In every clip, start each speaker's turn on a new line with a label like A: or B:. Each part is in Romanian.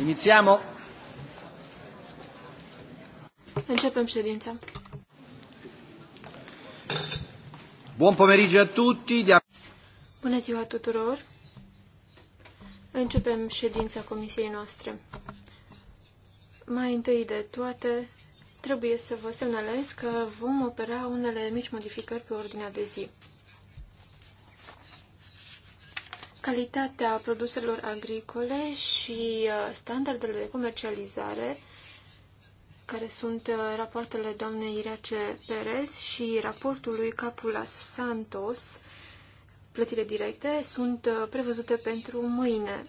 A: Iniziamo. Începem ședința.
B: Buon pomeriggio a tutti.
A: Bună ziua tuturor. Începem ședința comisiei noastre. Mai întâi de toate, trebuie să vă semnalez că vom opera unele mici modificări pe ordinea de zi. calitatea produselor agricole și uh, standardele de comercializare, care sunt uh, rapoartele doamnei Irace Perez și raportul lui Capulas Santos, plățile directe, sunt uh, prevăzute pentru mâine.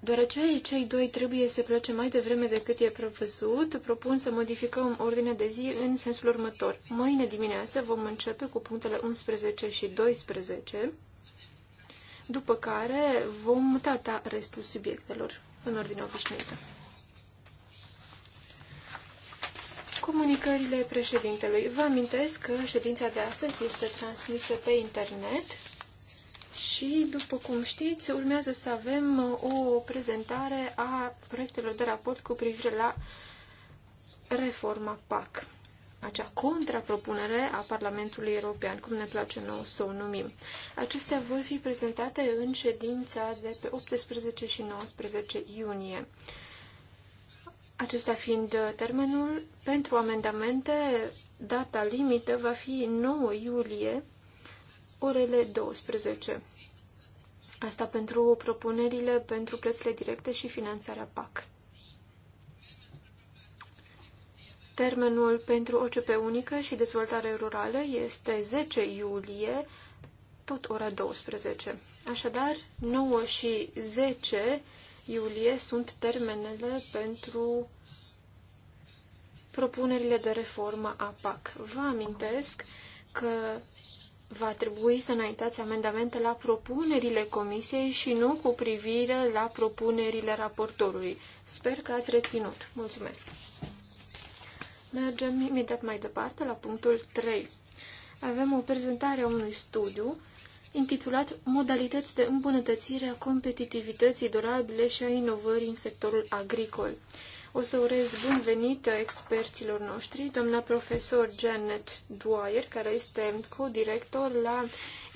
A: Deoarece cei doi trebuie să plece mai devreme decât e prevăzut, propun să modificăm ordinea de zi în sensul următor. Mâine dimineață vom începe cu punctele 11 și 12, după care vom trata restul subiectelor în ordine obișnuită. Comunicările președintelui. Vă amintesc că ședința de astăzi este transmisă pe internet și, după cum știți, urmează să avem o prezentare a proiectelor de raport cu privire la reforma PAC acea contrapropunere a Parlamentului European, cum ne place nou să o numim. Acestea vor fi prezentate în ședința de pe 18 și 19 iunie. Acesta fiind termenul pentru amendamente, data limită va fi 9 iulie, orele 12. Asta pentru propunerile pentru plățile directe și finanțarea PAC. Termenul pentru OCP unică și dezvoltare rurală este 10 iulie, tot ora 12. Așadar, 9 și 10 iulie sunt termenele pentru propunerile de reformă a PAC. Vă amintesc că va trebui să înaintați amendamente la propunerile comisiei și nu cu privire la propunerile raportorului. Sper că ați reținut. Mulțumesc! Mergem imediat mai departe la punctul 3. Avem o prezentare a unui studiu intitulat Modalități de îmbunătățire a competitivității durabile și a inovării în sectorul agricol. O să urez bun venit experților noștri, doamna profesor Janet Dwyer, care este co-director la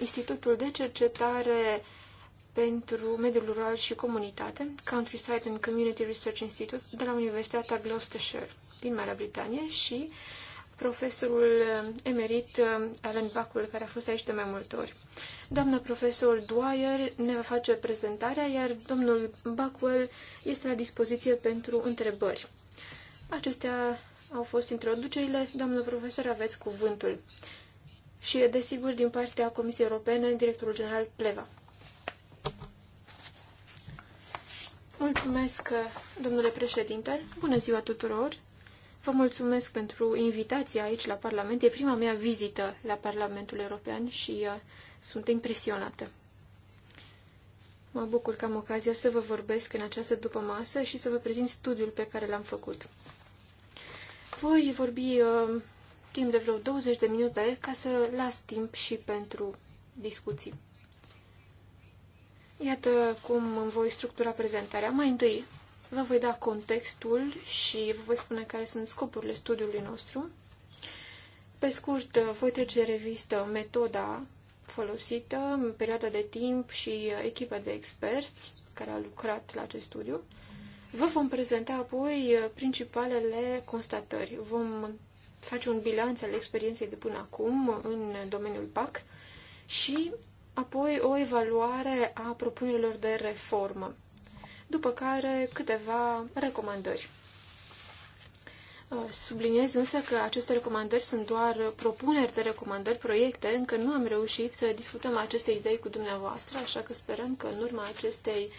A: Institutul de Cercetare pentru Mediul Rural și Comunitate, Countryside and Community Research Institute, de la Universitatea Gloucestershire din Marea Britanie și profesorul emerit uh, Alan Bacul, care a fost aici de mai multe ori. Doamna profesor Dwyer ne va face prezentarea, iar domnul Bacul este la dispoziție pentru întrebări. Acestea au fost introducerile. Doamnă profesor, aveți cuvântul. Și, desigur, din partea Comisiei Europene, directorul general Pleva. Mulțumesc, domnule președinte. Bună ziua tuturor. Vă mulțumesc pentru invitația aici la Parlament. E prima mea vizită la Parlamentul European și uh, sunt impresionată. Mă bucur că am ocazia să vă vorbesc în această după masă și să vă prezint studiul pe care l-am făcut. Voi vorbi uh, timp de vreo 20 de minute ca să las timp și pentru discuții. Iată cum îmi voi structura prezentarea. Mai întâi, Vă voi da contextul și vă voi spune care sunt scopurile studiului nostru. Pe scurt, voi trece de revistă metoda folosită, perioada de timp și echipa de experți care a lucrat la acest studiu. Vă vom prezenta apoi principalele constatări. Vom face un bilanț al experienței de până acum în domeniul PAC și apoi o evaluare a propunerilor de reformă după care câteva recomandări. Uh, subliniez însă că aceste recomandări sunt doar propuneri de recomandări, proiecte, încă nu am reușit să discutăm aceste idei cu dumneavoastră, așa că sperăm că în urma acestei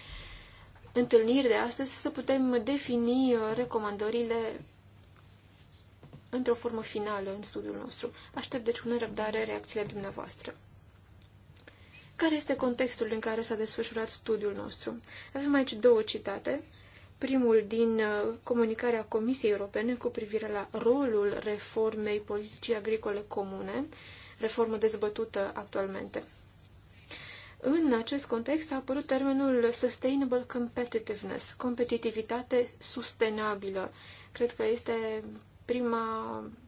A: întâlniri de astăzi să putem defini uh, recomandările într-o formă finală în studiul nostru. Aștept deci cu nerăbdare reacțiile dumneavoastră. Care este contextul în care s-a desfășurat studiul nostru? Avem aici două citate. Primul din uh, comunicarea Comisiei Europene cu privire la rolul reformei politicii agricole comune, reformă dezbătută actualmente. În acest context a apărut termenul Sustainable Competitiveness, competitivitate sustenabilă. Cred că este prima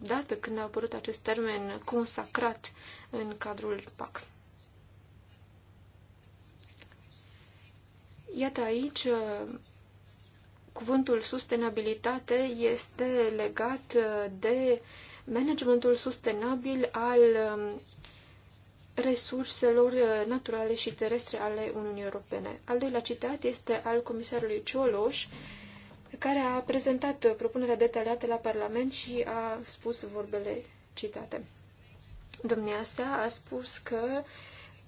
A: dată când a apărut acest termen consacrat în cadrul PAC. Iată aici, uh, cuvântul sustenabilitate este legat uh, de managementul sustenabil al um, resurselor uh, naturale și terestre ale Uniunii Europene. Al doilea citat este al comisarului Cioloș, care a prezentat propunerea detaliată la Parlament și a spus vorbele citate. Domnia sa a spus că uh,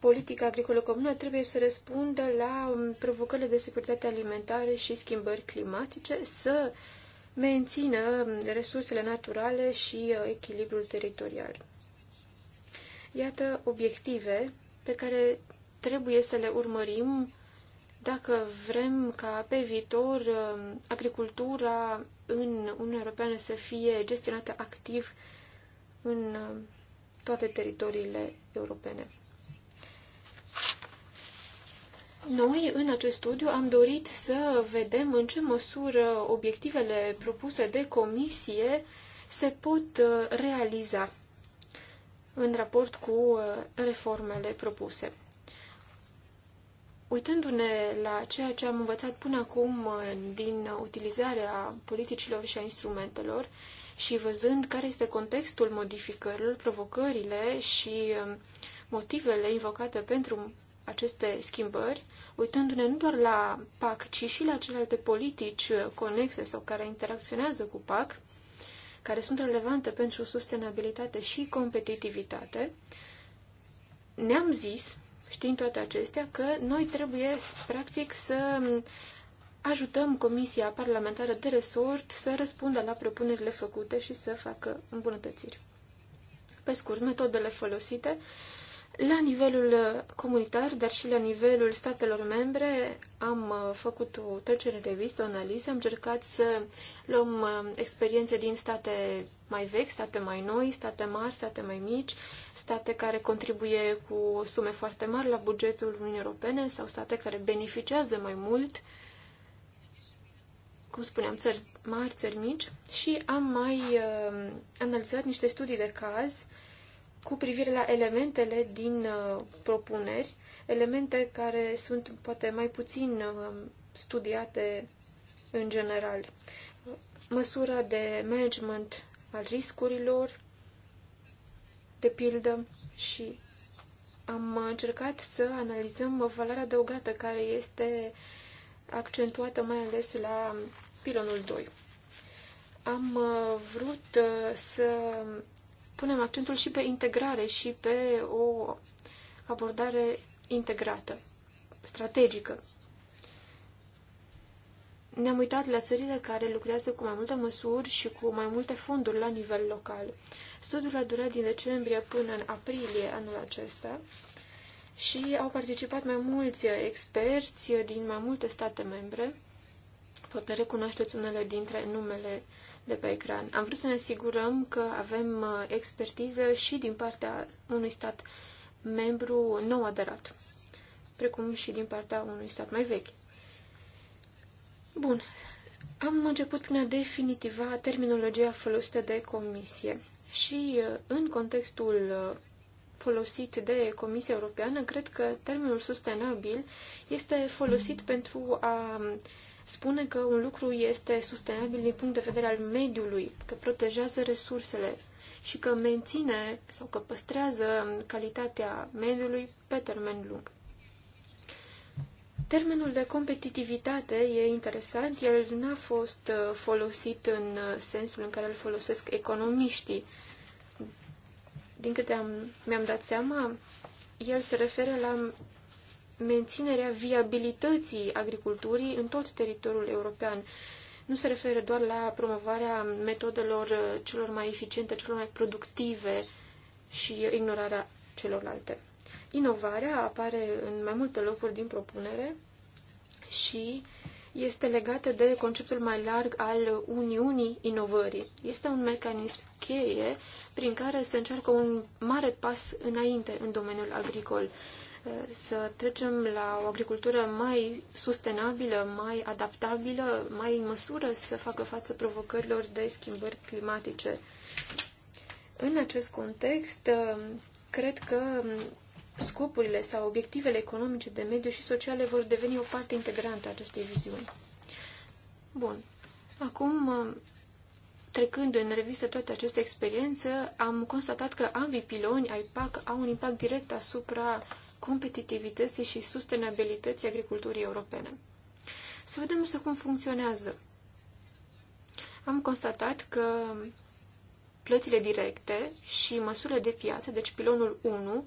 A: politica agricolă comună trebuie să răspundă la um, provocările de securitate alimentară și schimbări climatice, să mențină um, resursele naturale și uh, echilibrul teritorial. Iată obiective pe care trebuie să le urmărim dacă vrem ca pe viitor um, agricultura în Uniunea Europeană să fie gestionată activ în toate teritoriile europene. Noi, în acest studiu, am dorit să vedem în ce măsură obiectivele propuse de comisie se pot uh, realiza în raport cu uh, reformele propuse. Uitându-ne la ceea ce am învățat până acum uh, din utilizarea politicilor și a instrumentelor și văzând care este contextul modificărilor, provocările și motivele invocate pentru aceste schimbări, uitându-ne nu doar la PAC, ci și la celelalte politici conexe sau care interacționează cu PAC, care sunt relevante pentru sustenabilitate și competitivitate, ne-am zis, știind toate acestea, că noi trebuie, practic, să ajutăm Comisia Parlamentară de Resort să răspundă la propunerile făcute și să facă îmbunătățiri. Pe scurt, metodele folosite la nivelul uh, comunitar, dar și la nivelul statelor membre, am uh, făcut o trecere de revistă, o analiză, am încercat să luăm uh, experiențe din state mai vechi, state mai noi, state mari, state mai mici, state care contribuie cu sume foarte mari la bugetul Uniunii Europene sau state care beneficiază mai mult, cum spuneam, țări mari, țări mici și am mai analizat niște studii de caz cu privire la elementele din uh, propuneri, elemente care sunt poate mai puțin uh, studiate în general. Măsura de management al riscurilor, de pildă, și am încercat să analizăm valoarea adăugată care este accentuată mai ales la pilonul 2. Am uh, vrut să punem accentul și pe integrare și pe o abordare integrată, strategică. Ne-am uitat la țările care lucrează cu mai multe măsuri și cu mai multe fonduri la nivel local. Studiul a durat din decembrie până în aprilie anul acesta și au participat mai mulți experți din mai multe state membre. Poate recunoașteți unele dintre numele de pe ecran. Am vrut să ne asigurăm că avem uh, expertiză și din partea unui stat membru nou aderat, precum și din partea unui stat mai vechi. Bun. Am început prin a definitiva terminologia folosită de comisie și uh, în contextul uh, folosit de Comisia Europeană, cred că termenul sustenabil este folosit pentru a spune că un lucru este sustenabil din punct de vedere al mediului, că protejează resursele și că menține sau că păstrează calitatea mediului pe termen lung. Termenul de competitivitate e interesant, el n-a fost uh, folosit în uh, sensul în care îl folosesc economiștii. Din câte am, mi-am dat seama, el se referă la menținerea viabilității agriculturii în tot teritoriul european. Nu se referă doar la promovarea metodelor uh, celor mai eficiente, celor mai productive și ignorarea celorlalte. Inovarea apare în mai multe locuri din propunere și este legată de conceptul mai larg al Uniunii Inovării. Este un mecanism cheie prin care se încearcă un mare pas înainte în domeniul agricol să trecem la o agricultură mai sustenabilă, mai adaptabilă, mai în măsură să facă față provocărilor de schimbări climatice. În acest context, cred că scopurile sau obiectivele economice de mediu și sociale vor deveni o parte integrantă a acestei viziuni. Bun. Acum, trecând în revistă toate aceste experiențe, am constatat că ambii piloni ai PAC au un impact direct asupra competitivității și sustenabilității agriculturii europene. Să vedem însă cum funcționează. Am constatat că plățile directe și măsurile de piață, deci pilonul 1,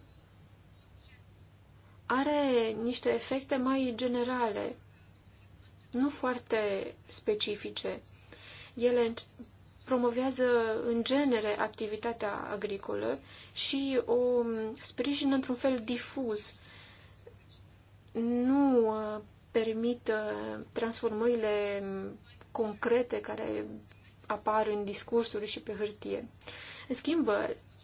A: are niște efecte mai generale, nu foarte specifice. Ele promovează în genere activitatea agricolă și o sprijină într-un fel difuz. Nu uh, permit uh, transformările concrete care apar în discursuri și pe hârtie. În schimb,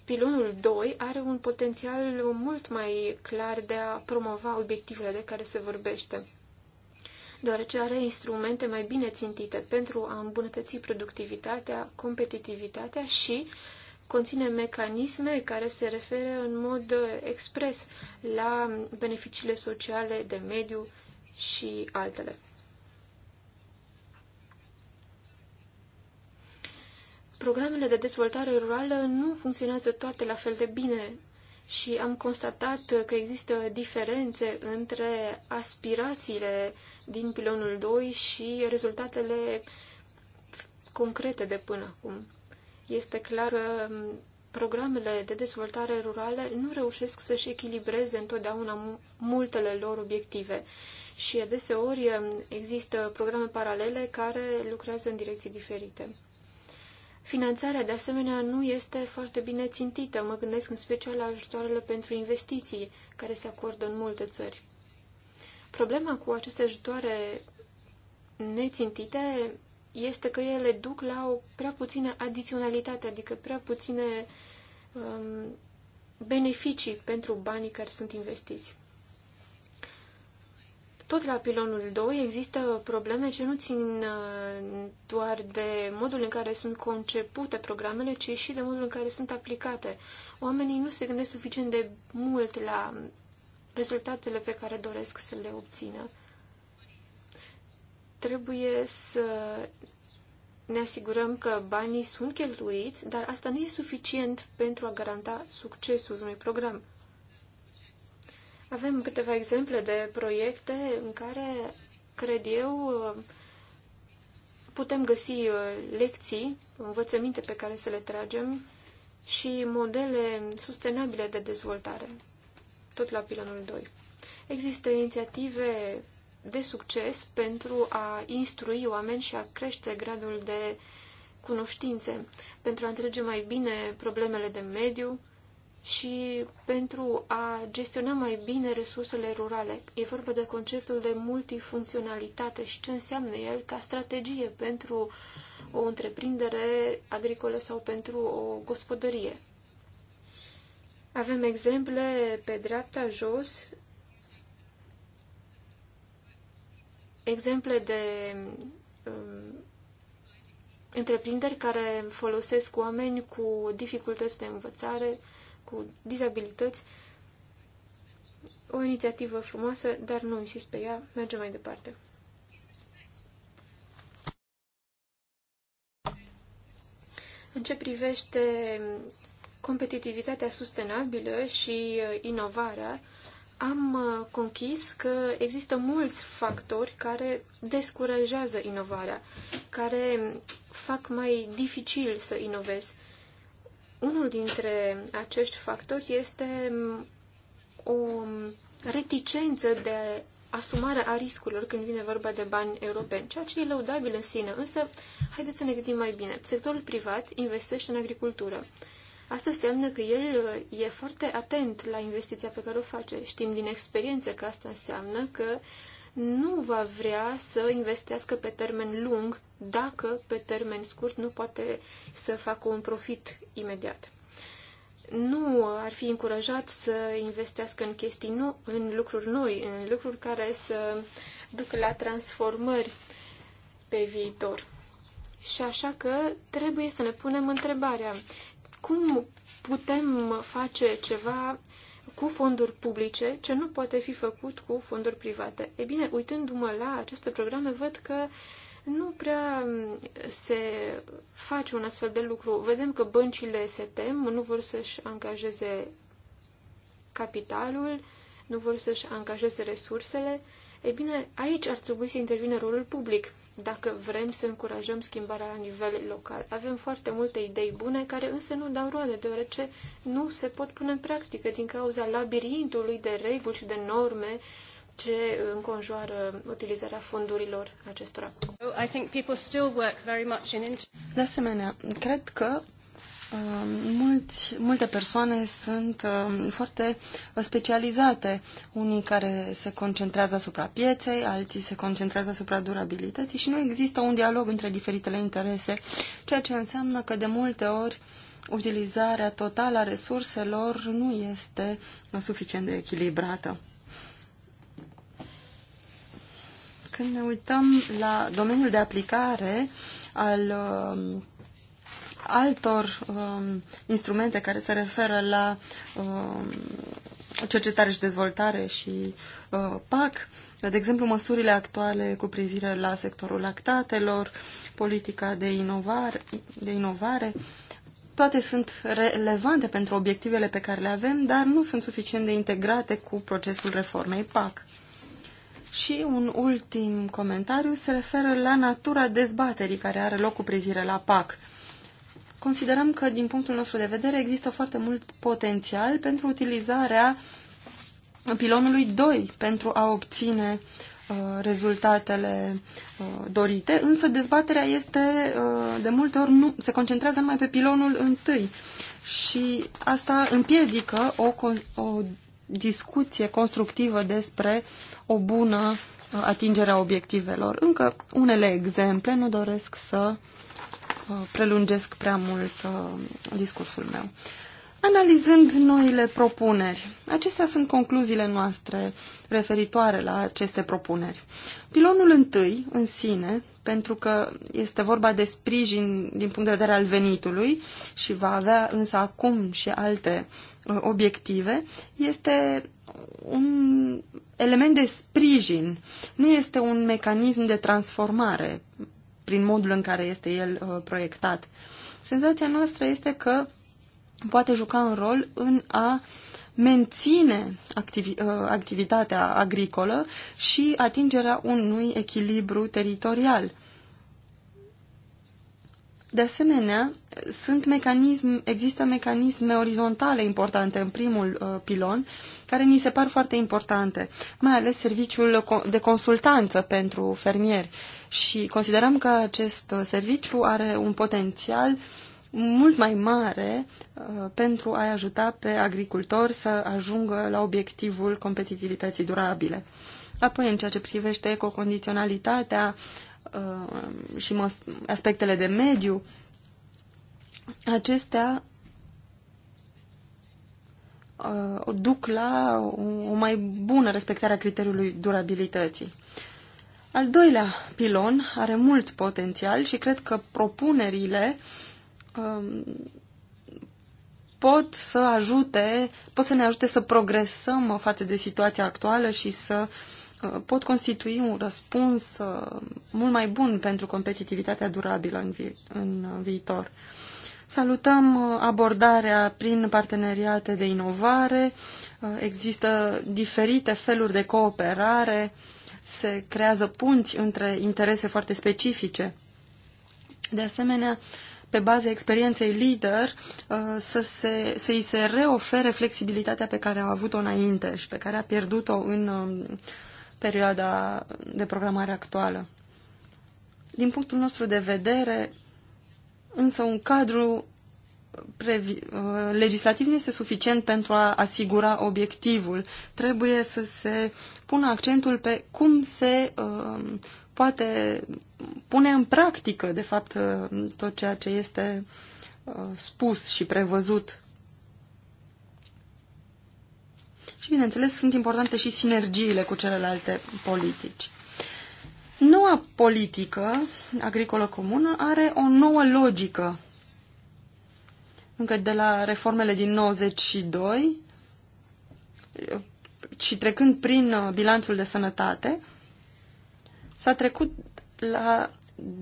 A: pilonul 2 are un potențial mult mai clar de a promova obiectivele de care se vorbește deoarece are instrumente mai bine țintite pentru a îmbunătăți productivitatea, competitivitatea și conține mecanisme care se referă în mod expres la beneficiile sociale, de mediu și altele. Programele de dezvoltare rurală nu funcționează toate la fel de bine și am constatat că există diferențe între aspirațiile din pilonul 2 și rezultatele concrete de până acum. Este clar că programele de dezvoltare rurală nu reușesc să-și echilibreze întotdeauna multele lor obiective și adeseori um, există programe paralele care lucrează în direcții diferite. Finanțarea, de asemenea, nu este foarte bine țintită. Mă gândesc în special la ajutoarele pentru investiții, care se acordă în multe țări. Problema cu aceste ajutoare nețintite este că ele duc la o prea puțină adiționalitate, adică prea puține um, beneficii pentru banii care sunt investiți. Tot la pilonul 2 există probleme ce nu țin uh, doar de modul în care sunt concepute programele, ci și de modul în care sunt aplicate. Oamenii nu se gândesc suficient de mult la rezultatele pe care doresc să le obțină. Trebuie să ne asigurăm că banii sunt cheltuiți, dar asta nu e suficient pentru a garanta succesul unui program. Avem câteva exemple de proiecte în care, cred eu, putem găsi uh, lecții, învățăminte pe care să le tragem și modele sustenabile de dezvoltare tot la pilonul 2. Există inițiative de succes pentru a instrui oameni și a crește gradul de cunoștințe, pentru a înțelege mai bine problemele de mediu și pentru a gestiona mai bine resursele rurale. E vorba de conceptul de multifuncționalitate și ce înseamnă el ca strategie pentru o întreprindere agricolă sau pentru o gospodărie. Avem exemple pe dreapta jos, exemple de um, întreprinderi care folosesc oameni cu dificultăți de învățare, cu dizabilități. O inițiativă frumoasă, dar nu insist pe ea, mergem mai departe. În ce privește competitivitatea sustenabilă și uh, inovarea, am uh, conchis că există mulți factori care descurajează inovarea, care fac mai dificil să inovezi. Unul dintre acești factori este um, o reticență de asumarea a riscurilor când vine vorba de bani europeni, ceea ce e lăudabil în sine, însă haideți să ne gândim mai bine. Sectorul privat investește în agricultură. Asta înseamnă că el uh, e foarte atent la investiția pe care o face. Știm din experiență că asta înseamnă că nu va vrea să investească pe termen lung dacă pe termen scurt nu poate să facă un profit imediat. Nu ar fi încurajat să investească în chestii nu, în lucruri noi, în lucruri care să ducă la transformări pe viitor. Și așa că trebuie să ne punem întrebarea, cum putem face ceva cu fonduri publice ce nu poate fi făcut cu fonduri private? E bine, uitându-mă la aceste programe, văd că nu prea mm, se face un astfel de lucru. Vedem că băncile se tem, nu vor să-și angajeze capitalul, nu vor să-și angajeze resursele. E bine, aici ar trebui să intervine rolul public dacă vrem să încurajăm schimbarea la nivel local. Avem foarte multe idei bune care însă nu dau roade, deoarece nu se pot pune în practică din cauza labirintului de reguli și de norme ce înconjoară utilizarea fondurilor acestora.
C: De asemenea, cred că Um, mulți, multe persoane sunt um, foarte specializate, unii care se concentrează asupra pieței, alții se concentrează asupra durabilității și nu există un dialog între diferitele interese, ceea ce înseamnă că de multe ori utilizarea totală a resurselor nu este suficient de echilibrată. Când ne uităm la domeniul de aplicare al uh, altor um, instrumente care se referă la um, cercetare și dezvoltare și uh, PAC, de exemplu măsurile actuale cu privire la sectorul lactatelor, politica de inovare, de inovare toate sunt relevante pentru obiectivele pe care le avem, dar nu sunt suficient de integrate cu procesul reformei PAC. Și un ultim comentariu se referă la natura dezbaterii care are loc cu privire la PAC. Considerăm că, din punctul nostru de vedere, există foarte mult potențial pentru utilizarea pilonului 2 pentru a obține uh, rezultatele uh, dorite, însă dezbaterea este uh, de multe ori nu, se concentrează numai pe pilonul întâi și asta împiedică o, o discuție constructivă despre o bună atingere a obiectivelor. Încă unele exemple, nu doresc să Uh, prelungesc prea mult uh, discursul meu. Analizând noile propuneri, acestea sunt concluziile noastre referitoare la aceste propuneri. Pilonul întâi, în sine, pentru că este vorba de sprijin din punct de vedere al venitului și va avea însă acum și alte uh, obiective, este un element de sprijin, nu este un mecanism de transformare prin modul în care este el uh, proiectat. Senzația noastră este că poate juca un rol în a menține activi, uh, activitatea agricolă și atingerea unui echilibru teritorial. De asemenea, sunt mecanism, există mecanisme orizontale importante în primul uh, pilon, care ni se par foarte importante, mai ales serviciul de consultanță pentru fermieri. Și considerăm că acest uh, serviciu are un potențial mult mai mare uh, pentru a-i ajuta pe agricultori să ajungă la obiectivul competitivității durabile. Apoi, în ceea ce privește ecocondiționalitatea, Uh, și aspectele de mediu, acestea uh, duc la o mai bună respectare a criteriului durabilității. Al doilea pilon are mult potențial și cred că propunerile um, pot să ajute, pot să ne ajute să progresăm față de situația actuală și să uh, Uh, pot constitui un răspuns uh, mult mai bun pentru competitivitatea durabilă în, vi în uh, viitor. Salutăm abordarea prin parteneriate de inovare, există diferite feluri de cooperare, se creează punți între interese foarte specifice. De asemenea, pe baza experienței lider, să, se, să îi se reofere flexibilitatea pe care a avut-o înainte și pe care a pierdut-o în um, perioada de programare actuală. Din punctul nostru de vedere, însă un cadru uh, legislativ nu este suficient pentru a asigura obiectivul. Trebuie să se pună accentul pe cum se uh, poate pune în practică, de fapt, uh, tot ceea ce este uh, spus și prevăzut Și, bineînțeles, sunt importante și sinergiile cu celelalte politici. Noua politică agricolă comună are o nouă logică. Încă de la reformele din 92 și trecând prin uh, bilanțul de sănătate, s-a trecut la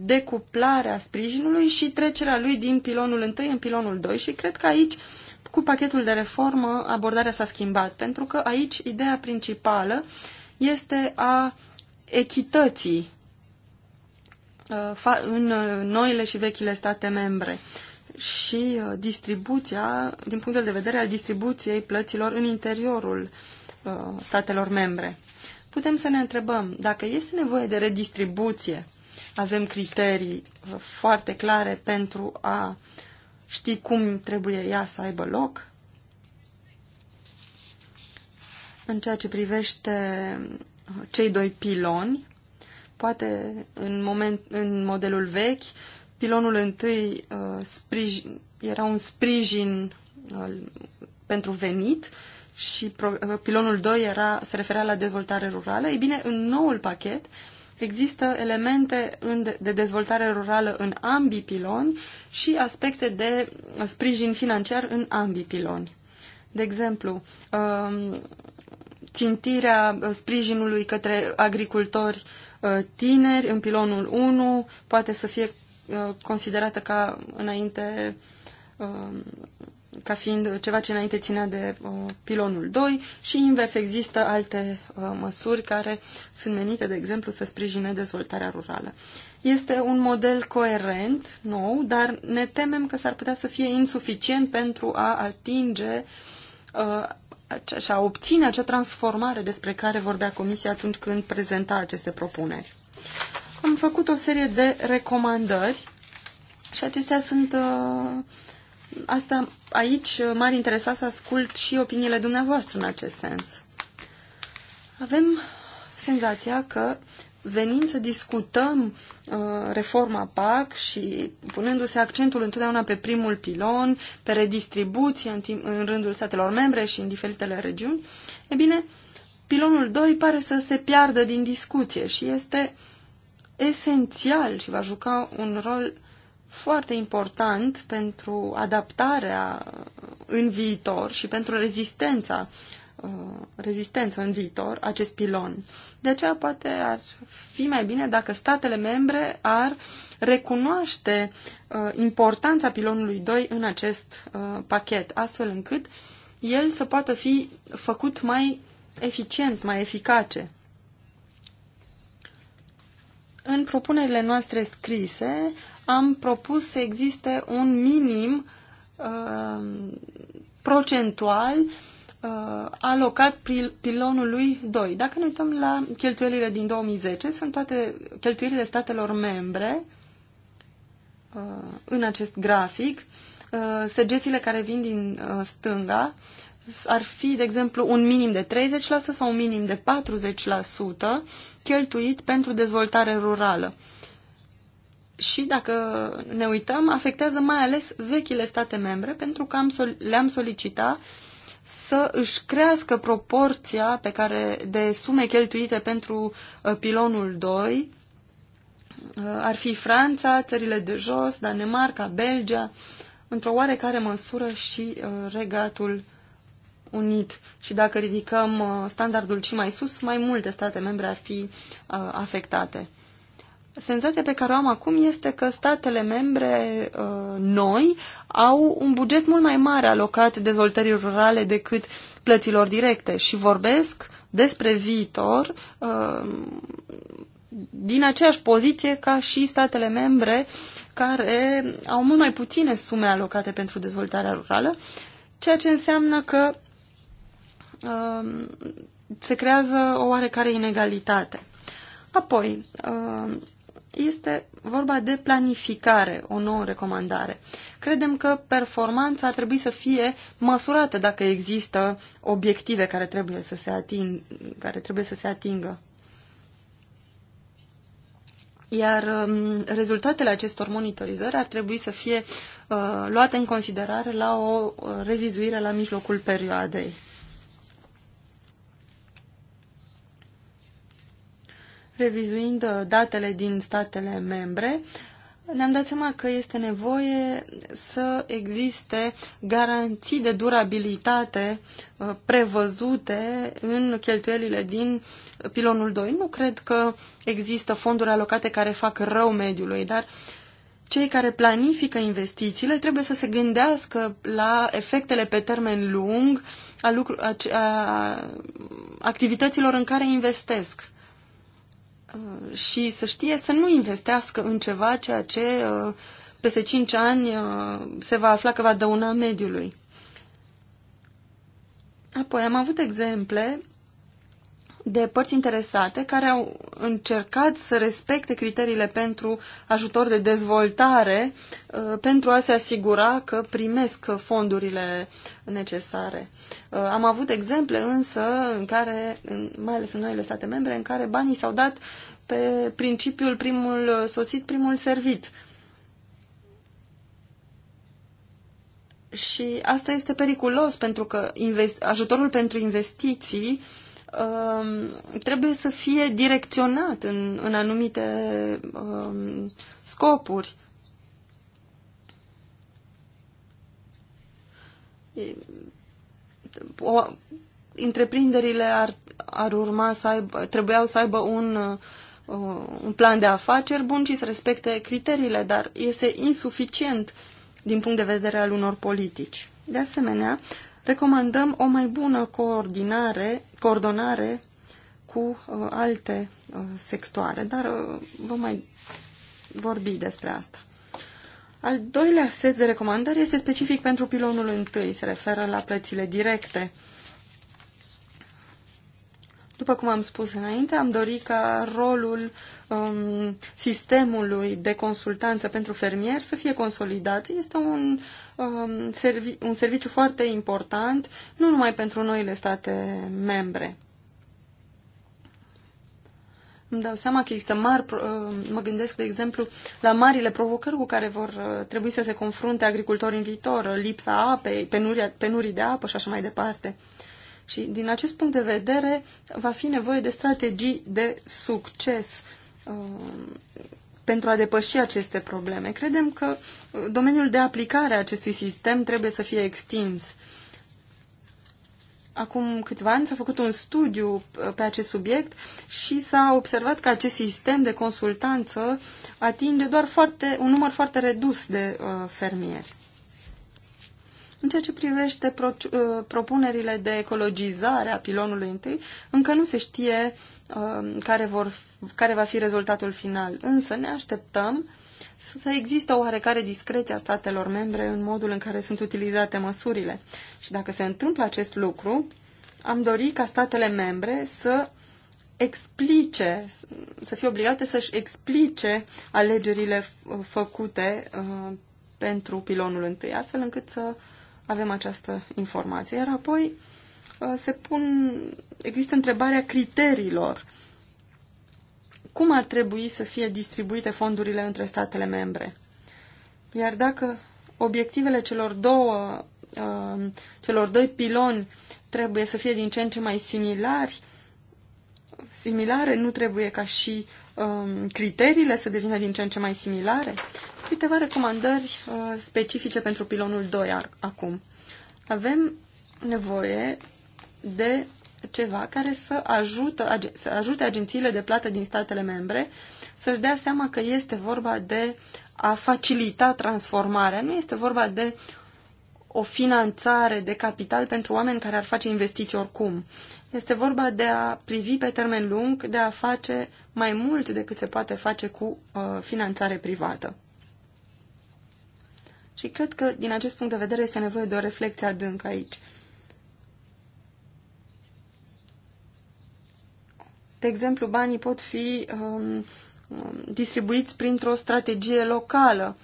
C: decuplarea sprijinului și trecerea lui din pilonul 1 în pilonul 2 și cred că aici cu pachetul de reformă abordarea s-a schimbat, pentru că aici ideea principală este a echității uh, în uh, noile și vechile state membre și uh, distribuția, din punctul de vedere al distribuției plăților în interiorul statelor membre. Putem să ne întrebăm dacă este nevoie de redistribuție, avem criterii foarte clare pentru a uh, știi cum trebuie ea să aibă loc. În ceea ce privește uh, cei doi piloni, poate în, moment, în modelul vechi, pilonul întâi uh, sprijin, era un sprijin uh, pentru venit și pro, uh, pilonul 2 era, se referea la dezvoltare rurală. Ei bine, în noul pachet uh, există elemente de dezvoltare rurală în ambii piloni și aspecte de sprijin financiar în ambii piloni. De exemplu, um, țintirea sprijinului către agricultori uh, tineri în pilonul 1 poate să fie uh, considerată ca înainte um, ca fiind ceva ce înainte ținea de uh, pilonul 2 și invers există alte uh, măsuri care sunt menite, de exemplu, să sprijine dezvoltarea rurală. Este un model coerent, nou, dar ne temem că s-ar putea să fie insuficient pentru a atinge uh, și a obține acea transformare despre care vorbea Comisia atunci când prezenta aceste propuneri. Am făcut o serie de recomandări și acestea sunt uh, Asta aici uh, m-ar interesa să ascult și opiniile dumneavoastră în acest sens. Avem senzația că venind să discutăm uh, reforma PAC și punându-se accentul întotdeauna pe primul pilon, pe redistribuție în, timp, în rândul statelor membre și în diferitele regiuni, e bine, pilonul 2 pare să se piardă din discuție și este esențial și va juca un rol foarte important pentru adaptarea uh, în viitor și pentru rezistența uh, rezistență în viitor acest pilon. De aceea poate ar fi mai bine dacă statele membre ar recunoaște uh, importanța pilonului 2 în acest pachet, astfel încât el să poată fi făcut mai eficient, mai eficace. În propunerile noastre scrise am propus să existe un minim uh, procentual uh, alocat pil pilonului 2. Dacă ne uităm la cheltuielile din 2010, sunt toate cheltuielile statelor membre uh, în acest grafic. Uh, săgețile care vin din uh, stânga ar fi, de exemplu, un minim de 30% sau un minim de 40% cheltuit pentru dezvoltare rurală. Uh, și, dacă ne uităm, afectează mai ales vechile state membre, pentru că am, le-am solicitat să își crească proporția pe care de sume cheltuite pentru uh, pilonul 2 uh, ar fi Franța, țările de jos, Danemarca, Belgia, într-o oarecare măsură și uh, regatul unit. Și dacă ridicăm standardul și mai sus, mai multe state membre ar fi afectate senzația pe care o am acum este că statele membre uh, noi au un buget mult mai mare alocat dezvoltării rurale decât plăților directe și vorbesc despre viitor uh, din aceeași poziție ca și statele membre care au mult mai puține sume alocate pentru dezvoltarea rurală, ceea ce înseamnă că uh, se creează o oarecare inegalitate. Apoi, uh, este vorba de planificare, o nouă recomandare. Credem că performanța ar trebui să fie măsurată dacă există obiective care trebuie să se, ating, care trebuie să se atingă. Iar um, rezultatele acestor monitorizări ar trebui să fie uh, luate în considerare la o uh, revizuire la mijlocul perioadei. revizuind uh, datele din statele membre, ne-am dat seama că este nevoie să existe garanții de durabilitate uh, prevăzute în cheltuielile din pilonul 2. Nu cred că există fonduri alocate care fac rău mediului, dar cei care planifică investițiile trebuie să se gândească la efectele pe termen lung a, lucru, a, a activităților în care investesc Uh, și să știe să nu investească în ceva ceea ce uh, peste 5 ani uh, se va afla că va dăuna mediului. Apoi am avut exemple de părți interesate care au încercat să respecte criteriile pentru ajutor de dezvoltare uh, pentru a se asigura că primesc fondurile necesare. Uh, am avut exemple însă în care, mai ales în noile state membre, în care banii s-au dat pe principiul primul sosit, primul servit. Și asta este periculos pentru că ajutorul pentru investiții uh, Um, trebuie să fie direcționat în, în anumite um, scopuri. O, întreprinderile ar, ar urma să aibă, trebuiau să aibă un, uh, un plan de afaceri bun și să respecte criteriile, dar este insuficient din punct de vedere al unor politici. De asemenea, uh, recomandăm o mai bună coordinare, coordonare cu uh, alte uh, sectoare, dar uh, vom mai vorbi despre asta. Al doilea set de recomandări este specific pentru pilonul întâi, se referă la plățile directe. După cum am spus înainte, am dorit ca rolul um, sistemului de consultanță pentru fermieri să fie consolidat. Este un uh, um, servi un serviciu foarte important, nu numai pentru noile state membre. Îmi dau seama că există mari, uh, mă gândesc, de exemplu, la marile provocări cu care vor uh, trebui să se confrunte agricultorii în viitor, lipsa apei, penuria, penurii de apă și așa mai departe. Și din acest punct de vedere va fi nevoie de strategii de succes uh, pentru a depăși aceste probleme. Credem că uh, domeniul de aplicare a acestui sistem trebuie să fie extins. Acum câțiva ani s-a făcut un studiu uh, pe acest subiect și s-a observat că acest sistem de consultanță atinge doar foarte, un număr foarte redus de uh, fermieri. În ceea ce privește pro, uh, propunerile de ecologizare a pilonului întâi, încă nu se știe uh, care, vor, care va fi rezultatul final, însă ne așteptăm să există oarecare discreție a statelor membre în modul în care sunt utilizate măsurile. Și dacă se întâmplă acest lucru, am dori ca statele membre să explice, să fie obligate să-și explice alegerile făcute uh, pentru pilonul întâi, astfel încât să avem această informație. Iar apoi uh, se pun, există întrebarea criteriilor. Cum ar trebui să fie distribuite fondurile între statele membre? Iar dacă obiectivele celor două, uh, celor doi piloni trebuie să fie din ce în ce mai similari, similare, nu trebuie ca și um, criteriile să devină din ce în ce mai similare. Câteva recomandări uh, specifice pentru pilonul 2 acum. Avem nevoie de ceva care să, ajută, să ajute agențiile de plată din statele membre să-și dea seama că este vorba de a facilita transformarea, nu este vorba de o finanțare de capital pentru oameni care ar face investiții oricum. Este vorba de a privi pe termen lung, de a face mai mult decât se poate face cu uh, finanțare privată. Și cred că, din acest punct de vedere, este nevoie de o reflecție adâncă aici. De exemplu, banii pot fi um, um distribuiți printr-o strategie locală,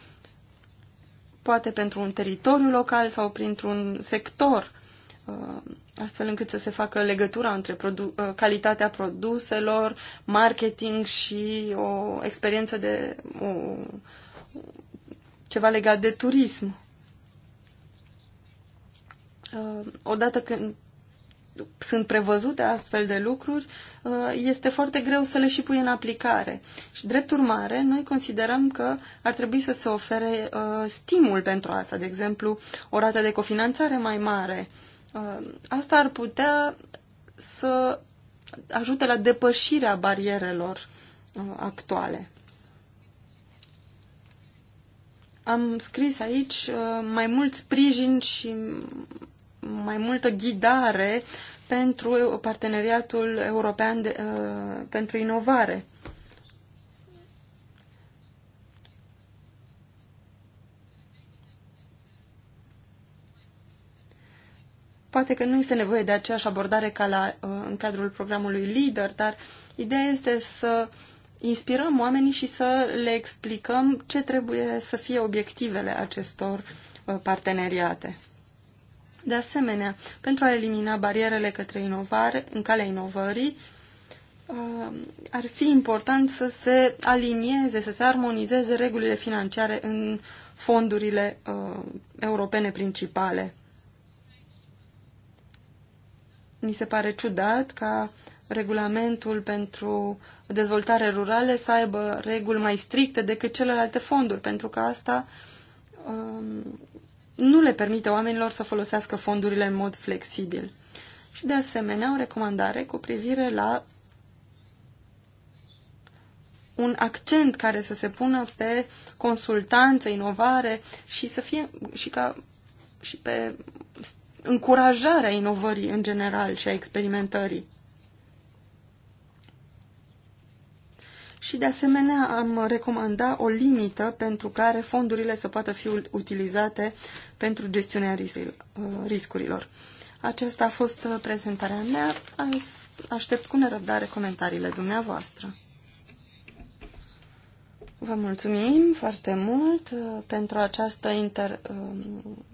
C: poate pentru un teritoriu local sau printr-un sector, uh, astfel încât să se facă legătura între produ uh, calitatea produselor, marketing și o experiență de o, ceva legat de turism. Uh, odată când sunt prevăzute astfel de lucruri, uh, este foarte greu să le și pui în aplicare. Și drept urmare, noi considerăm că ar trebui să se ofere uh, stimul pentru asta, de exemplu, o rată de cofinanțare mai mare. Asta ar putea să ajute la depășirea barierelor actuale. am scris aici uh, mai mult sprijin și mai multă ghidare pentru parteneriatul european de, uh, pentru inovare. Poate că nu este nevoie de aceeași abordare ca la, uh, în cadrul programului LEADER, dar ideea este să uh, inspirăm oamenii și să le explicăm ce trebuie să fie obiectivele acestor uh, parteneriate. De asemenea, pentru a elimina barierele către inovare, în calea inovării, uh, ar fi important să se alinieze, să se armonizeze regulile financiare în fondurile uh, europene principale. Mi se pare ciudat ca regulamentul pentru dezvoltare rurală să aibă reguli mai stricte decât celelalte fonduri, pentru că asta um, nu le permite oamenilor să folosească fondurile în mod flexibil. Și de asemenea o recomandare cu privire la un accent care să se pună pe consultanță, inovare și să fie și ca și pe încurajarea inovării în general și a experimentării. și de asemenea am recomanda o limită pentru care fondurile să poată fi utilizate pentru gestiunea uh, riscurilor. Aceasta a fost uh, prezentarea mea. Aștept cu nerăbdare comentariile dumneavoastră. Vă mulțumim foarte mult uh, pentru această inter...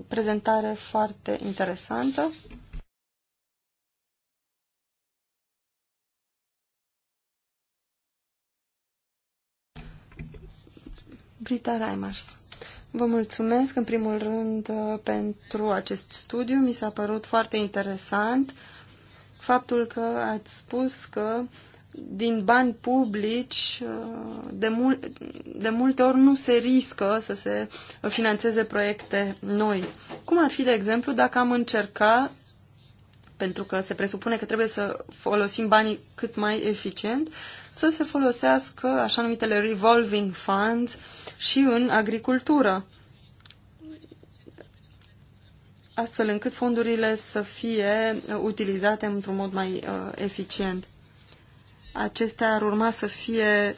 C: prezentare foarte interesantă. Brita Reimers. Vă mulțumesc, în primul rând, uh, pentru acest studiu. Mi s-a părut foarte interesant faptul că ați spus că din bani publici uh, de, mul- de multe ori nu se riscă să se financeze proiecte noi. Cum ar fi, de exemplu, dacă am încerca, pentru că se presupune că trebuie să folosim banii cât mai eficient, uh, să se folosească așa numitele revolving funds și în agricultură, astfel încât fondurile să fie uh, utilizate într-un mod mai uh, eficient. Acestea ar urma să fie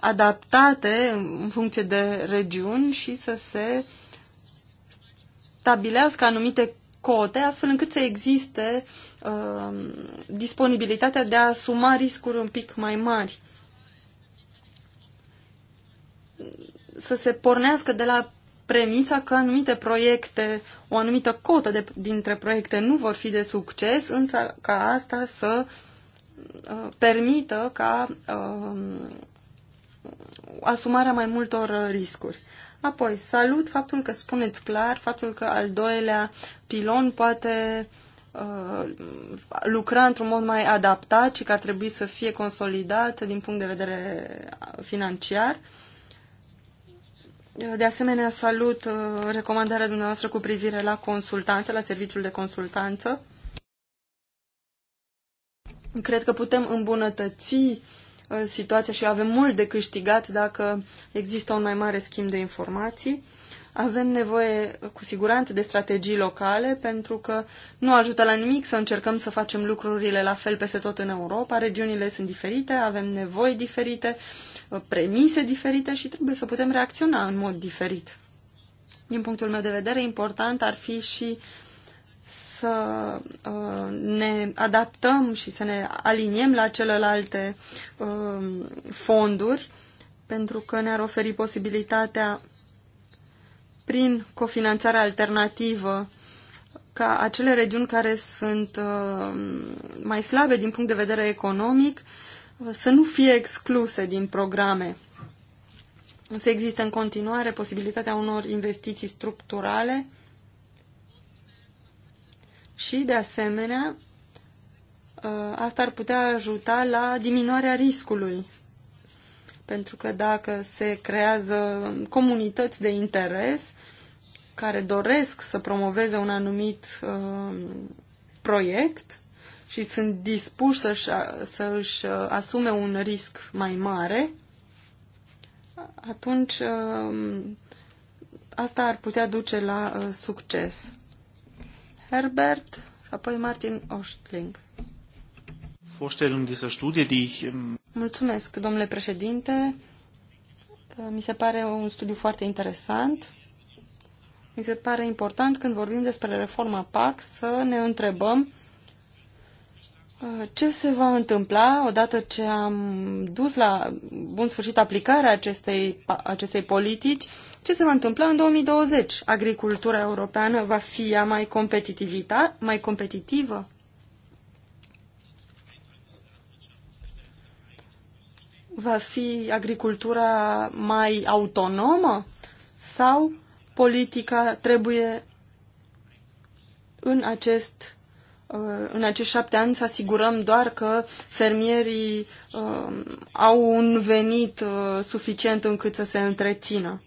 C: adaptate în funcție de regiuni și să se stabilească anumite cote, astfel încât să existe Um, disponibilitatea de a asuma riscuri un pic mai mari. Să se pornească de la premisa că anumite proiecte, o anumită cotă de, dintre proiecte nu vor fi de succes, însă ca asta să uh, permită ca uh, asumarea mai multor uh, riscuri. Apoi, salut faptul că spuneți clar, faptul că al doilea pilon poate uh, Uh, lucra într-un mod mai adaptat și că ar trebui să fie consolidat din punct de vedere financiar. Uh, de asemenea, salut uh, recomandarea dumneavoastră cu privire la consultanță, la serviciul de consultanță. Cred că putem îmbunătăți situația și avem mult de câștigat dacă există un mai mare schimb de informații. Avem nevoie cu siguranță de strategii locale pentru că nu ajută la nimic să încercăm să facem lucrurile la fel peste tot în Europa. Regiunile sunt diferite, avem nevoi diferite, premise diferite și trebuie să putem reacționa în mod diferit. Din punctul meu de vedere, important ar fi și să uh, ne adaptăm și să ne aliniem la celelalte uh, fonduri pentru că ne-ar oferi posibilitatea prin cofinanțarea alternativă ca acele regiuni care sunt uh, mai slabe din punct de vedere economic uh, să nu fie excluse din programe. Să există în continuare posibilitatea unor investiții structurale și, de asemenea, uh, asta ar putea ajuta la diminuarea riscului pentru că dacă se creează comunități de interes care doresc să promoveze un anumit uh, proiect și sunt dispuși să-și, să -și uh, asume un risc mai mare, atunci uh, asta ar putea duce la uh, succes. Herbert, apoi Martin Ostling. Ähm, Mulțumesc, domnule președinte. Mi se pare un studiu foarte interesant. Mi se pare important când vorbim despre reforma PAC să ne întrebăm uh, ce se va întâmpla odată ce am dus la bun sfârșit aplicarea acestei, acestei politici, ce se va întâmpla în 2020? Agricultura europeană va fi ea mai, mai competitivă? va fi agricultura mai autonomă sau politica trebuie în, acest, uh, în acești șapte ani să asigurăm doar că fermierii um, au un venit uh, suficient încât să se întrețină.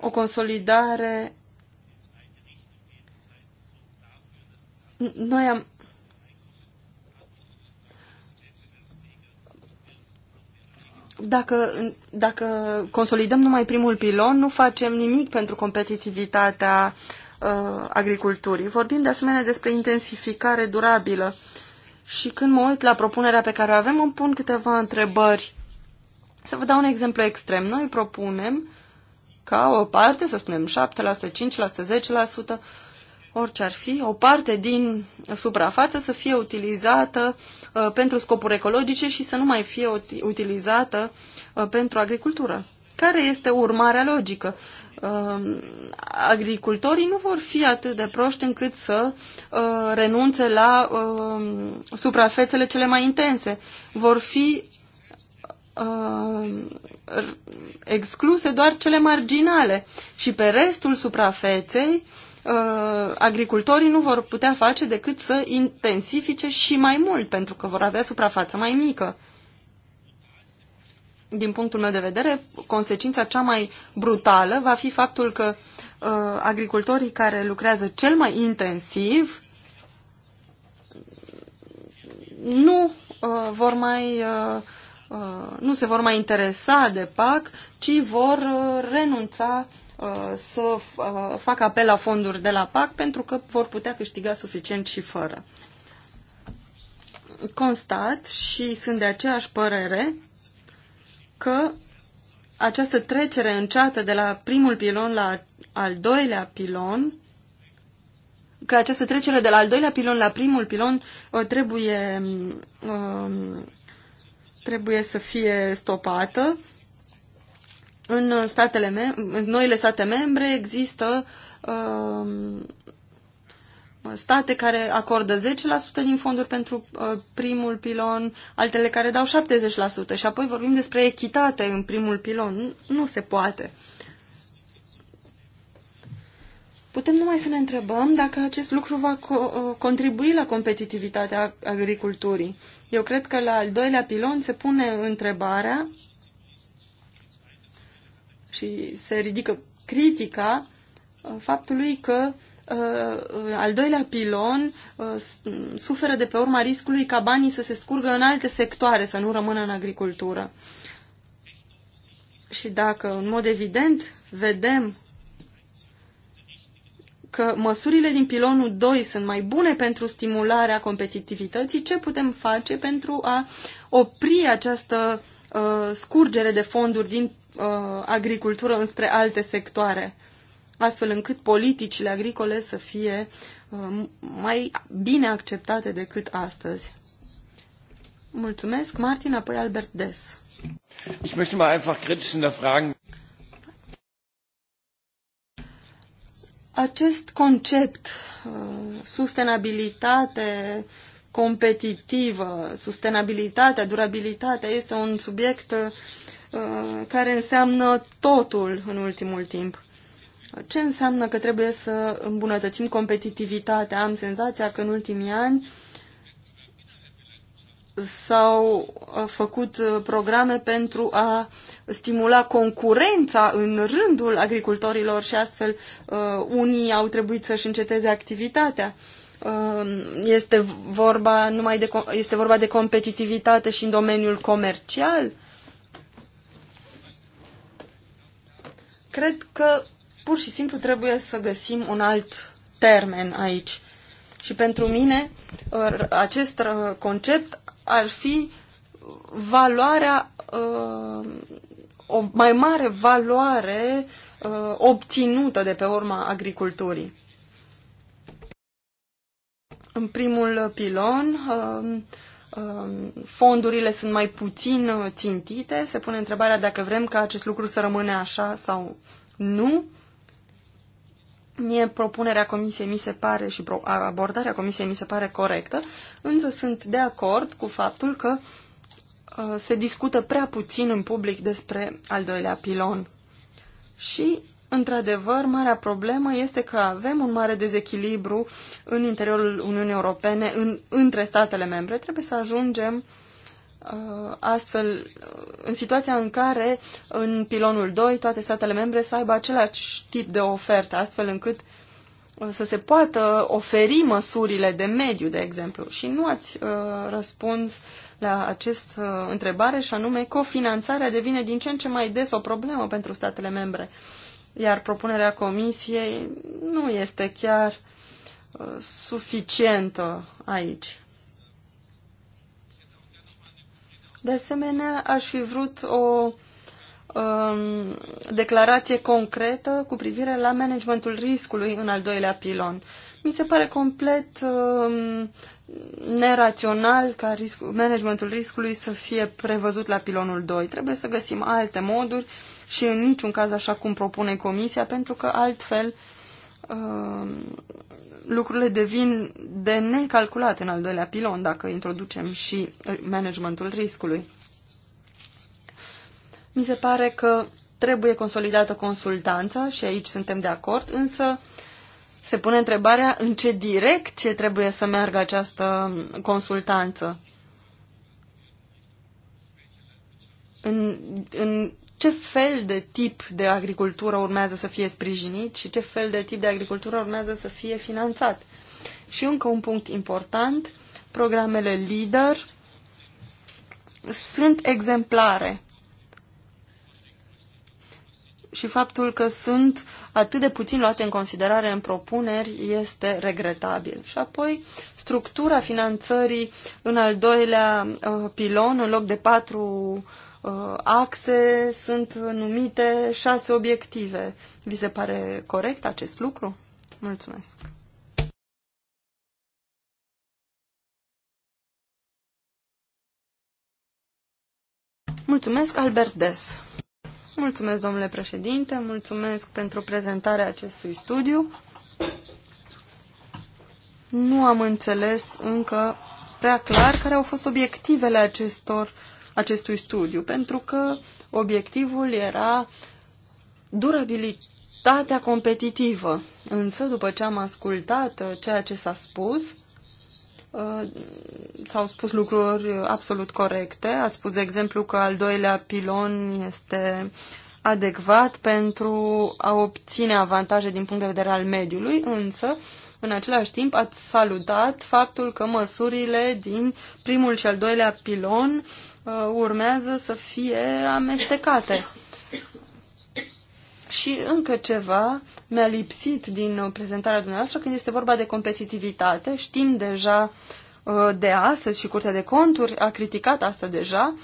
C: O consolidare. Noi am, dacă, dacă consolidăm numai primul pilon, nu facem nimic pentru competitivitatea uh, agriculturii. Vorbim de asemenea despre intensificare durabilă. Și când mă uit la propunerea pe care o avem, îmi pun câteva întrebări. Să vă dau un exemplu extrem. Noi propunem ca o parte, să spunem 7%, 5%, 10%, orice ar fi, o parte din suprafață să fie utilizată Uh, pentru scopuri ecologice și să nu mai fie utilizată uh, pentru agricultură. Care este urmarea logică? Uh, agricultorii nu vor fi atât de proști încât să renunțe la suprafețele cele mai intense. Vor fi excluse doar cele marginale și pe restul suprafeței uh, Uh, agricultorii nu vor putea face decât să intensifice și mai mult, pentru că vor avea suprafață mai mică. Din punctul meu de vedere, consecința cea mai brutală va fi faptul că uh, agricultorii care lucrează cel mai intensiv nu uh, vor mai uh, uh, nu se vor mai interesa de PAC, ci vor uh, renunța uh, Uh, să uh, facă apel la fonduri de la PAC pentru că vor putea câștiga suficient și fără. Constat și sunt de aceeași părere că această trecere înceată de la primul pilon la al doilea pilon, că această trecere de la al doilea pilon la primul pilon uh, trebuie, um, trebuie să fie stopată în, statele mem- în noile state membre există uh, state care acordă 10% din fonduri pentru uh, primul pilon, altele care dau 70% și apoi vorbim despre echitate în primul pilon. Nu, nu se poate. Putem numai să ne întrebăm dacă acest lucru va co- uh, contribui la competitivitatea agriculturii. Eu cred că la al doilea pilon se pune întrebarea și se ridică critica uh, faptului că uh, al doilea pilon uh, suferă de pe urma riscului ca banii să se scurgă în alte sectoare, să nu rămână în agricultură. Și dacă, în mod evident, vedem că măsurile din pilonul 2 sunt mai bune pentru stimularea competitivității, ce putem face pentru a opri această uh, scurgere de fonduri din Uh, agricultură înspre alte sectoare, astfel încât politicile agricole să fie uh, mai bine acceptate decât astăzi. Mulțumesc, Martin, apoi Albert Des.
B: Ich möchte mal einfach kritisch hinterfragen.
C: Acest concept, uh, sustenabilitate competitivă, sustenabilitatea, durabilitatea, este un subiect Uh, care înseamnă totul în ultimul timp. Ce înseamnă că trebuie să îmbunătățim competitivitatea? Am senzația că în ultimii ani s-au uh, făcut uh, programe pentru a stimula concurența în rândul agricultorilor și astfel unii au trebuit să-și înceteze activitatea. Este vorba, numai de, este vorba de competitivitate și în domeniul comercial? Cred că pur și simplu trebuie să găsim un alt termen aici. Și pentru mine uh, acest uh, concept ar fi valoarea, uh, o mai mare valoare obținută de pe urma agriculturii. În primul pilon, Um, fondurile sunt mai puțin uh, țintite, se pune întrebarea dacă vrem ca acest lucru să rămâne așa sau nu. Mie propunerea comisiei mi se pare și abordarea comisiei mi se pare corectă, însă sunt de acord cu faptul că uh, se discută prea puțin în public despre al doilea pilon. Și Într-adevăr, marea problemă este că avem un mare dezechilibru în interiorul Uniunii Europene, în, între statele membre. Trebuie să ajungem uh, astfel uh, în situația în care în pilonul 2 toate statele membre să aibă același tip de ofertă, astfel încât uh, să se poată oferi măsurile de mediu, de exemplu. Și nu ați uh, răspuns la acest uh, întrebare și anume cofinanțarea devine din ce în ce mai des o problemă pentru statele membre. Uh, iar propunerea comisiei nu este chiar uh, suficientă aici. De asemenea, aș fi vrut o um, declarație concretă cu privire la managementul riscului în al doilea pilon. Mi se pare complet um, nerațional ca risc, managementul riscului să fie prevăzut la pilonul 2. Trebuie să găsim alte moduri uh, și în niciun caz așa cum propune Comisia, pentru că altfel um, lucrurile devin de necalculat în al doilea pilon dacă introducem și managementul riscului. Mi se pare că trebuie consolidată consultanța și aici suntem de acord, însă se pune întrebarea în ce direcție trebuie să meargă această consultanță. În, în ce fel de tip de agricultură urmează să fie sprijinit și ce fel de tip de agricultură urmează să fie finanțat. Și încă un punct important, programele LEADER sunt exemplare. Și faptul că sunt atât de puțin luate în considerare în propuneri este regretabil. Și apoi, structura finanțării în al doilea uh, pilon, în loc de patru uh, Uh, axe sunt numite șase obiective. Vi se pare corect acest lucru? Mulțumesc! Mulțumesc, Albert Des. Mulțumesc, domnule președinte, mulțumesc pentru prezentarea acestui studiu. Nu am înțeles încă prea clar care au fost obiectivele acestor uh, acestui studiu, pentru că obiectivul era durabilitatea competitivă. Însă, după ce am ascultat uh, ceea ce s-a spus, uh, s-au spus lucruri absolut corecte. Ați spus, de exemplu, că al doilea pilon este adecvat pentru a obține avantaje din punct de vedere al mediului, însă, în același timp, ați salutat faptul că măsurile din primul și al doilea pilon Uh, urmează să fie amestecate. Și încă ceva mi-a lipsit din prezentarea dumneavoastră când este vorba de competitivitate. Știm deja uh, de astăzi și Curtea de Conturi a criticat asta deja,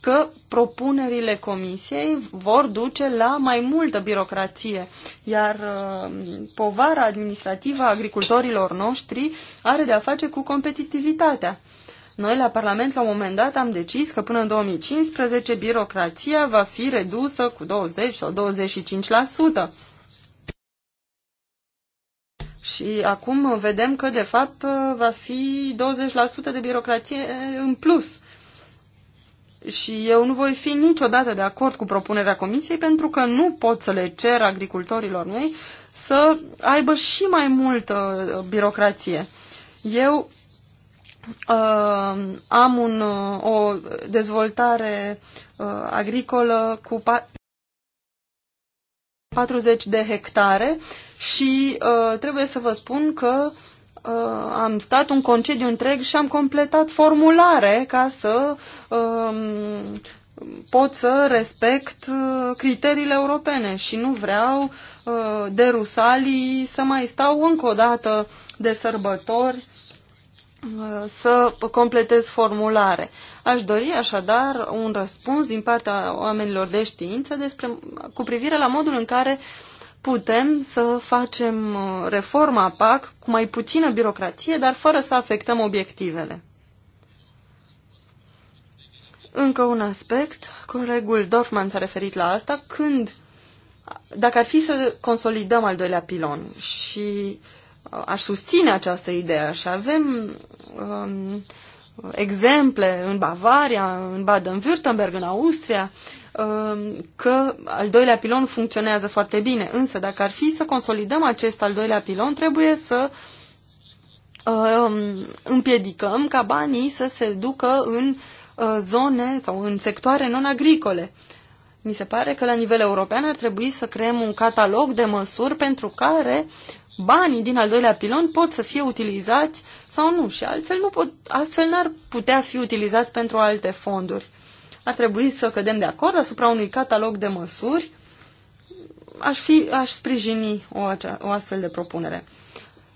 C: că propunerile comisiei vor duce la mai multă birocrație, iar uh, povara administrativă a agricultorilor noștri are de a face cu competitivitatea. Noi la Parlament, la un moment dat, am decis că până în 2015 birocrația va fi redusă cu 20 sau 25%. Și acum vedem că, de fapt, va fi 20% de birocrație în plus. Și eu nu voi fi niciodată de acord cu propunerea comisiei pentru că nu pot să le cer agricultorilor mei să aibă și mai multă uh, birocrație. Eu uh, am un, uh, o dezvoltare uh, agricolă cu 40 de hectare și uh, trebuie să vă spun că uh, am stat un concediu întreg și am completat formulare ca să uh, pot să respect uh, criteriile europene și nu vreau uh, de rusalii să mai stau încă o dată de sărbători să completez formulare. Aș dori așadar un răspuns din partea oamenilor de știință despre, cu privire la modul în care putem să facem uh, reforma PAC cu mai puțină birocrație, dar fără să afectăm obiectivele. Încă un aspect, colegul Dorfman s-a referit la asta, când, dacă ar fi să consolidăm al doilea pilon și uh, aș susține această idee și avem um, exemple în Bavaria, în Baden-Württemberg, în Austria, um, că al doilea pilon funcționează foarte bine. Însă, dacă ar fi să consolidăm acest al doilea pilon, trebuie să um, împiedicăm ca banii să se ducă în uh, zone sau în sectoare non-agricole. Mi se pare că la nivel european ar trebui să creăm un catalog de măsuri pentru care banii din al doilea pilon pot să fie utilizați sau nu și altfel nu pot, astfel n-ar putea fi utilizați pentru alte fonduri. Ar trebui să cădem de acord asupra unui catalog de măsuri. Aș, fi, aș sprijini o, acea, o astfel de propunere.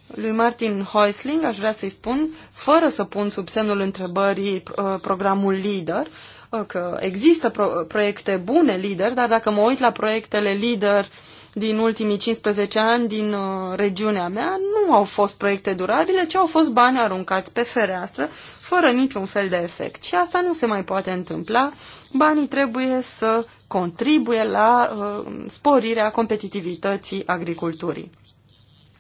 C: Lui Martin Heusling aș vrea să-i spun, fără să pun sub semnul întrebării uh, programul LEADER, uh, că există pro proiecte bune LEADER, dar dacă mă uit la proiectele LEADER uh, din ultimii 15 ani din uh, regiunea mea nu au fost proiecte durabile, ci au fost bani aruncați pe fereastră, fără niciun fel de efect. Și asta nu se mai poate întâmpla. Banii trebuie să contribuie la uh, sporirea competitivității agriculturii.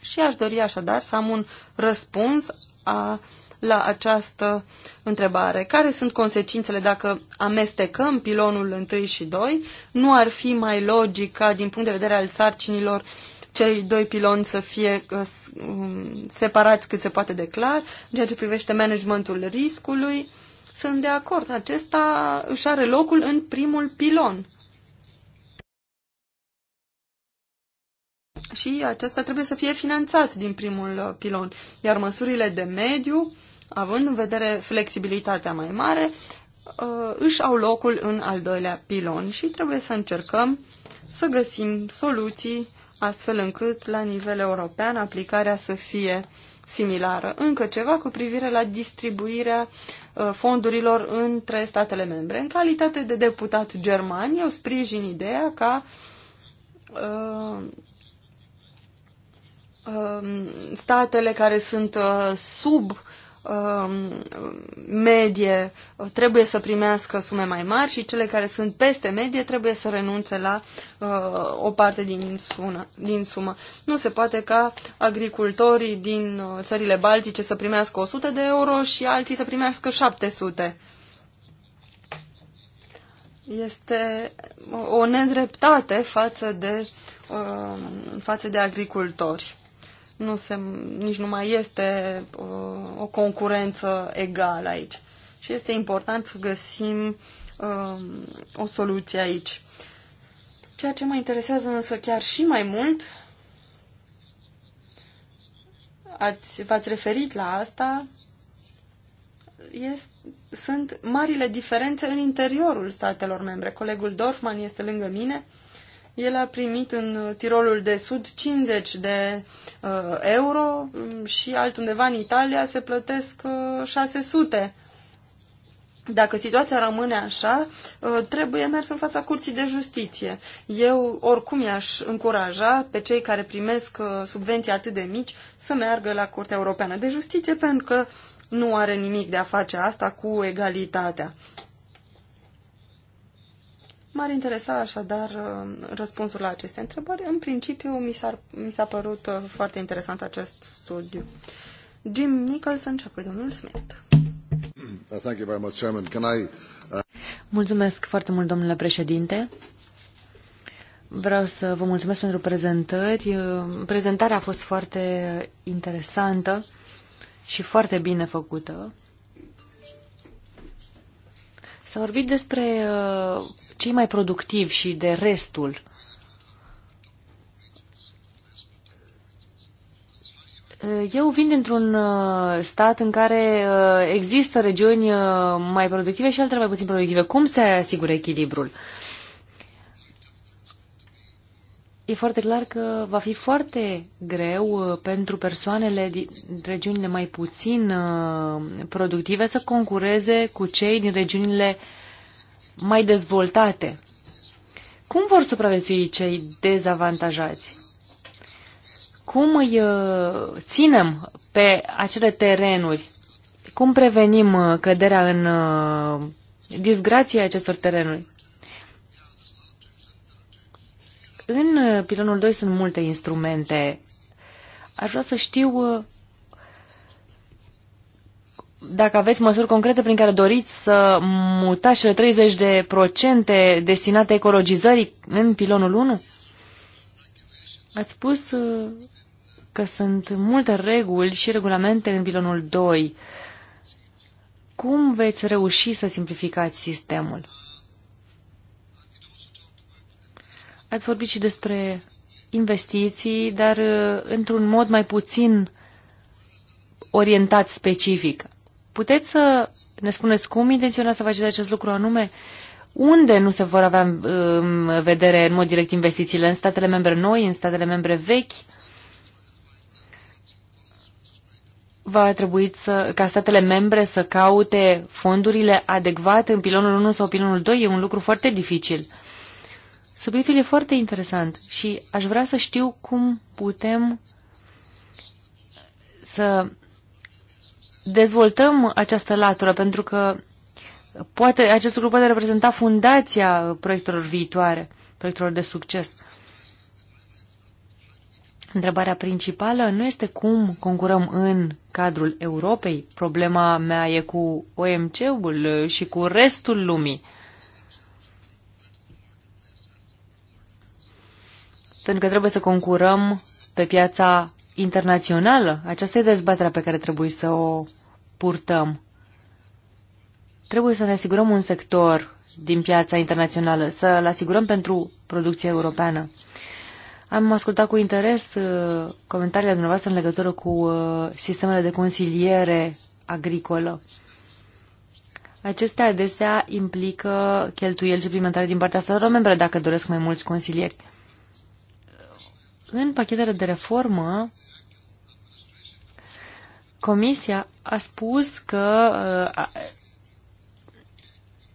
C: Și aș dori așadar să am un răspuns a uh, la această întrebare. Care sunt consecințele dacă amestecăm pilonul 1 și 2? Nu ar fi mai logic ca, din punct de vedere al sarcinilor, cei doi piloni să fie uh, um, separați cât se poate de clar, în ceea ce privește managementul riscului, sunt de acord. Acesta își are locul în primul pilon. Și acesta trebuie să fie finanțat din primul uh, pilon. Iar măsurile de mediu având în vedere flexibilitatea mai mare, uh, își au locul în al doilea pilon și trebuie să încercăm să găsim soluții astfel încât la nivel european aplicarea să fie similară. Încă ceva cu privire la distribuirea uh, fondurilor între statele membre. În calitate de deputat german, eu sprijin ideea ca uh, um, statele care sunt sub Um, medie uh, trebuie să primească sume mai mari și cele care sunt peste medie trebuie să renunțe la uh, o parte din, sună, din sumă. Nu se poate ca agricultorii din uh, țările baltice să primească 100 de euro și alții să primească 700. Este o nedreptate față de, față de agricultori nu se, nici nu mai este uh, o concurență egală aici. Și este important să găsim uh, o soluție aici. Ceea ce mă interesează însă chiar și mai mult, ați, v-ați referit la asta, este, sunt marile diferențe în interiorul statelor membre. Colegul Dorfman este lângă mine. El a primit în Tirolul de Sud 50 de uh, euro și altundeva în Italia se plătesc uh, 600. Dacă situația rămâne așa, uh, trebuie mers în fața curții de justiție. Eu oricum i-aș încuraja pe cei care primesc uh, subvenții atât de mici să meargă la Curtea Europeană de Justiție pentru că nu are nimic de a face asta cu egalitatea. M-ar interesa așadar uh, răspunsul la aceste întrebări. În principiu, mi s-a, mi s-a părut uh, foarte interesant acest studiu. Jim Nicholson cea apoi domnul Smith.
A: Uh, thank you very much, Chairman. Can I, uh...
D: Mulțumesc foarte mult, domnule președinte. Vreau să vă mulțumesc pentru prezentări. Prezentarea a fost foarte interesantă și foarte bine făcută. S-a vorbit despre cei mai productivi și de restul. Eh, eu vin dintr-un eh, stat în care eh, există regiuni mai productive și altele mai puțin productive. Cum se asigură echilibrul? E foarte clar că va fi foarte greu pentru persoanele din regiunile mai puțin productive să concureze cu cei din regiunile uh, mai dezvoltate. Cum vor supraviețui cei dezavantajați? Cum îi uh, ținem pe acele terenuri? Cum prevenim uh, căderea în uh, disgrație acestor terenuri? În pilonul 2 sunt multe instrumente. Aș vrea să știu dacă aveți măsuri concrete prin care doriți să mutați cele 30 de procente destinate ecologizării în pilonul 1? Ați spus uh, că sunt multe reguli și regulamente în pilonul 2. Cum veți reuși să simplificați sistemul? Ați vorbit și despre investiții, dar uh, într-un mod mai puțin orientat specific. Puteți să ne spuneți cum intenționați să faceți acest lucru anume? Unde nu se vor avea în um, vedere în mod direct investițiile? În statele membre noi, în statele membre vechi? Va trebui să, ca statele membre să caute fondurile adecvate în pilonul 1 sau pilonul 2? E un lucru foarte dificil. Subiectul e foarte interesant și aș vrea să știu cum putem să dezvoltăm această latură, pentru că poate, acest lucru poate reprezenta fundația proiectelor viitoare, proiectelor de succes. Întrebarea principală nu este cum concurăm în cadrul Europei. Problema mea e cu OMC-ul și cu restul lumii. Pentru că trebuie să concurăm pe piața internațională. Aceasta e dezbaterea pe care trebuie să o purtăm. Trebuie să ne asigurăm un sector din piața internațională, să-l asigurăm pentru producția europeană. Am ascultat cu interes uh, comentariile dumneavoastră în legătură cu uh, sistemele de consiliere agricolă. Acestea adesea implică cheltuieli suplimentare din partea statelor membre dacă doresc mai mulți consilieri. În pachetele de reformă, Comisia a spus că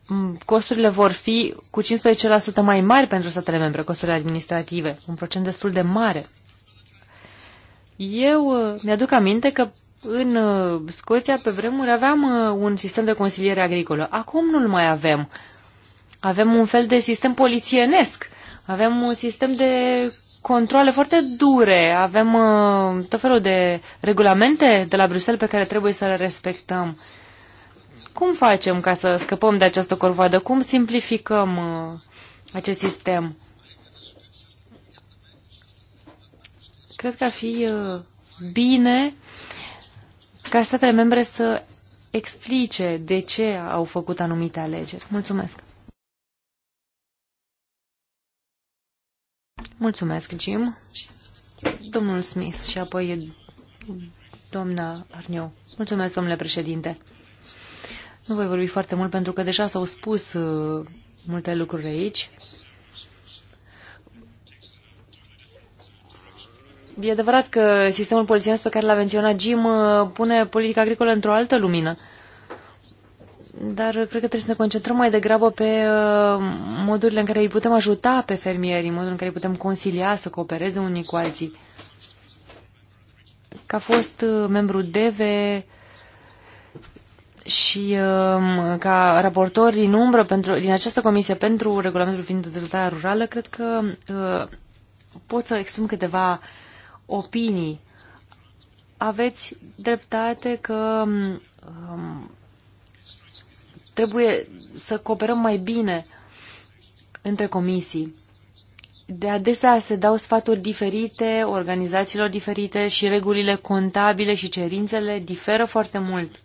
D: uh, costurile vor fi cu 15% mai mari pentru statele membre, costurile administrative, un procent destul de mare. Eu uh, mi-aduc aminte că în uh, Scoția pe vremuri aveam un sistem de consiliere agricolă. Acum nu-l mai avem. Avem un fel de sistem polițienesc. Avem un sistem de controle foarte dure, avem uh, tot felul de regulamente de la Bruxelles pe care trebuie să le respectăm. Cum facem ca să scăpăm de această corvoadă? Cum simplificăm uh, acest sistem? Cred că ar fi uh, bine ca statele membre să explice de ce au făcut anumite alegeri. Mulțumesc! Mulțumesc, Jim. Domnul Smith și apoi doamna Arneu. Mulțumesc, domnule președinte. Nu voi vorbi foarte mult pentru că deja s-au spus uh, multe lucruri aici. E adevărat că sistemul polițienesc pe care l-a menționat Jim uh, pune politica agricolă într-o altă lumină. Uh, dar cred că trebuie să ne concentrăm mai degrabă pe uh, modurile în care îi putem ajuta pe în modul în care îi putem consilia să coopereze unii cu alții. Ca fost uh, membru DEVE și um, ca raportor din umbră pentru, din această comisie pentru regulamentul privind dezvoltarea rurală, cred că uh, pot să exprim câteva opinii. Aveți dreptate că um, Trebuie să cooperăm mai bine între comisii. De adesea se dau sfaturi diferite, organizațiilor diferite și regulile contabile și cerințele diferă foarte mult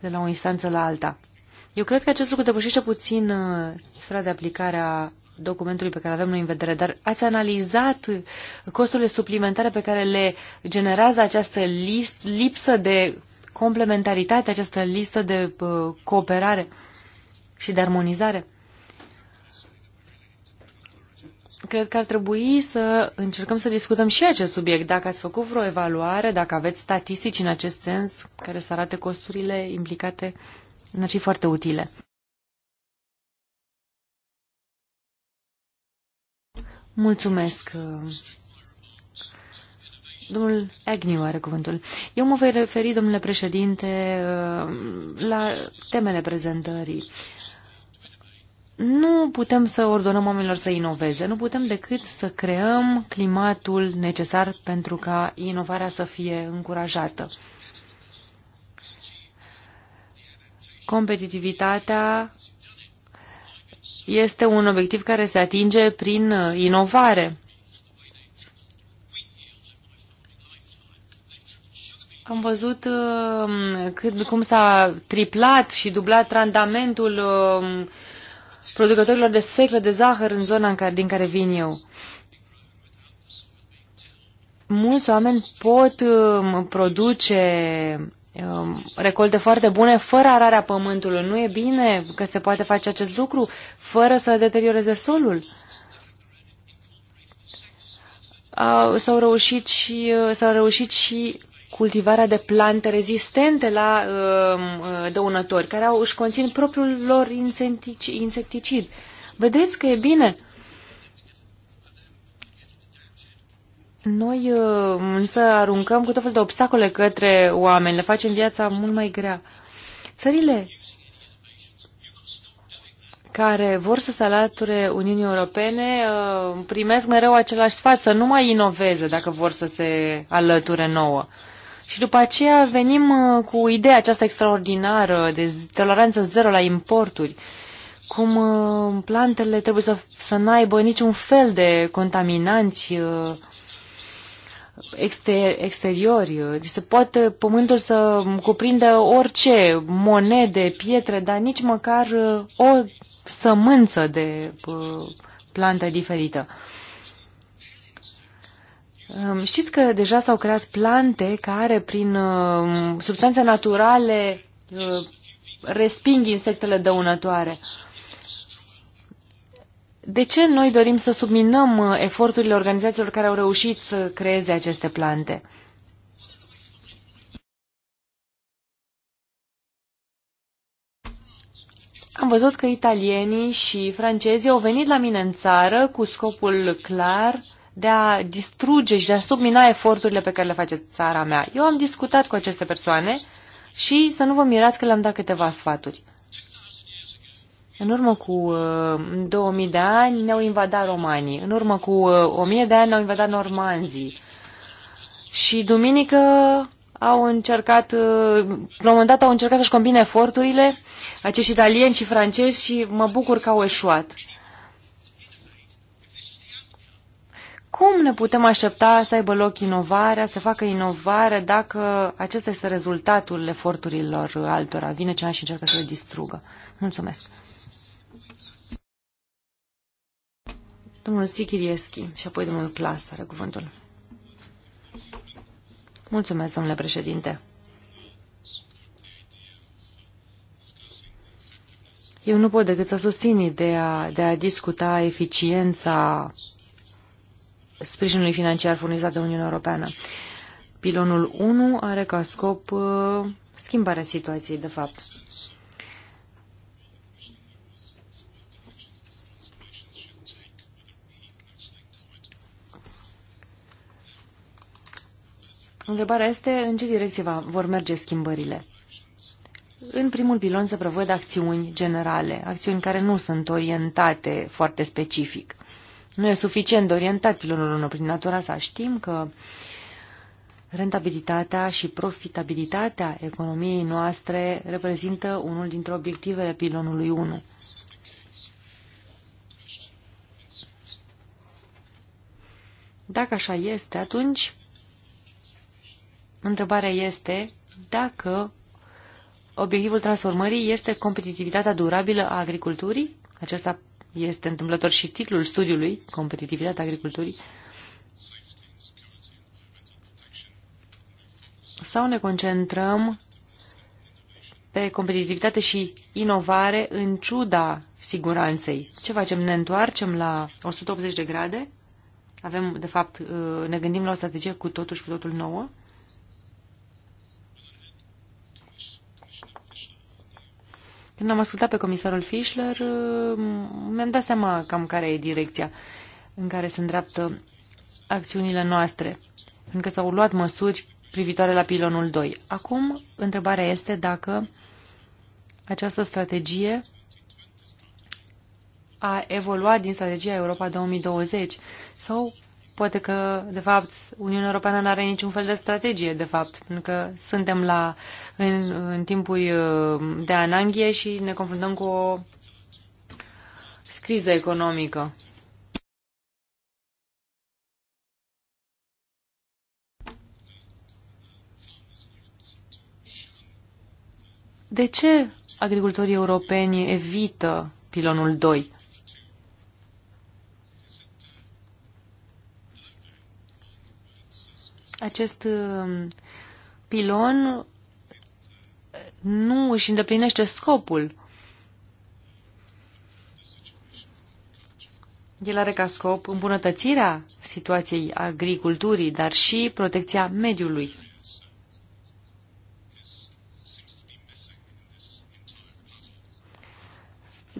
D: de la o instanță la alta. Eu cred că acest lucru depășește puțin uh, sfera de aplicare a documentului pe care avem noi în vedere, dar ați analizat costurile suplimentare pe care le generează această list, lipsă de complementaritate, această listă de uh, cooperare și de armonizare? Cred că ar trebui să încercăm să discutăm și acest subiect. Dacă ați făcut vreo evaluare, dacă aveți statistici în acest sens care să arate costurile implicate, n-ar fi foarte utile. Mulțumesc, uh, Domnul Agnew are cuvântul. Eu mă voi referi, domnule președinte, uh, la temele prezentării. Nu putem să ordonăm oamenilor să inoveze, nu putem decât să creăm climatul necesar pentru ca inovarea să fie încurajată. Competitivitatea este un obiectiv care se atinge prin inovare. Am văzut um, cât, cum s-a triplat și dublat randamentul um, producătorilor de sfeclă de zahăr în zona în care, din care vin eu. Mulți oameni pot um, produce recolte foarte bune fără ararea pământului. Nu e bine că se poate face acest lucru fără să deterioreze solul. S-au reușit și, uh, s-au reușit și cultivarea de plante rezistente la um, uh, dăunători, care au, își conțin propriul lor insecticid. Vedeți că e bine. Noi uh, însă aruncăm cu tot felul de obstacole către oameni, le facem viața mult mai grea. Țările care vor să se alăture Uniunii Europene uh, primesc mereu același sfat, să nu mai inoveze dacă vor să se alăture nouă. Și după aceea venim uh, cu ideea aceasta extraordinară de toleranță zero la importuri, cum uh, plantele trebuie să, să n-aibă niciun fel de contaminanți uh, exter, exteriori. Deci se poate pământul să cuprindă orice monede, pietre, dar nici măcar o sămânță de plantă diferită. Um, știți că deja s-au creat plante care, prin um, substanțe naturale, uh, resping insectele dăunătoare. De ce noi dorim să subminăm uh, eforturile organizațiilor care au reușit să creeze aceste plante? Am văzut că italienii și francezii au venit la mine în țară cu scopul clar uh, de a distruge și de a submina eforturile pe care le face țara mea. Eu am discutat cu aceste persoane și să nu vă mirați că le-am dat câteva sfaturi. În urmă cu uh, 2000 de ani ne-au invadat romanii, în urmă cu uh, 1000 de ani ne-au invadat normanzii și duminică au încercat, uh, la un moment dat au încercat să-și combine eforturile acești italieni și francezi și mă bucur că au eșuat. Cum ne putem aștepta să aibă loc inovarea, să facă inovare, dacă acesta este rezultatul eforturilor altora? Vine cineva și încearcă să le distrugă. Mulțumesc. Domnul Sikirieschi și apoi domnul Clas are cuvântul. Mulțumesc, domnule președinte. Eu nu pot decât să susțin ideea de a discuta eficiența sprijinului financiar furnizat de Uniunea Europeană. Pilonul 1 are ca scop uh, schimbarea situației, de fapt. Întrebarea este în ce direcție va, vor merge schimbările. În primul pilon se prevăd acțiuni generale, acțiuni care nu sunt orientate foarte specific nu e suficient de orientat pilonul 1 prin natura sa. Știm că rentabilitatea și profitabilitatea economiei noastre reprezintă unul dintre obiectivele pilonului 1. Dacă așa este, atunci întrebarea este dacă obiectivul transformării este competitivitatea durabilă a agriculturii, acesta este întâmplător și titlul studiului, Competitivitatea agriculturii, sau ne concentrăm pe competitivitate și inovare în ciuda siguranței. Ce facem? Ne întoarcem la 180 de grade? Avem, de fapt, uh, ne gândim la o strategie cu totul și cu totul nouă? Când am ascultat pe comisarul Fischler, mi-am dat seama cam care e direcția în care se îndreaptă acțiunile noastre, pentru că s-au luat măsuri privitoare la pilonul 2. Acum, întrebarea este dacă această strategie a evoluat din strategia Europa 2020 sau Poate că, de fapt, Uniunea Europeană nu are niciun fel de strategie, de fapt, pentru că suntem la, în, în timpul uh, de ananghie și ne confruntăm cu o criză economică. De ce agricultorii europeni evită pilonul 2? acest um, pilon nu își îndeplinește scopul. El are ca scop îmbunătățirea situației agriculturii, dar și protecția mediului.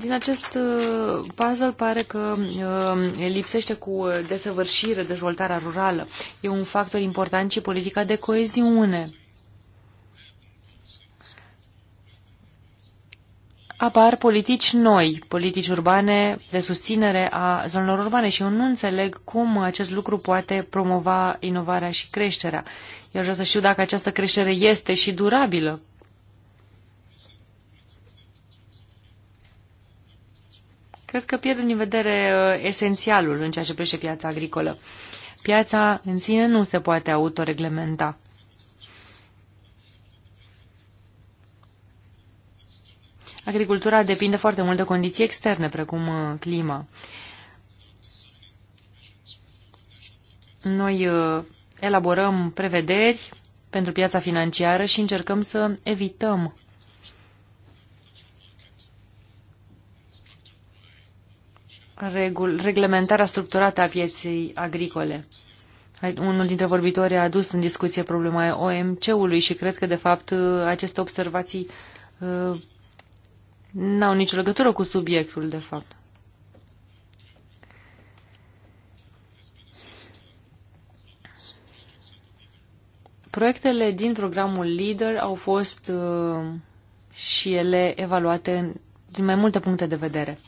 D: Din acest uh, puzzle pare că uh, lipsește cu desăvârșire dezvoltarea rurală. E un factor important și politica de coeziune. Apar politici noi, politici urbane de susținere a zonelor urbane și eu nu înțeleg cum acest lucru poate promova inovarea și creșterea. Eu vreau să știu dacă această creștere este și durabilă Cred că pierdem din vedere uh, esențialul în ceea ce privește piața agricolă. Piața în sine nu se poate autoreglementa. Agricultura depinde foarte mult de condiții externe, precum uh, clima. Noi uh, elaborăm prevederi pentru piața financiară și încercăm să evităm regul, reglementarea structurată a pieței agricole. Unul dintre vorbitori a adus în discuție problema OMC-ului și cred că, de fapt, uh, aceste observații uh, n-au nicio legătură cu subiectul, de fapt. Proiectele din programul LEADER au fost uh, și ele evaluate din mai multe puncte de vedere.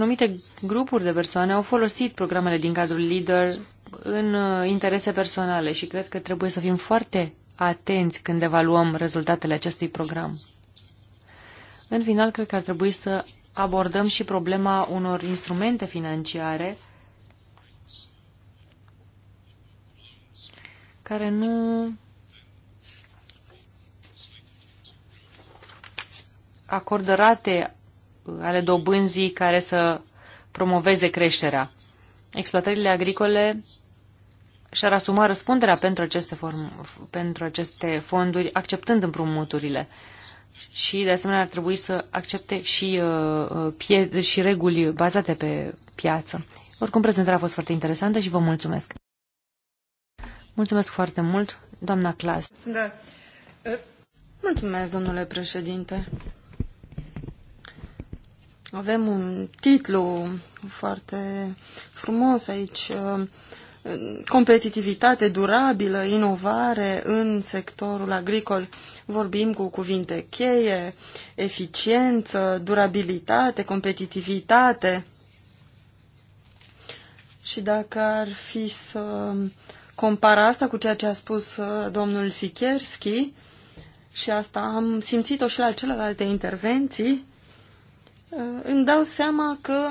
D: anumite grupuri de persoane au folosit programele din cadrul LEADER în uh, interese personale și cred că trebuie să fim foarte atenți când evaluăm rezultatele acestui program. În final, cred că ar trebui să abordăm și problema unor instrumente financiare care nu acordă rate ale dobânzii care să promoveze creșterea. Exploatările agricole și-ar asuma răspunderea pentru aceste, form, pentru aceste fonduri, acceptând împrumuturile. Și, de asemenea, ar trebui să accepte și, uh, uh pie- și reguli bazate pe piață. Oricum, prezentarea a fost foarte interesantă și vă mulțumesc. Mulțumesc foarte mult, doamna Clas.
C: Da. Uh. Mulțumesc, domnule președinte. Avem un titlu foarte frumos aici, uh, competitivitate durabilă, inovare în sectorul agricol. Vorbim cu cuvinte cheie, eficiență, durabilitate, competitivitate. Și dacă ar fi să compara asta cu ceea ce a spus uh, domnul Sikierski, și asta am simțit-o și la celelalte intervenții, Uh, îmi dau seama că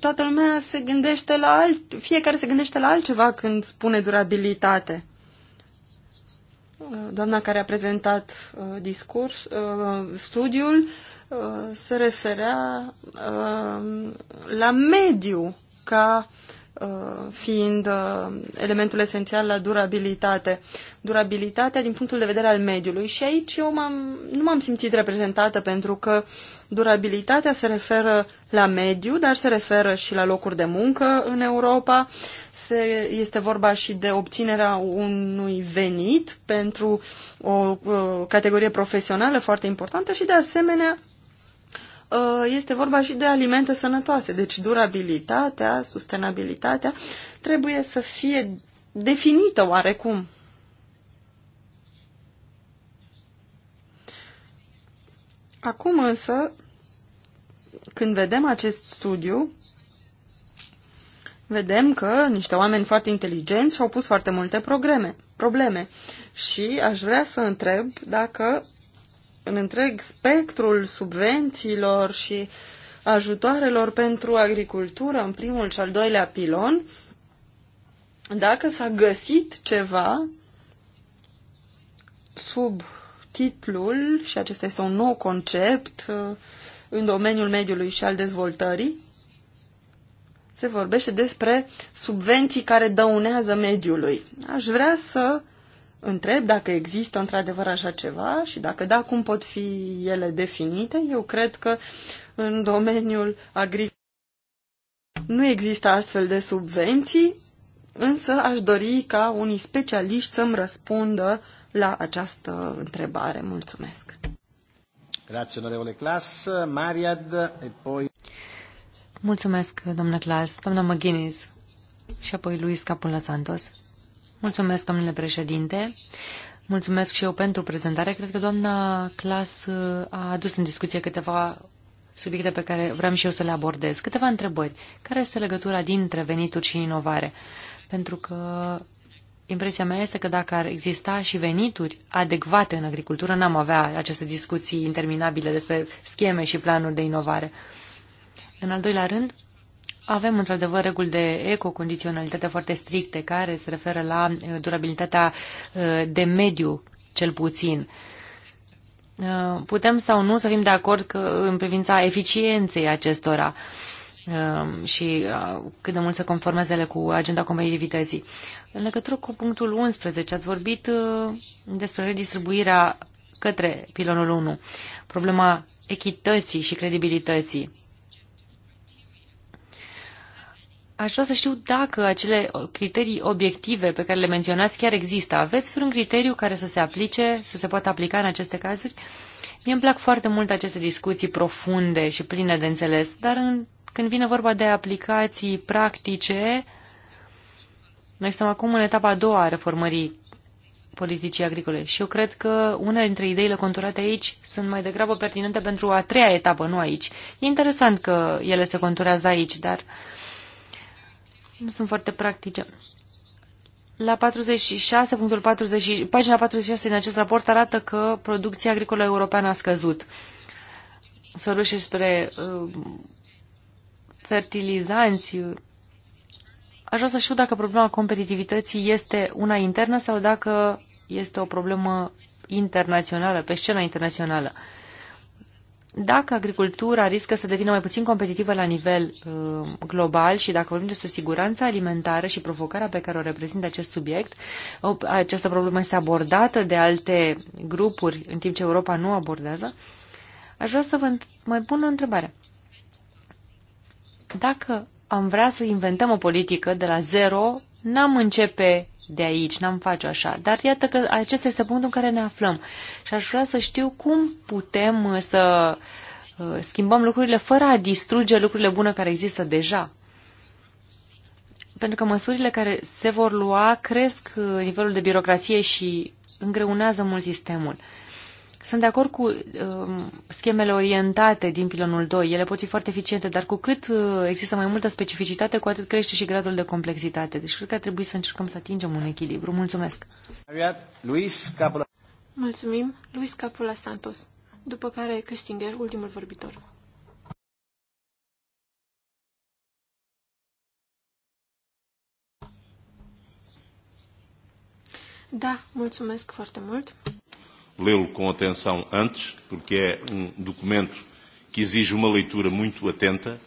C: toată lumea se gândește la alt, fiecare se gândește la altceva când spune durabilitate. Uh, doamna care a prezentat uh, discurs, studiul se referea la mediu ca Uh, fiind uh, elementul esențial la durabilitate. Durabilitatea din punctul de vedere al mediului și aici eu m-am, nu m-am simțit reprezentată pentru că durabilitatea se referă la mediu, dar se referă și la locuri de muncă în Europa. Se, este vorba și de obținerea unui venit pentru o, o uh, categorie profesională foarte importantă și de asemenea Uh, este vorba și de alimente sănătoase. Deci durabilitatea, sustenabilitatea trebuie să fie definită oarecum. Acum însă, când vedem acest studiu, vedem că niște oameni foarte inteligenți și-au pus foarte multe probleme, probleme. Și aș vrea să întreb dacă în întreg spectrul subvențiilor și ajutoarelor pentru agricultură în primul și al doilea pilon, dacă s-a găsit ceva sub titlul, și acesta este un nou concept uh, în domeniul mediului și al dezvoltării, se vorbește despre subvenții care dăunează mediului. Aș vrea să întreb dacă există într-adevăr așa ceva și dacă da, cum pot fi ele definite. Eu cred că în domeniul agricol nu există astfel de subvenții, însă aș dori ca unii specialiști să-mi răspundă la această întrebare. Mulțumesc!
B: Grazie, onorevole Clas. Mariad e poi...
D: Mulțumesc, domnule Clas, doamna McGuinness și apoi Luis Capula Santos. Mulțumesc, domnule președinte. Mulțumesc și eu pentru prezentare. Cred că doamna Clas uh, a adus în discuție câteva subiecte pe care vreau și eu să le abordez. Câteva întrebări. Care este legătura dintre venituri și inovare? Pentru că impresia mea este că dacă ar exista și venituri adecvate în agricultură, n-am avea aceste discuții interminabile despre scheme și planuri de inovare. În al doilea rând, avem într-adevăr reguli de ecocondiționalitate foarte stricte care se referă la uh, durabilitatea uh, de mediu, cel puțin. Uh, putem sau nu să fim de acord că, în privința eficienței acestora și cât de mult se conformează ele cu agenda competitivității. În legătură cu punctul 11, ați vorbit despre redistribuirea către pilonul 1, problema echității și credibilității Aș vrea să știu dacă acele criterii obiective pe care le menționați chiar există. Aveți vreun criteriu care să se aplice, să se poată aplica în aceste cazuri? Mie îmi plac foarte mult aceste discuții profunde și pline de înțeles, dar în, când vine vorba de aplicații practice, noi suntem acum în etapa a doua a reformării politicii agricole și eu cred că una dintre ideile conturate aici sunt mai degrabă pertinente pentru a treia etapă, nu aici. E interesant că ele se conturează aici, dar uh, nu sunt foarte practice. La 46, punctul 40, pagina 46 din acest raport arată că producția agricolă europeană a scăzut. Să rușe spre uh, fertilizanți. Aș vrea să știu dacă problema competitivității este una internă sau dacă este o problemă internațională, pe scena internațională. Uh, dacă agricultura riscă să devină mai puțin competitivă la nivel uh, global și dacă vorbim despre siguranța alimentară și provocarea pe care o reprezintă acest subiect, o, această problemă este abordată de alte grupuri în timp ce Europa nu abordează, aș vrea să vă mai pun o întrebare. Dacă am vrea să inventăm o politică de la zero, n-am începe de aici, n-am face așa. Dar iată că acesta este punctul în care ne aflăm și aș vrea să știu cum putem uh, să uh, schimbăm lucrurile fără a distruge lucrurile bune care există deja. Pentru că măsurile care se vor lua cresc uh, nivelul de birocrație și îngreunează mult sistemul. Uh, sunt de acord cu uh, schemele orientate din pilonul 2. Ele pot fi foarte eficiente, dar cu cât uh, există mai multă specificitate, cu atât crește și gradul de complexitate. Deci cred că ar trebui să încercăm să atingem un echilibru. Mulțumesc!
B: Luis Capula.
A: Mulțumim, Luis Capula Santos. După care câștigă ultimul vorbitor. Da, mulțumesc foarte mult
C: lê-lo com atenção antes, porque é um documento que exige uma leitura muito atenta.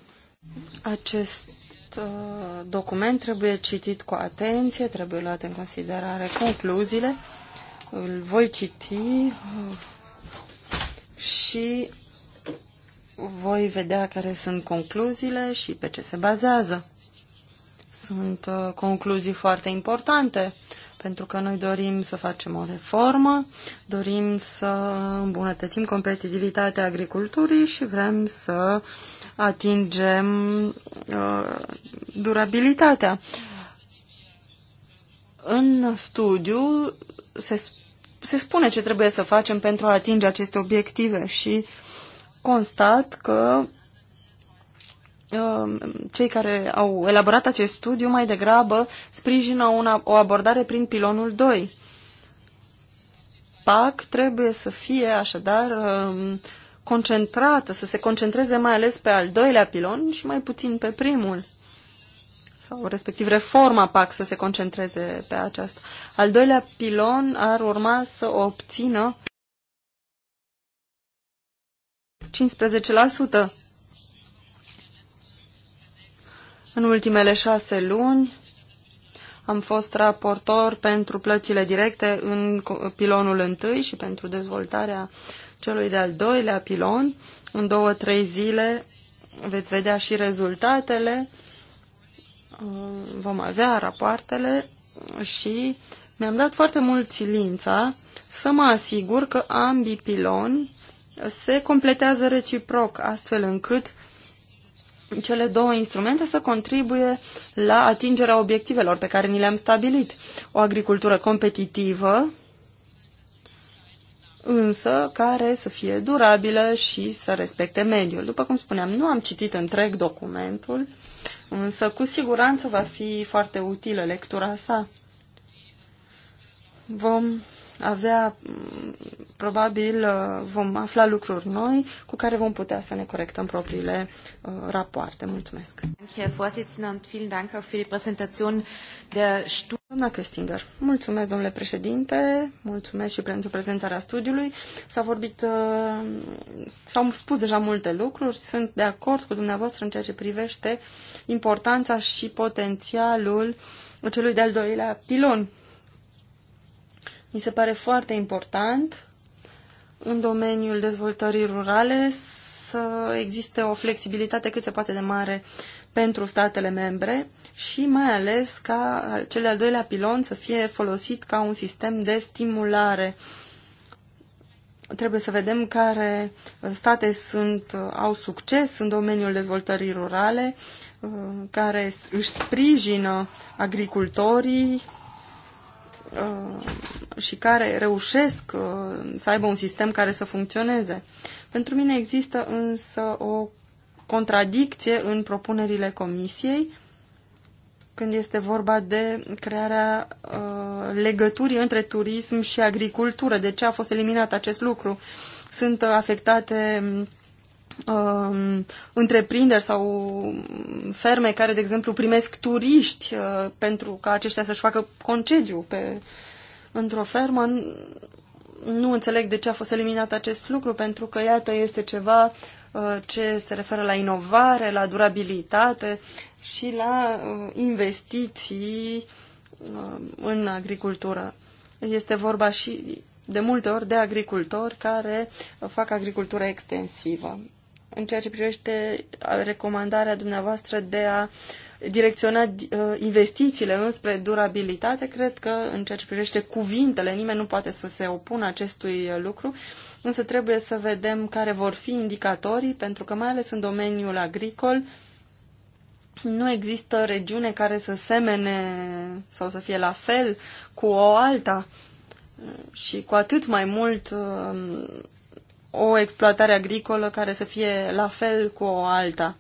A: Acest
C: uh, document trebuie citit cu atenție, trebuie luat în considerare concluziile. Îl voi citi uh, și voi vedea care sunt concluziile și pe ce se bazează. Sunt uh, concluzii foarte importante pentru că noi dorim să facem o reformă, dorim să îmbunătățim competitivitatea agriculturii și vrem să atingem uh, durabilitatea. În studiu se, se spune ce trebuie să facem pentru a atinge aceste obiective și constat că Um, cei care au elaborat acest studiu mai degrabă sprijină una, o abordare prin pilonul 2. PAC trebuie să fie așadar um, concentrată, să se concentreze mai ales pe al doilea pilon și mai puțin pe primul sau respectiv reforma PAC să se concentreze pe aceasta. Al doilea pilon ar urma să obțină 15%. În ultimele șase luni am fost raportor pentru plățile directe în pilonul întâi și pentru dezvoltarea celui de-al doilea pilon. În două-trei zile veți vedea și rezultatele, vom avea rapoartele și mi-am dat foarte mult silința să mă asigur că ambii piloni se completează reciproc, astfel încât cele două instrumente să contribuie la atingerea obiectivelor pe care ni le-am stabilit. O agricultură competitivă, însă care să fie durabilă și să respecte mediul. După cum spuneam, nu am citit întreg documentul, însă cu siguranță va fi foarte utilă lectura sa. Vom avea probabil uh, vom afla lucruri noi cu care vom putea să ne corectăm propriile uh, rapoarte. Mulțumesc! Doamna Köstinger, mulțumesc, domnule președinte, mulțumesc și pentru prezentarea studiului. s au vorbit, uh, s-au spus deja multe lucruri, sunt de acord cu dumneavoastră în ceea ce privește importanța și potențialul celui de-al doilea pilon mi se pare foarte important în domeniul dezvoltării rurale să existe o flexibilitate cât se poate de mare pentru statele membre și mai ales ca cel de-al doilea pilon să fie folosit ca un sistem de stimulare. Trebuie să vedem care state sunt, au succes în domeniul dezvoltării rurale, uh, care își sprijină agricultorii, Uh, și care reușesc uh, să aibă un sistem care să funcționeze. Pentru mine există însă o contradicție în propunerile comisiei când este vorba de crearea uh, legăturii între turism și agricultură. De ce a fost eliminat acest lucru? Sunt uh, afectate Um, întreprinderi sau ferme care, de exemplu, primesc turiști uh, pentru ca aceștia să-și facă concediu pe, într-o fermă. Nu înțeleg de ce a fost eliminat acest lucru, pentru că, iată, este ceva uh, ce se referă la inovare, la durabilitate și la uh, investiții în agricultură. Este vorba și de multe ori de agricultori care fac agricultură extensivă în ceea ce privește uh, recomandarea dumneavoastră de a direcționa uh, investițiile înspre durabilitate, cred că în ceea ce privește cuvintele, nimeni nu poate să se opună acestui lucru, însă trebuie să vedem care vor fi indicatorii, pentru că mai ales în domeniul agricol nu există regiune care să semene sau să fie la fel cu o alta și cu atât mai mult uh, o exploatare agricolă care să fie la fel cu o alta.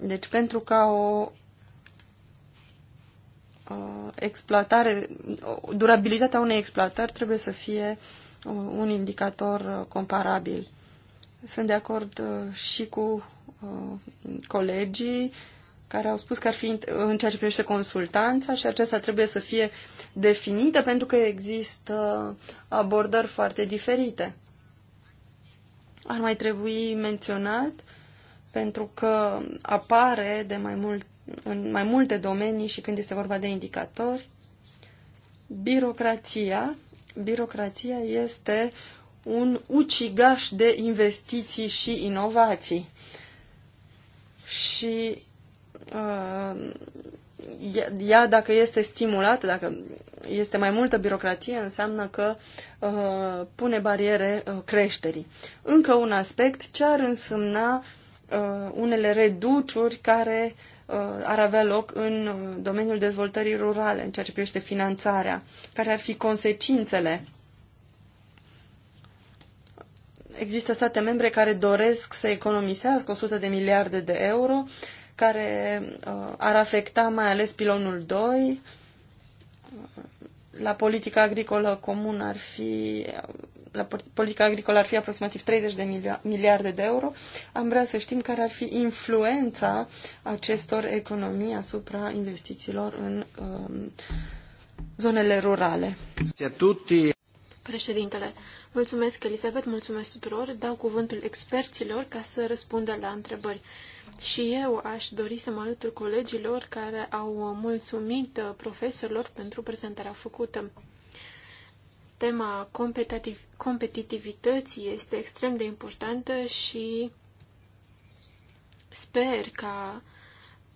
C: Deci pentru ca o exploatare, durabilitatea unei exploatări trebuie să fie uh, un indicator uh, comparabil. Sunt de acord uh, și cu colegii care au spus că ar fi în ceea ce privește consultanța și aceasta trebuie să fie definită pentru că există abordări foarte diferite. Ar mai trebui menționat pentru că apare de mai mult, în mai multe domenii și când este vorba de indicatori. Birocrația. Birocrația este un ucigaș de investiții și inovații. Și Uh, ea dacă este stimulată, dacă este mai multă birocratie, înseamnă că uh, pune bariere uh, creșterii. Încă un aspect, ce ar însemna uh, unele reduciuri care uh, ar avea loc în uh, domeniul dezvoltării rurale, în ceea ce privește finanțarea, care ar fi consecințele. Există state membre care doresc să economisească 100 de miliarde de euro, uh, care uh, ar afecta mai ales pilonul 2. La politica agricolă comună ar fi la politica agricolă ar fi aproximativ 30 de miliarde de euro. Am vrea să știm care ar fi influența acestor economii asupra investițiilor în um,
A: zonele rurale. Președintele, mulțumesc Elisabet, mulțumesc tuturor. Dau cuvântul experților ca să răspundă la întrebări. Și eu aș dori să mă alătur colegilor care au mulțumit profesorilor pentru prezentarea făcută. Tema competitiv competitivității este extrem de importantă și sper ca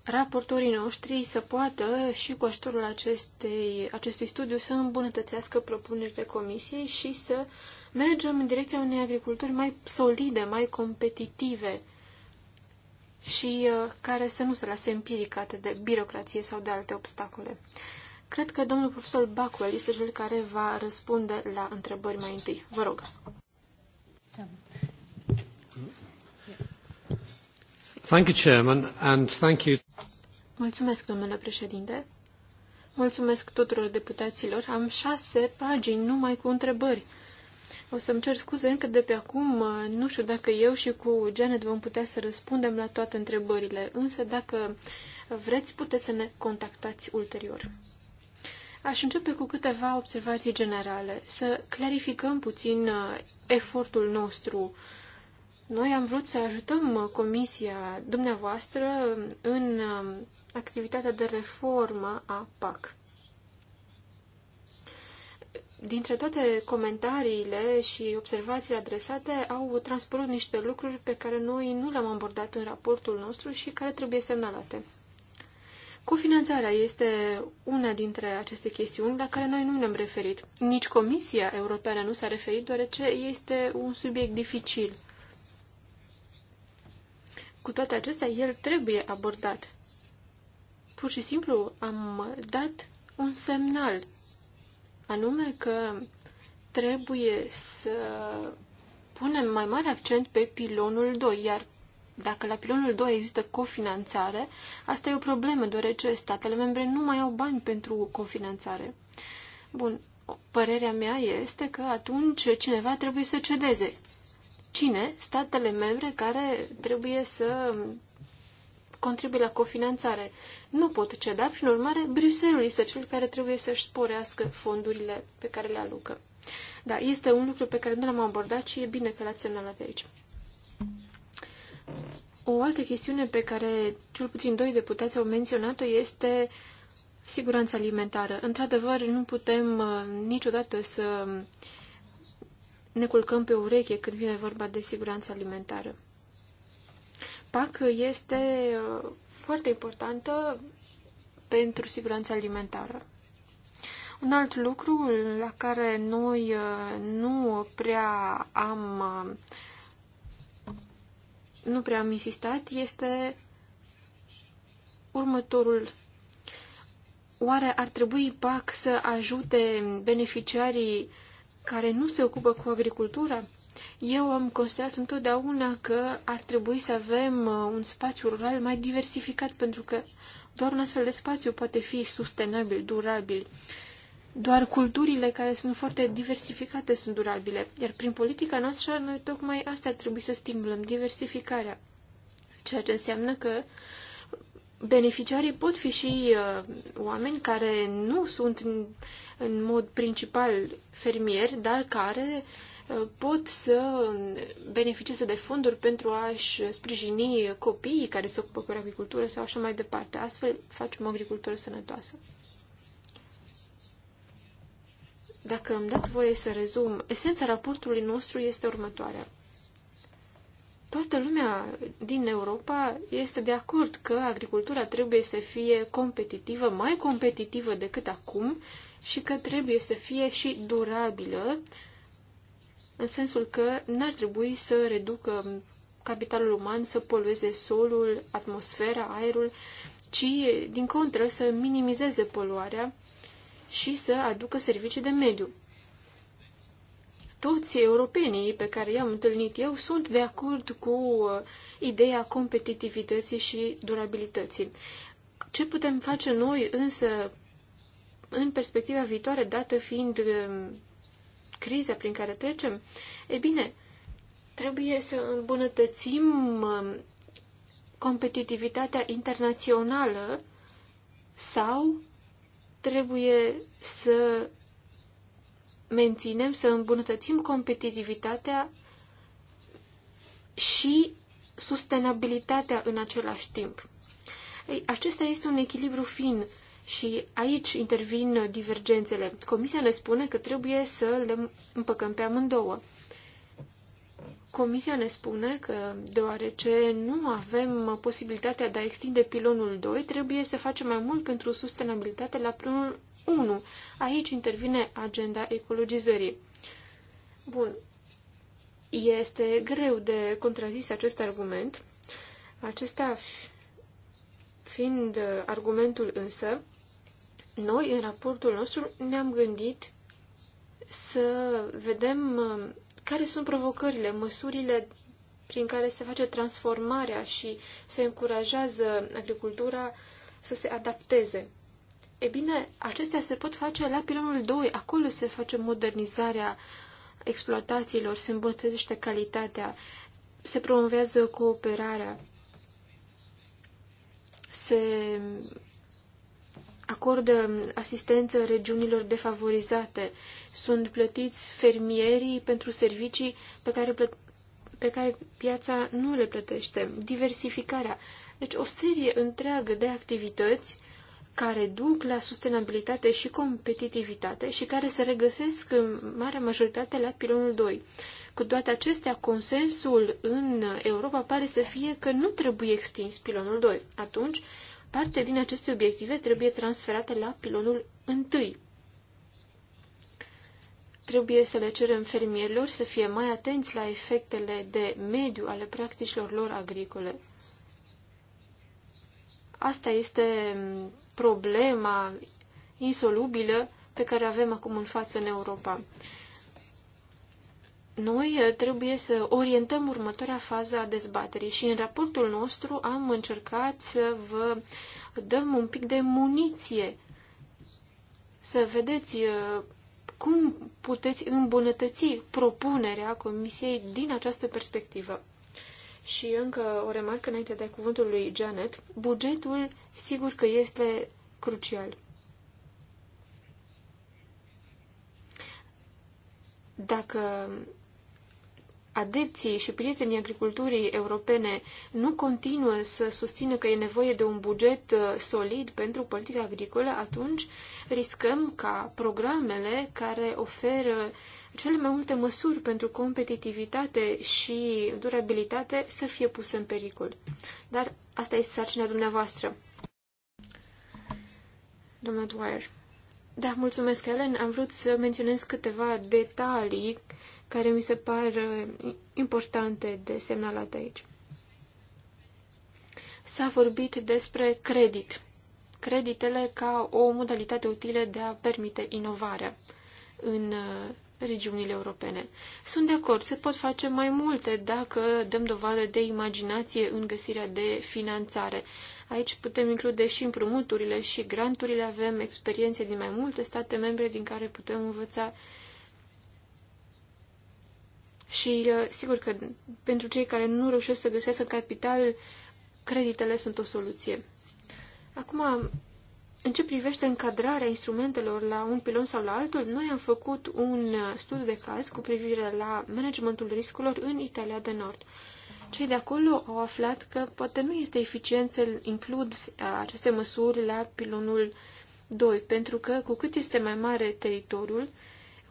A: raportorii noștri să poată și cu ajutorul acestei, acestui studiu să îmbunătățească propunerile comisiei și să mergem în direcția unei agriculturi mai solide, mai competitive și uh, care să nu se lase împiedicate de birocrație sau de alte obstacole. Cred că domnul profesor Bacuel este cel care va răspunde la întrebări mai întâi. Vă rog.
B: Thank you, Chairman,
A: and thank you. Mulțumesc, domnule președinte. Mulțumesc tuturor deputaților. Am șase pagini numai cu întrebări. O să-mi cer scuze încă de pe acum, nu știu dacă eu și cu Janet vom putea să răspundem la toate întrebările, însă dacă vreți, puteți să ne contactați ulterior. Aș începe cu câteva observații generale, să clarificăm puțin uh, efortul nostru. Noi am vrut să ajutăm uh, comisia dumneavoastră um, în um, activitatea de reformă a PAC dintre toate comentariile și observațiile adresate au transpărut niște lucruri pe care noi nu le-am abordat în raportul nostru și care trebuie semnalate. Cofinanțarea este una dintre aceste chestiuni la care noi nu ne-am referit. Nici Comisia Europeană nu s-a referit, deoarece este un subiect dificil. Cu toate acestea, el trebuie abordat. Pur și simplu am dat un semnal anume că trebuie să punem mai mare accent pe pilonul 2, iar dacă la pilonul 2 există cofinanțare, asta e o problemă, deoarece statele membre nu mai au bani pentru cofinanțare. Bun, părerea mea este că atunci cineva trebuie să cedeze. Cine? Statele membre care trebuie să contribuie la cofinanțare, nu pot ceda, prin urmare, Bruxelles este cel care trebuie să-și sporească fondurile pe care le alucă. Da, este un lucru pe care nu l-am abordat și e bine că l-ați semnalat aici. O altă chestiune pe care cel puțin doi deputați au menționat-o este siguranța alimentară. Într-adevăr, nu putem uh, niciodată să ne culcăm pe ureche când vine vorba de siguranța alimentară. PAC este uh, foarte importantă pentru siguranța alimentară. Un alt lucru la care noi uh, nu prea am uh, nu prea am insistat este următorul. Oare ar trebui PAC să ajute beneficiarii care nu se ocupă cu agricultura? Eu am considerat întotdeauna că ar trebui să avem uh, un spațiu rural mai diversificat, pentru că doar un astfel de spațiu poate fi sustenabil, durabil. Doar culturile care sunt foarte diversificate sunt durabile, iar prin politica noastră noi tocmai asta ar trebui să stimulăm, diversificarea. Ceea ce înseamnă că beneficiarii pot fi și uh, oameni care nu sunt în, în mod principal fermieri, dar care pot să beneficieze de fonduri pentru a-și sprijini copiii care se ocupă cu agricultură sau așa mai departe. Astfel facem o agricultură sănătoasă. Dacă îmi dați voie să rezum, esența raportului nostru este următoarea. Toată lumea din Europa este de acord că agricultura trebuie să fie competitivă, mai competitivă decât acum și că trebuie să fie și durabilă, uh, în sensul că n-ar trebui să reducă capitalul uman să polueze solul, atmosfera, aerul, ci, din contră, să minimizeze poluarea și să aducă servicii de mediu. Toți europenii pe care i-am întâlnit eu sunt de acord cu uh, ideea competitivității și durabilității. Ce putem face noi însă în perspectiva viitoare, dată fiind um, criza prin care trecem, e bine, trebuie să îmbunătățim um, competitivitatea internațională sau trebuie să menținem, să îmbunătățim competitivitatea și sustenabilitatea în același timp. Ei, acesta este un echilibru fin și aici intervin divergențele. Comisia ne spune că trebuie să le împăcăm pe amândouă. Comisia ne spune că, deoarece nu avem posibilitatea de a extinde pilonul 2, trebuie să facem mai mult pentru sustenabilitate la pilonul 1. Aici intervine agenda ecologizării. Bun. Este greu de contrazis acest argument. Acesta fiind argumentul însă, noi, în raportul nostru, ne-am gândit să vedem uh, care sunt provocările, măsurile prin care se face transformarea și se încurajează agricultura să se adapteze. E bine, acestea se pot face la pilonul 2, acolo se face modernizarea exploatațiilor, se îmbunătățește calitatea, se promovează cooperarea, se acordă asistență regiunilor defavorizate. Sunt plătiți fermierii pentru servicii pe care, pe care piața nu le plătește. Diversificarea. Deci o serie întreagă de activități care duc la sustenabilitate și competitivitate și care se regăsesc în mare majoritate la pilonul 2. Cu toate acestea, consensul în Europa pare să fie că nu trebuie extins pilonul 2. Atunci, Parte din aceste obiective trebuie transferate la pilonul întâi. Trebuie să le cerem fermierilor să fie mai atenți la efectele de mediu ale practicilor lor agricole. Asta este problema insolubilă pe care avem acum în față în Europa. Noi eh, trebuie să orientăm următoarea fază a dezbaterii și în raportul nostru am încercat să vă dăm un pic de muniție, să vedeți eh, cum puteți îmbunătăți propunerea Comisiei din această perspectivă. Și încă o remarcă înainte de da cuvântul lui Janet, bugetul sigur că este crucial. Dacă adepții și prietenii agriculturii europene nu continuă să susțină că e nevoie de un buget uh, solid pentru politica agricolă, atunci riscăm ca programele care oferă cele mai multe măsuri pentru competitivitate și durabilitate să fie puse în pericol. Dar asta este sarcina dumneavoastră. Domnul Dwyer. Da, mulțumesc, Ellen. Am vrut să menționez câteva detalii care mi se par uh, importante de semnalat aici. S-a vorbit despre credit. Creditele ca o modalitate utilă de a permite inovarea în uh, regiunile europene. Sunt de acord, se pot face mai multe dacă dăm dovadă de imaginație în găsirea de finanțare. Aici putem include și împrumuturile și granturile, avem experiențe din mai multe state membre din care putem învăța și uh, sigur că pentru cei care nu reușesc să găsească capital, creditele sunt o soluție. Acum, în ce privește încadrarea instrumentelor la un pilon sau la altul, noi am făcut un uh, studiu de caz cu privire la managementul riscurilor în Italia de Nord. Cei de acolo au aflat că poate nu este eficient să includ uh, aceste măsuri la pilonul 2, pentru că cu cât este mai mare teritoriul,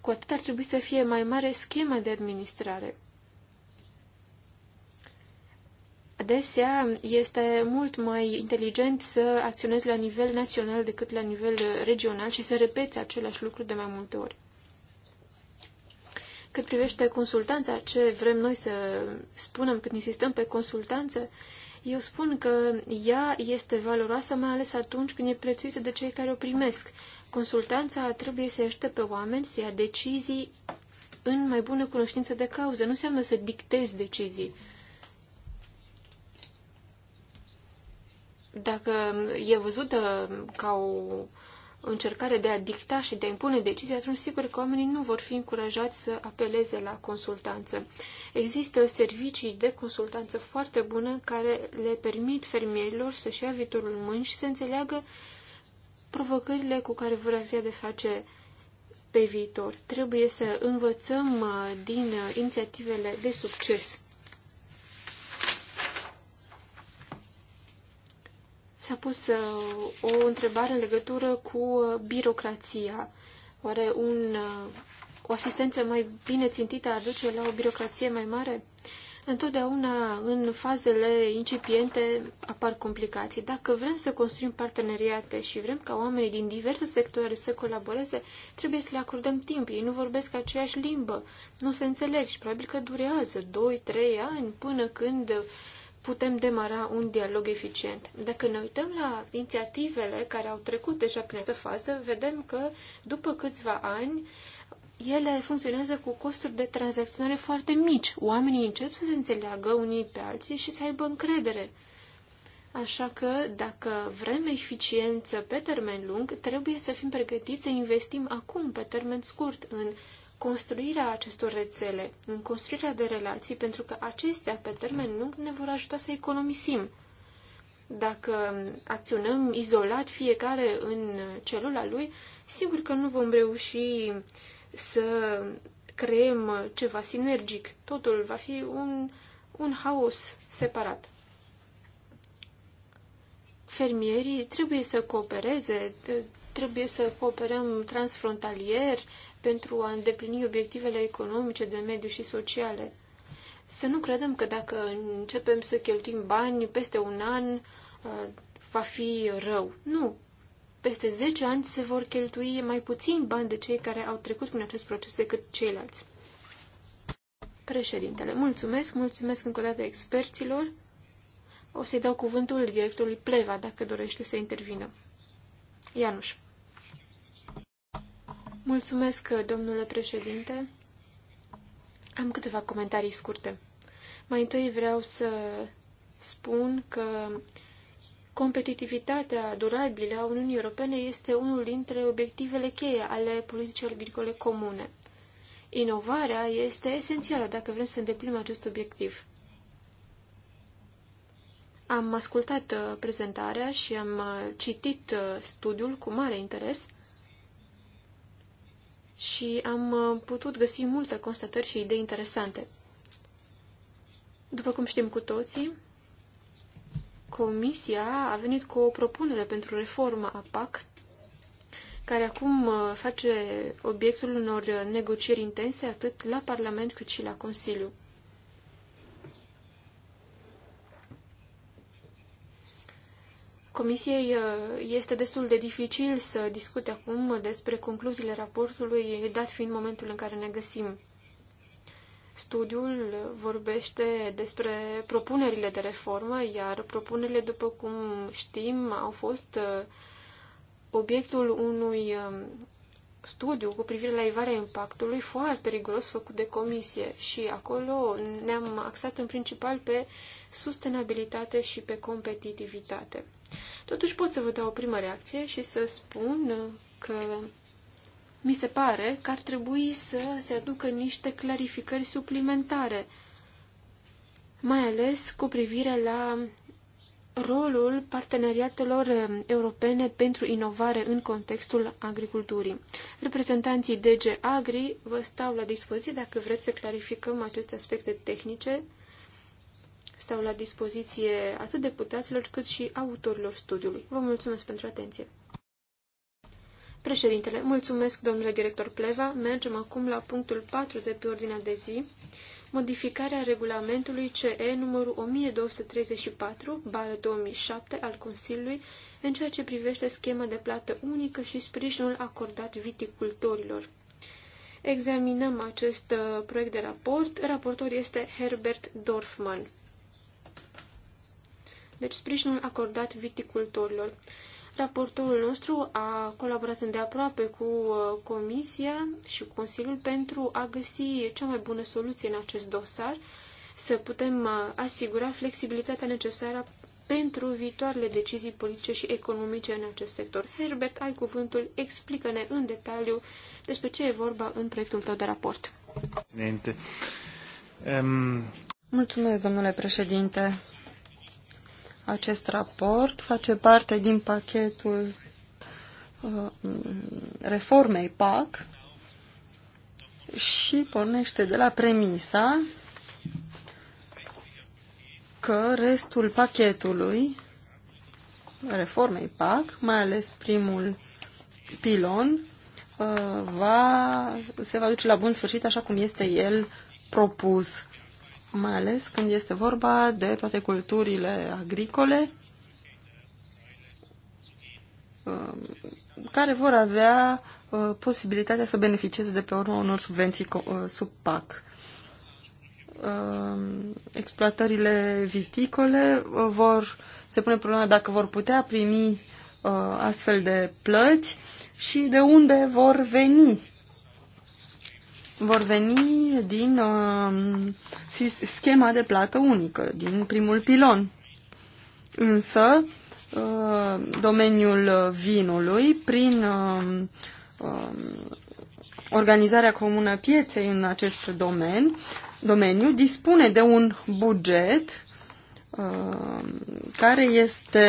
A: cu atât ar trebui să fie mai mare schema de administrare. Adesea este mult mai inteligent să acționezi la nivel național decât la nivel regional și să repeți același lucru de mai multe ori. Cât privește consultanța, ce vrem noi să spunem când insistăm pe consultanță, eu spun că ea este valoroasă mai ales atunci când e prețuită de cei care o primesc. Consultanța trebuie să ajute pe oameni să ia decizii în mai bună cunoștință de cauză. Nu înseamnă să dictezi decizii. Dacă e văzută ca o încercare de a dicta și de a impune decizii, atunci sigur că oamenii nu vor fi încurajați să apeleze la consultanță. Există servicii de consultanță foarte bune care le permit fermierilor să-și ia viitorul în mâini și să înțeleagă provocările cu care vor avea de face pe viitor. Trebuie să învățăm uh, din uh, inițiativele de succes. S-a pus uh, o întrebare în legătură cu birocrația. Oare un, o asistență mai bine țintită ar duce la o birocrație mai mare? Uh, Întotdeauna, în fazele incipiente, apar complicații. Dacă vrem să construim parteneriate și vrem ca oamenii din diverse sectoare să colaboreze, trebuie să le acordăm timp. Ei nu vorbesc aceeași limbă, nu se înțeleg și probabil că durează 2-3 ani până când putem demara un dialog eficient. Dacă ne uităm la inițiativele care au trecut deja prin această fază, vedem că după câțiva ani, ele funcționează cu costuri de tranzacționare foarte mici. Oamenii încep să se înțeleagă unii pe alții și să aibă încredere. Așa că, dacă vrem eficiență pe termen lung, trebuie să fim pregătiți să investim acum, pe termen scurt, în construirea acestor rețele, în construirea de relații, pentru că acestea, pe termen lung, ne vor ajuta să economisim. Dacă acționăm izolat fiecare în celula lui, sigur că nu vom reuși să creăm ceva sinergic. Totul va fi un, un haos separat. Fermierii trebuie să coopereze, trebuie să cooperăm transfrontalier pentru a îndeplini obiectivele economice, de mediu și sociale. Să nu credem că dacă începem să cheltuim bani peste un an, uh, va fi rău. Nu, peste 10 ani se vor cheltui mai puțin bani de cei care au trecut prin acest proces decât ceilalți. Președintele, mulțumesc, mulțumesc încă o dată experților. O să-i dau cuvântul directorului Pleva, dacă dorește să intervină. Ianuș. Mulțumesc, domnule președinte. Am câteva comentarii scurte. Mai întâi vreau să spun că Competitivitatea durabilă a Uniunii Europene este unul dintre obiectivele cheie ale politicilor agricole comune. Inovarea este esențială dacă vrem să îndeplinim acest obiectiv. Am ascultat uh, prezentarea și am uh, citit uh, studiul cu mare interes și am putut găsi multe constatări și idei interesante. După cum știm cu toții, Comisia a venit cu o propunere pentru reforma a PAC, care acum uh, face obiectul unor uh, negocieri intense atât la Parlament cât și la Consiliu. Comisiei uh, este destul de dificil să discute acum despre concluziile raportului, dat fiind momentul în care ne găsim. Studiul vorbește despre propunerile de reformă, iar propunerile, după cum știm, au fost uh, obiectul unui um, studiu cu privire la evarea impactului foarte riguros făcut de comisie și acolo ne-am axat în principal pe sustenabilitate și pe competitivitate. Totuși pot să vă dau o primă reacție și să spun că mi se pare că ar trebui să se aducă niște clarificări suplimentare, mai ales cu privire la rolul parteneriatelor um, europene pentru inovare în contextul agriculturii. Reprezentanții DG Agri vă stau la dispoziție dacă vreți să clarificăm aceste aspecte tehnice. Stau la dispoziție atât deputaților cât și autorilor studiului. Vă mulțumesc pentru atenție! Președintele, mulțumesc, domnule director Pleva. Mergem acum la punctul 4 de pe ordinea de zi, modificarea regulamentului CE numărul 1234, bară 2007 al Consiliului în ceea ce privește schema de plată unică și sprijinul acordat viticultorilor. Examinăm acest uh, proiect de raport. Raportor este Herbert Dorfman. Deci sprijinul acordat viticultorilor. Raportorul nostru a colaborat îndeaproape cu uh, Comisia și cu Consiliul pentru a găsi cea mai bună soluție în acest dosar, să putem uh, asigura flexibilitatea necesară pentru viitoarele decizii politice și economice în acest sector. Herbert, ai cuvântul, explică-ne în detaliu despre ce e vorba în proiectul tău de raport.
C: Mulțumesc, domnule președinte. Acest raport face parte din pachetul uh, reformei PAC și pornește de la premisa că restul pachetului reformei PAC, mai ales primul pilon, uh, va, se va duce la bun sfârșit așa cum este el propus mai ales când este vorba de toate culturile agricole um, care vor avea uh, posibilitatea să beneficieze de pe urmă unor subvenții uh, sub PAC. Um, exploatările viticole uh, vor, se pune problema dacă vor putea primi astfel de plăți și de unde vor veni vor veni din uh, schema de plată unică, din primul pilon. Însă, uh, domeniul vinului, prin uh, uh, organizarea comună pieței în acest domen, domeniu, dispune de un buget uh, care este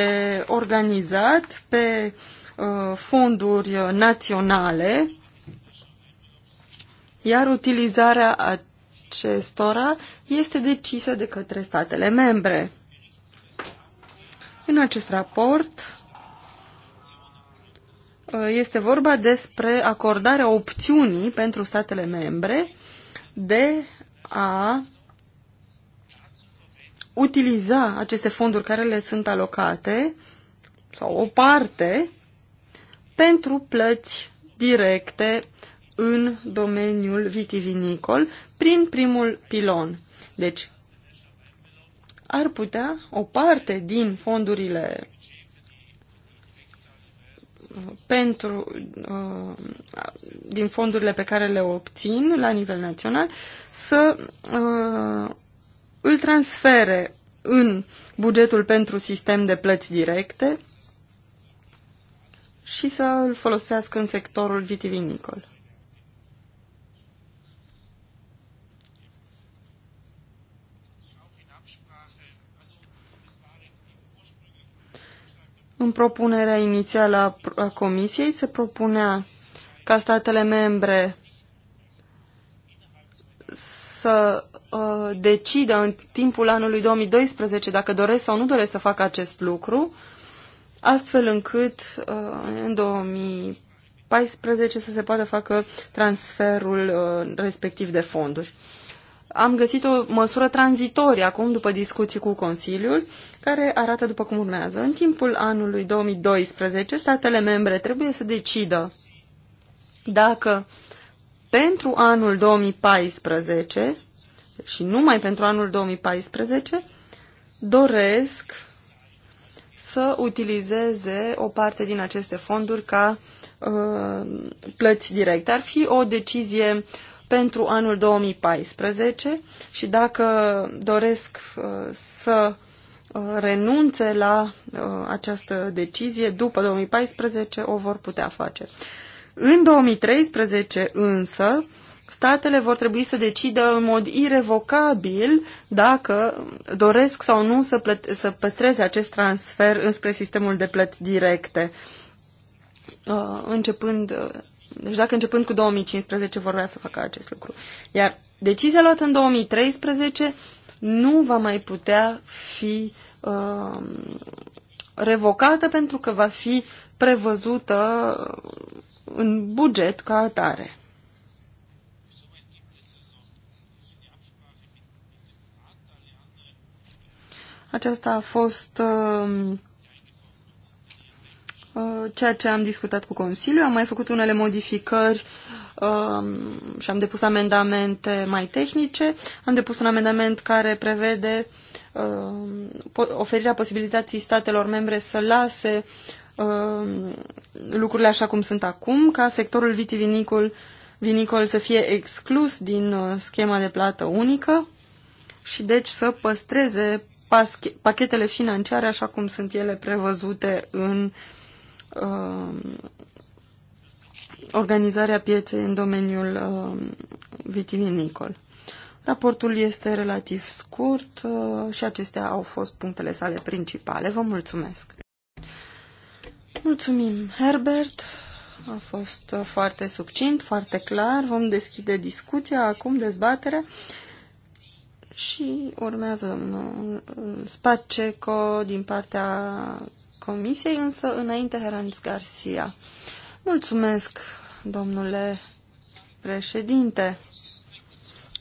C: organizat pe uh, fonduri naționale iar utilizarea acestora este decisă de către statele membre. În acest raport uh, este vorba despre acordarea opțiunii pentru statele membre de a utiliza aceste fonduri care le sunt alocate sau o parte pentru plăți directe în domeniul vitivinicol prin primul pilon. Deci, ar putea o parte din fondurile uh, pentru uh, din fondurile pe care le obțin la nivel național să uh, îl transfere în bugetul pentru sistem de plăți directe și să îl folosească în sectorul vitivinicol. În propunerea inițială a Comisiei se propunea ca statele membre să uh, decidă în timpul anului 2012 dacă doresc sau nu doresc să facă acest lucru, astfel încât uh, în 2014 să se poată facă transferul uh, respectiv de fonduri am găsit o măsură tranzitorie acum, după discuții cu Consiliul, care arată după cum urmează. În timpul anului 2012, statele membre trebuie să decidă dacă pentru anul 2014 și numai pentru anul 2014 doresc să utilizeze o parte din aceste fonduri ca uh, plăți directe. Ar fi o decizie uh, pentru anul 2014 și dacă doresc uh, să uh, renunțe la uh, această decizie după 2014, o vor putea face. În 2013 însă, statele vor trebui să decidă în mod irrevocabil dacă doresc sau nu să, să păstreze acest transfer înspre sistemul de plăți directe, începând deci dacă începând cu 2015 vor să facă acest lucru. Iar decizia luată în 2013 nu va mai putea fi uh, revocată pentru că va fi prevăzută uh, în buget ca atare. Aceasta a fost uh, Uh, ceea ce am discutat cu Consiliul. Am mai făcut unele modificări um, și am depus amendamente mai tehnice. Am depus un amendament care prevede um, oferirea posibilității statelor membre să lase um, lucrurile așa cum sunt acum, ca sectorul vitivinicol vinicol să fie exclus din uh, schema de plată unică și deci să păstreze pachetele financiare așa cum sunt ele prevăzute în uh, Um, organizarea pieței în domeniul um, vitivinicol. Raportul este relativ scurt uh, și acestea au fost punctele sale principale. Vă mulțumesc! Mulțumim, Herbert! A fost uh, foarte succint, foarte clar. Vom deschide discuția acum, dezbaterea. Și urmează domnul Spaceco din partea comisiei, însă înainte Heranz Garcia. Mulțumesc, domnule președinte.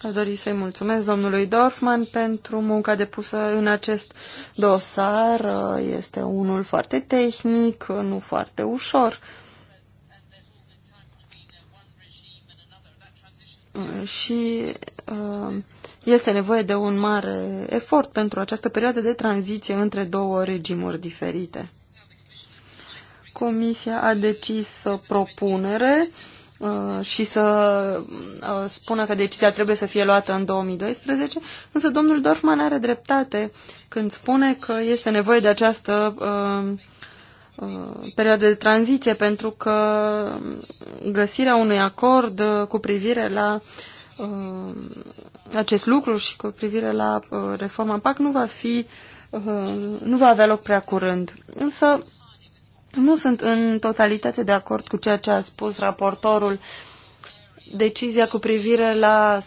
C: Aș dori să-i mulțumesc domnului Dorfman pentru munca depusă în acest dosar. Este unul foarte tehnic, nu foarte ușor. și uh, este nevoie de un mare efort pentru această perioadă de tranziție între două regimuri diferite. Comisia a decis o propunere uh, și să uh, spună că decizia trebuie să fie luată în 2012, însă domnul Dorfman are dreptate când spune că este nevoie de această uh, Uh, perioadă de tranziție, pentru că găsirea unui acord uh, cu privire la uh, acest lucru și cu privire la reforma PAC nu va fi nu va avea loc prea curând. Însă nu sunt în totalitate de acord cu ceea ce a spus raportorul. Decizia cu privire la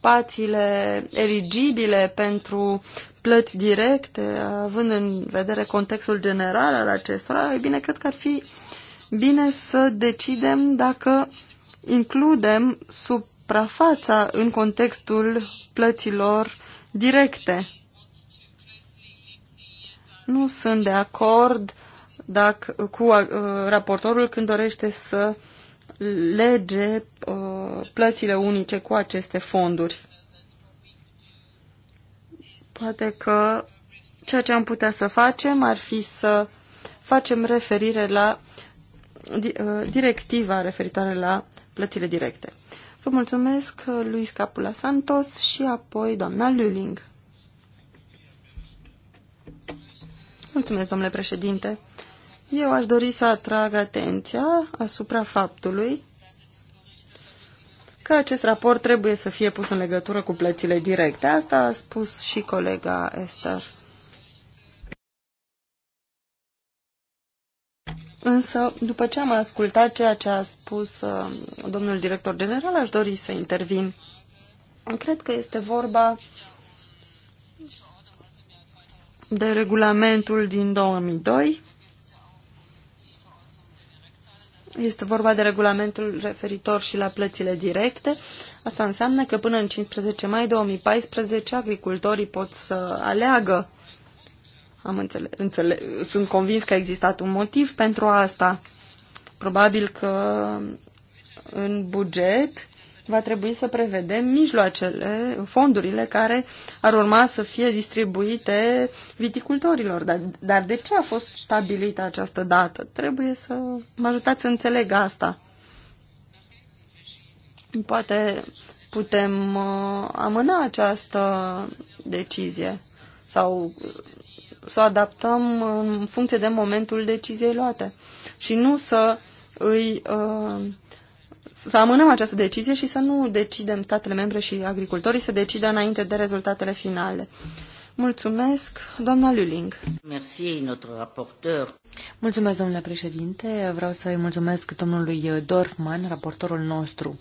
C: participațiile eligibile pentru plăți directe, având în vedere contextul general al acestora, e bine, cred că ar fi bine să decidem dacă includem suprafața în contextul plăților directe. Nu sunt de acord dacă, cu uh, raportorul când dorește să lege uh, plățile unice cu aceste fonduri. Poate că ceea ce am putea să facem ar fi să facem referire la uh, directiva referitoare la plățile directe. Vă mulțumesc, uh, Luis Capula Santos și apoi doamna Luling. Mulțumesc, domnule președinte. Eu aș dori să atrag atenția asupra faptului că acest raport trebuie să fie pus în legătură cu plățile directe. Asta a spus și colega Esther. Însă, după ce am ascultat ceea ce a spus uh, domnul director general, aș dori să intervin. Cred că este vorba de regulamentul din 2002 Este vorba de regulamentul referitor și la plățile directe. Asta înseamnă că până în 15 mai 2014 agricultorii pot să aleagă. Am înțele înțele Sunt convins că a existat un motiv pentru asta. Probabil că în buget va trebui să prevedem mijloacele, fondurile care ar urma să fie distribuite viticultorilor. Dar, dar de ce a fost stabilită această dată? Trebuie să mă ajutați să înțeleg asta. Poate putem uh, amâna această decizie sau să o adaptăm în funcție de momentul deciziei luate și nu să îi uh, să amânăm această decizie și să nu decidem statele membre și agricultorii să decidă înainte de rezultatele finale. Mulțumesc, doamna Luling.
B: Merci, notre rapporteur.
D: Mulțumesc, domnule președinte. Vreau să-i mulțumesc domnului Dorfman, raportorul nostru,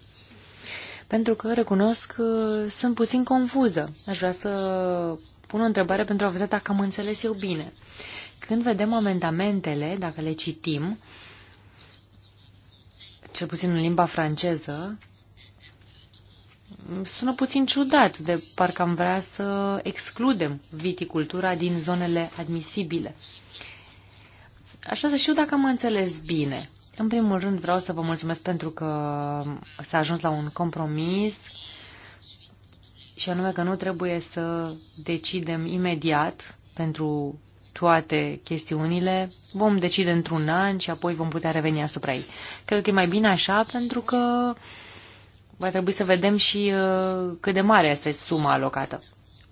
D: pentru că recunosc că sunt puțin confuză. Aș vrea să pun o întrebare pentru a vedea dacă am înțeles eu bine. Când vedem amendamentele, dacă le citim, cel puțin în limba franceză, sună puțin ciudat, de parcă am vrea să excludem viticultura din zonele admisibile. Așa să știu dacă am înțeles bine. În primul rând vreau să vă mulțumesc pentru că s-a ajuns la un compromis și anume că nu trebuie să decidem imediat pentru toate chestiunile, vom decide într-un an și apoi vom putea reveni asupra ei. Cred că e mai bine așa pentru că va trebui să vedem și uh, cât de mare este suma alocată.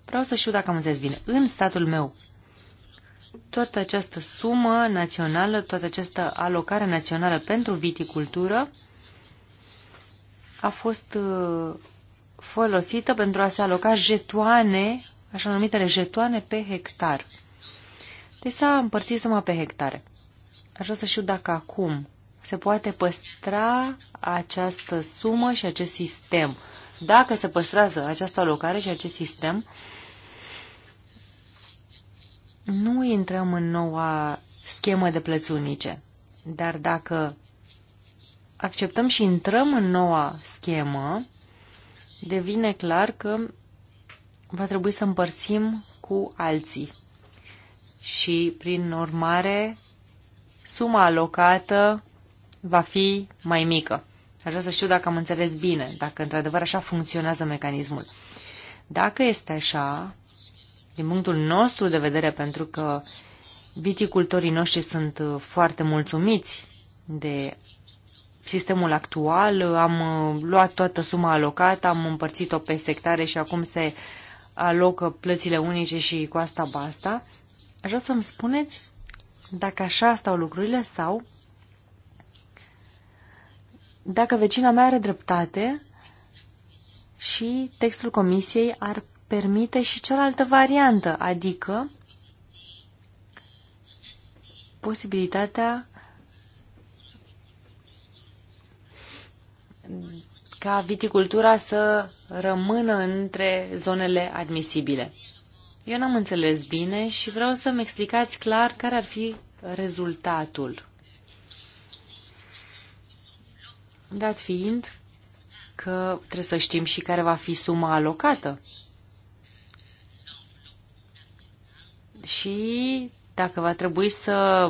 D: Vreau să știu dacă am înțeles bine. În statul meu, toată această sumă națională, toată această alocare națională pentru viticultură a fost uh, folosită pentru a se aloca jetoane, așa numitele jetoane pe hectar. Deci s-a împărțit suma pe hectare. Aș vrea să știu dacă acum se poate păstra această sumă și acest sistem. Dacă se păstrează această alocare și acest sistem, nu intrăm în noua schemă de plăți unice. Dar dacă acceptăm și intrăm în noua schemă, devine clar că va trebui să împărțim cu alții și, prin urmare, suma alocată va fi mai mică. Aș vrea să știu dacă am înțeles bine, dacă într-adevăr așa funcționează mecanismul. Dacă este așa, din punctul nostru de vedere, pentru că viticultorii noștri sunt uh, foarte mulțumiți de sistemul actual, am uh, luat toată suma alocată, am împărțit-o pe sectare și acum se alocă plățile unice și cu asta basta. Aș vrea să-mi spuneți dacă așa stau lucrurile sau dacă vecina mea are dreptate și textul comisiei ar permite și cealaltă variantă, adică posibilitatea ca viticultura să rămână între zonele admisibile. Eu n-am înțeles bine și vreau să-mi explicați clar care ar fi rezultatul. Dat fiind că trebuie să știm și care va fi suma alocată. Și dacă va trebui să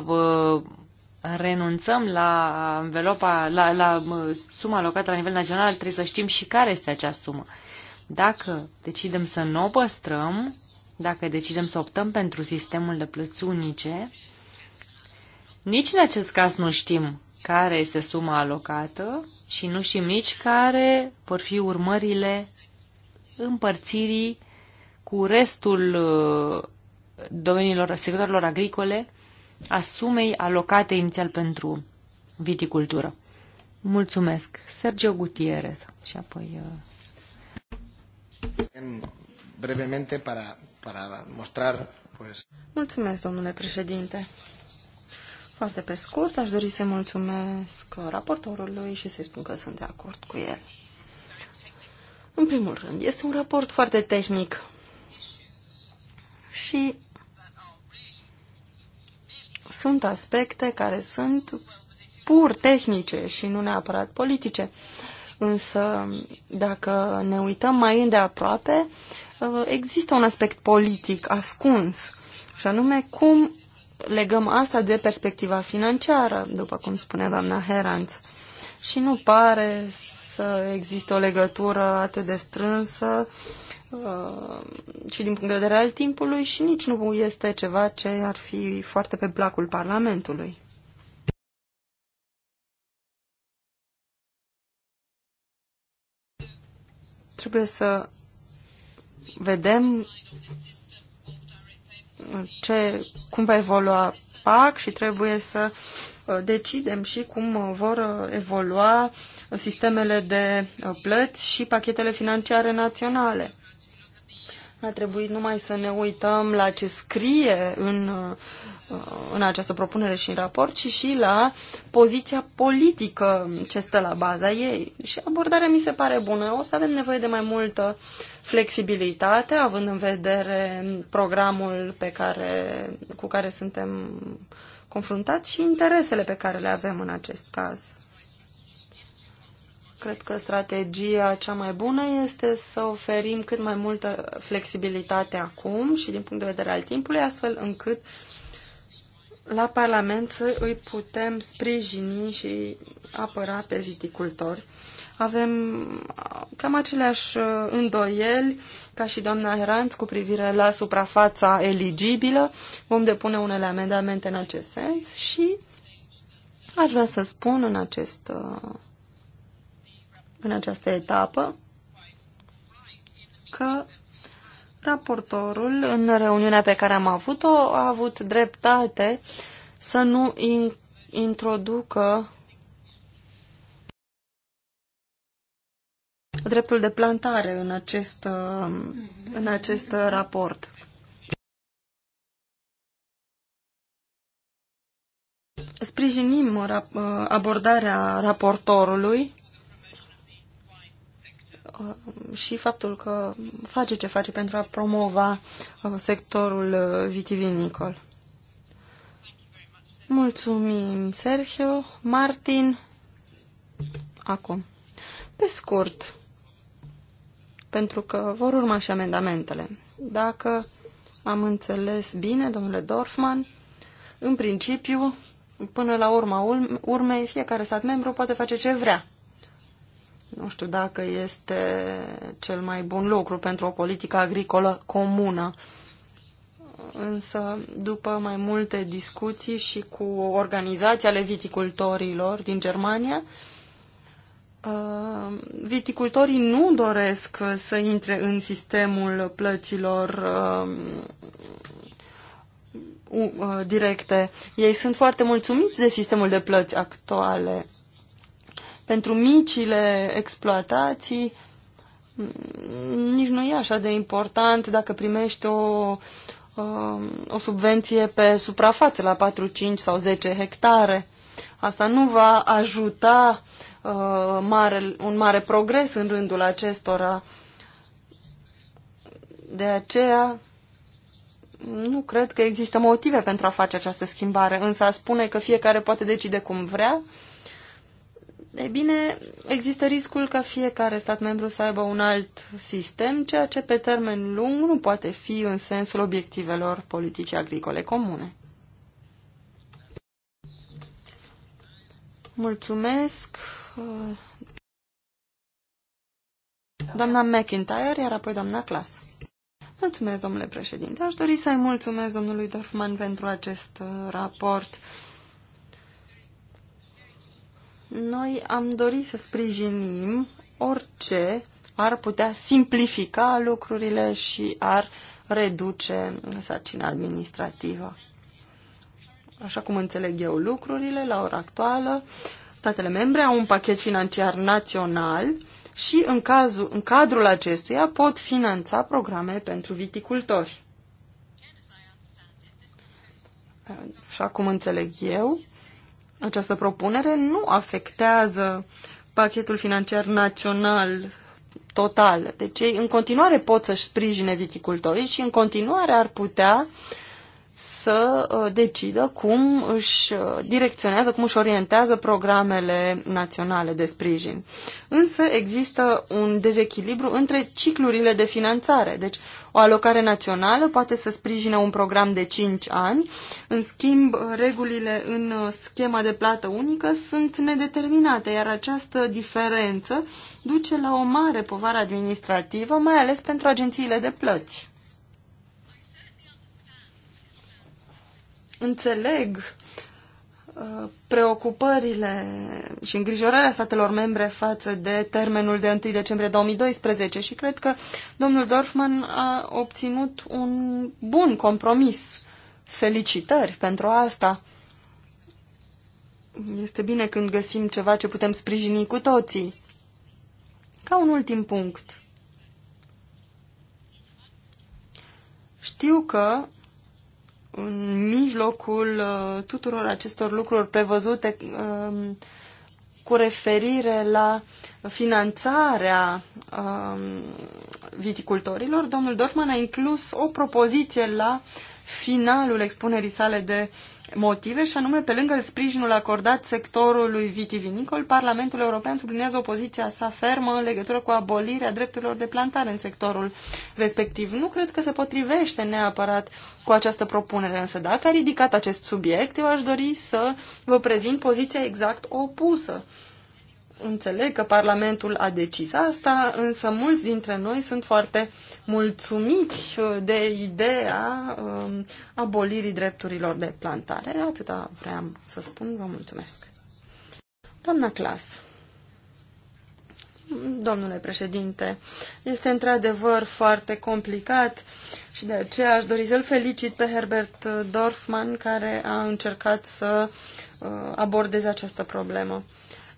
D: renunțăm la învelopa, la, la suma alocată la nivel național, trebuie să știm și care este acea sumă. Dacă decidem să nu o păstrăm, dacă decidem să optăm pentru sistemul de plăți unice, nici în acest caz nu știm care este suma alocată și nu știm nici care vor fi urmările împărțirii cu restul uh, domeniilor, sectorilor agricole a sumei alocate inițial pentru viticultură. Mulțumesc. Sergio Gutierrez și apoi... Uh,
B: Brevemente para,
C: para mostrar, pues... Mulțumesc, domnule președinte. Foarte pe scurt, aș dori să mulțumesc raportorului și să-i spun că sunt de acord cu el. În primul rând, este un raport foarte tehnic și sunt aspecte care sunt pur tehnice și nu neapărat politice. Însă, dacă ne uităm mai îndeaproape, Uh, există un aspect politic ascuns, și anume cum legăm asta de perspectiva financiară, după cum spunea doamna Herant. Și nu pare să existe o legătură atât de strânsă uh, și din punct de vedere al timpului și nici nu este ceva ce ar fi foarte pe placul Parlamentului. Trebuie să vedem ce, cum va evolua PAC și trebuie să uh, decidem și cum uh, vor uh, evolua sistemele de plăți și pachetele financiare naționale a trebuit numai să ne uităm la ce scrie în, uh, în această propunere și în raport, ci și la poziția politică ce stă la baza ei. Și abordarea mi se pare bună. O să avem nevoie de mai multă flexibilitate, având în vedere programul pe care, cu care suntem confruntați și interesele pe care le avem în acest caz. Cred că strategia cea mai bună este să oferim cât mai multă flexibilitate acum și din punct de vedere al timpului, astfel încât la Parlament să îi putem sprijini și apăra pe viticultori. Avem cam aceleași uh, îndoieli ca și doamna Heranț cu privire la suprafața eligibilă. Vom depune unele amendamente în acest sens și aș vrea să spun în acest uh, în această etapă că raportorul, în reuniunea pe care am avut-o, a avut dreptate să nu in introducă dreptul de plantare în acest, în acest raport. Sprijinim abordarea raportorului Uh, și faptul că face ce face pentru a promova uh, sectorul uh, vitivinicol. Mulțumim, Sergio. Martin, acum. Pe scurt, pentru că vor urma și amendamentele. Dacă am înțeles bine, domnule Dorfman, în principiu, până la urma urmei, fiecare stat membru poate face ce vrea. Nu știu dacă este cel mai bun lucru pentru o politică agricolă comună. Însă, după mai multe discuții și cu organizația ale viticultorilor din Germania, ă, viticultorii nu doresc să intre în sistemul plăților ă, ă, directe. Ei sunt foarte mulțumiți de sistemul de plăți actuale pentru micile exploatații mm, nici nu e așa de important dacă primești o, um, o subvenție pe suprafață la 4, 5 sau 10 hectare. Asta nu va ajuta uh, mare, un mare progres în rândul acestora. De aceea, nu cred că există motive pentru a face această schimbare, însă a spune că fiecare poate decide cum vrea, uh, ei bine, există riscul ca fiecare stat membru să aibă un alt sistem, ceea ce pe termen lung nu poate fi în sensul obiectivelor politicii agricole comune. Mulțumesc. Doamna McIntyre, iar apoi doamna Clas. Mulțumesc, domnule președinte. Aș dori să-i mulțumesc domnului Dorfman pentru acest raport. Noi am dorit să sprijinim orice ar putea simplifica lucrurile și ar reduce sarcina administrativă. Așa cum înțeleg eu lucrurile, la ora actuală, statele membre au un pachet financiar național și în, cazul, în cadrul acestuia pot finanța programe pentru viticultori. Așa cum înțeleg eu, această propunere nu afectează pachetul financiar național total. Deci ei în continuare pot să-și sprijine viticultorii și în continuare ar putea uh, să uh, decidă cum își uh, direcționează, cum își orientează programele naționale de sprijin. Însă există un dezechilibru între ciclurile de finanțare. Deci o alocare națională poate să sprijine un program de 5 ani, în schimb regulile în uh, schema de plată unică sunt nedeterminate, iar această diferență duce la o mare povară administrativă, mai ales pentru agențiile de plăți. înțeleg uh, preocupările și îngrijorarea statelor membre față de termenul de 1 decembrie 2012 și cred că domnul Dorfman a obținut un bun compromis. Felicitări pentru asta! Este bine când găsim ceva ce putem sprijini cu toții. Ca un ultim punct. Știu că în mijlocul uh, tuturor acestor lucruri prevăzute um, cu referire la finanțarea um, viticultorilor, domnul Dorfman a inclus o propoziție la finalul expunerii sale de motive, și anume, pe lângă sprijinul acordat sectorului vitivinicol, Parlamentul European sublinează opoziția sa fermă în legătură cu abolirea drepturilor de plantare în sectorul respectiv. Nu cred că se potrivește neapărat cu această propunere, însă dacă a ridicat acest subiect, eu aș dori să vă prezint poziția exact opusă Înțeleg că Parlamentul a decis asta, însă mulți dintre noi sunt foarte mulțumiți uh, de ideea um, abolirii drepturilor de plantare. Atâta vreau să spun. Vă mulțumesc. Doamna Clas. Domnule președinte, este într-adevăr foarte complicat și de aceea aș dori să-l felicit pe Herbert Dorfman care a încercat să uh, abordeze această problemă.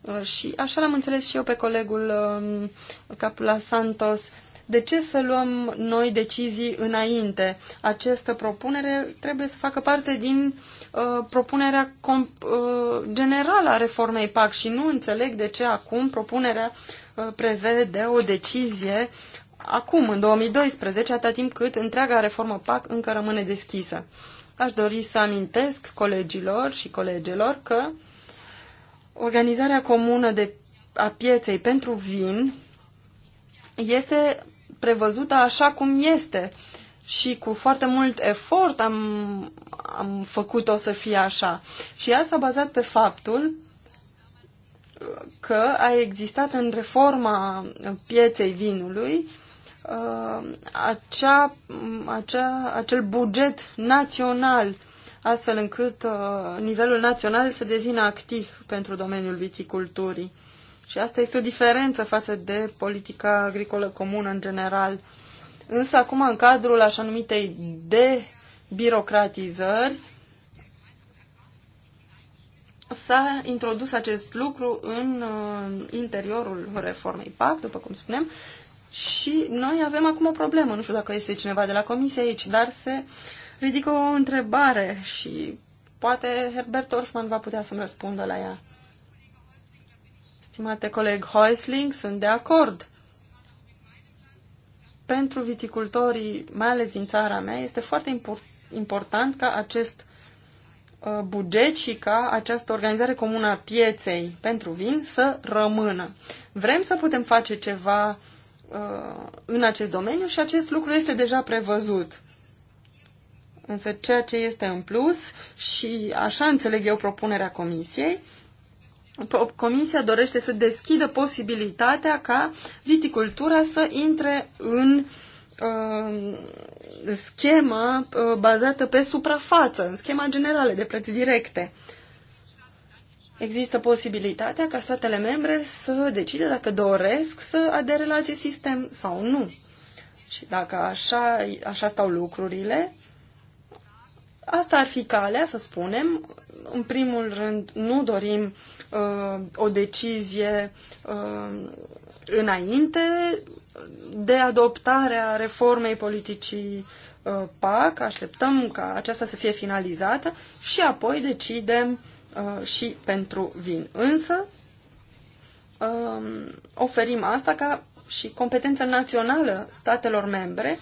C: Uh, și așa l-am înțeles și eu pe colegul um, Capula Santos. De ce să luăm noi decizii înainte? Această propunere trebuie să facă parte din uh, propunerea comp- uh, generală a reformei PAC și nu înțeleg de ce acum propunerea uh, prevede o decizie acum, în 2012, atâta timp cât întreaga reformă PAC încă rămâne deschisă. Aș dori să amintesc colegilor și colegelor că uh, Organizarea comună de, a pieței pentru vin este prevăzută așa cum este și cu foarte mult efort am, am făcut-o să fie așa. Și ea s-a bazat pe faptul că a existat în reforma pieței vinului uh, acea, acea, acel buget național astfel încât uh, nivelul național să devină activ pentru domeniul viticulturii. Și asta este o diferență față de politica agricolă comună în general. Însă acum, în cadrul așa numitei debirocratizări, s-a introdus acest lucru în uh, interiorul reformei PAC, după cum spunem, și noi avem acum o problemă. Nu știu dacă este cineva de la comisie aici, dar se ridică o întrebare și poate Herbert Orfman va putea să-mi răspundă la ea. Stimate coleg Heusling, sunt de acord. Pentru viticultorii, mai ales din țara mea, este foarte important ca acest uh, buget și ca această organizare comună a pieței pentru vin să rămână. Vrem să putem face ceva uh, în acest domeniu și acest lucru este deja prevăzut. Însă ceea ce este în plus, și așa înțeleg eu propunerea comisiei, comisia dorește să deschidă posibilitatea ca viticultura să intre în uh, schema uh, bazată pe suprafață, în schema generală de plăți directe. Există posibilitatea ca statele membre să decide dacă doresc să adere la acest sistem sau nu. Și dacă așa, așa stau lucrurile, Asta ar fi calea, să spunem. În primul rând, nu dorim uh, o decizie uh, înainte de adoptarea reformei politicii uh, PAC, așteptăm ca aceasta să fie finalizată și apoi decidem uh, și pentru vin. Însă, uh, oferim asta ca și competență națională statelor membre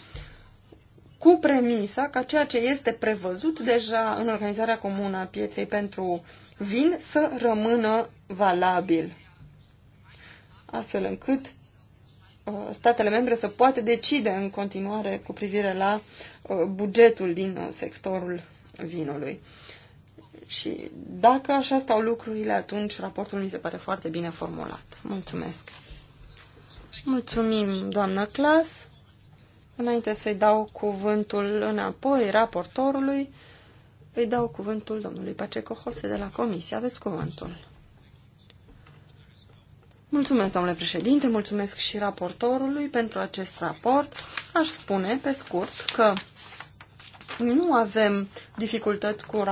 C: cu premisa ca ceea ce este prevăzut deja în organizarea comună a pieței pentru vin să rămână valabil, astfel încât uh, statele membre să poată decide în continuare cu privire la uh, bugetul din uh, sectorul vinului. Și dacă așa stau lucrurile, atunci raportul mi se pare foarte bine formulat. Mulțumesc! Mulțumim, doamnă Clas! Înainte să-i dau cuvântul înapoi raportorului, îi dau cuvântul domnului Paceco Jose de la Comisie. Aveți cuvântul. Mulțumesc, domnule președinte, mulțumesc și raportorului pentru acest raport. Aș spune, pe scurt, că nu avem dificultăți cu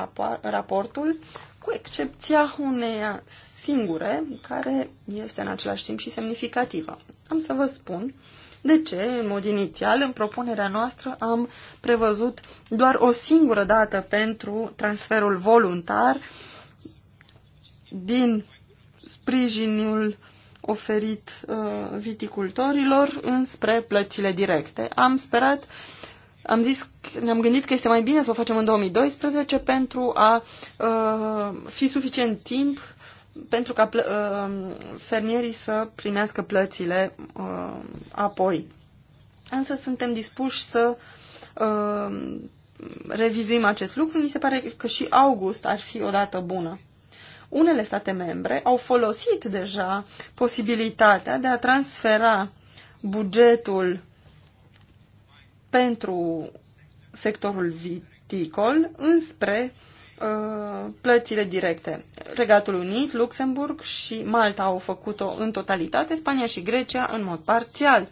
C: raportul, cu excepția unei singure, care este în același timp și semnificativă. Am să vă spun de ce, în mod inițial, în propunerea noastră am prevăzut doar o singură dată pentru transferul voluntar din sprijinul oferit uh, viticultorilor înspre plățile directe. Am sperat am zis, ne-am gândit că este mai bine să o facem în 2012 pentru a uh, fi suficient timp pentru ca uh, fermierii să primească plățile uh, apoi. Însă suntem dispuși să uh, revizuim acest lucru. Mi se pare că și august ar fi o dată bună. Unele state membre au folosit deja posibilitatea de a transfera bugetul pentru sectorul viticol înspre Uh, plățile directe. Regatul Unit, Luxemburg și Malta au făcut-o în totalitate, Spania și Grecia în mod parțial.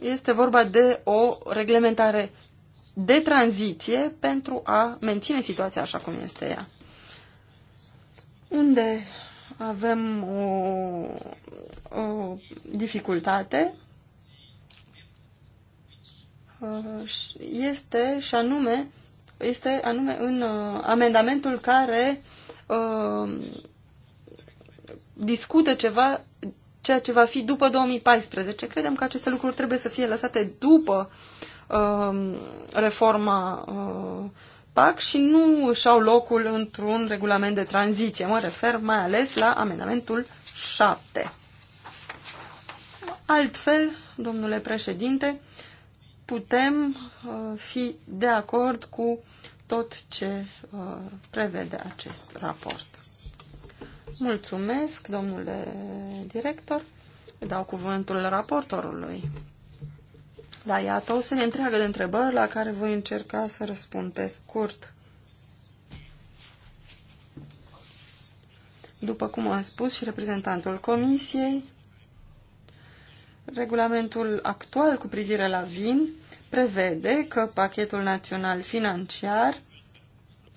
C: Este vorba de o reglementare de tranziție pentru a menține situația așa cum este ea. Unde avem o, o dificultate uh, este și anume este anume în uh, amendamentul care uh, discută ceva, ceea ce va fi după 2014. Credem că aceste lucruri trebuie să fie lăsate după uh, reforma PAC și nu își au locul într-un regulament de tranziție. Mă refer mai ales la amendamentul 7. Altfel, domnule președinte, putem uh, fi de acord cu tot ce uh, prevede acest raport. Mulțumesc, domnule director. Dau cuvântul raportorului. Da, iată o serie întreagă de întrebări la care voi încerca să răspund pe scurt. După cum a spus și reprezentantul Comisiei, regulamentul actual cu privire la vin prevede că pachetul național financiar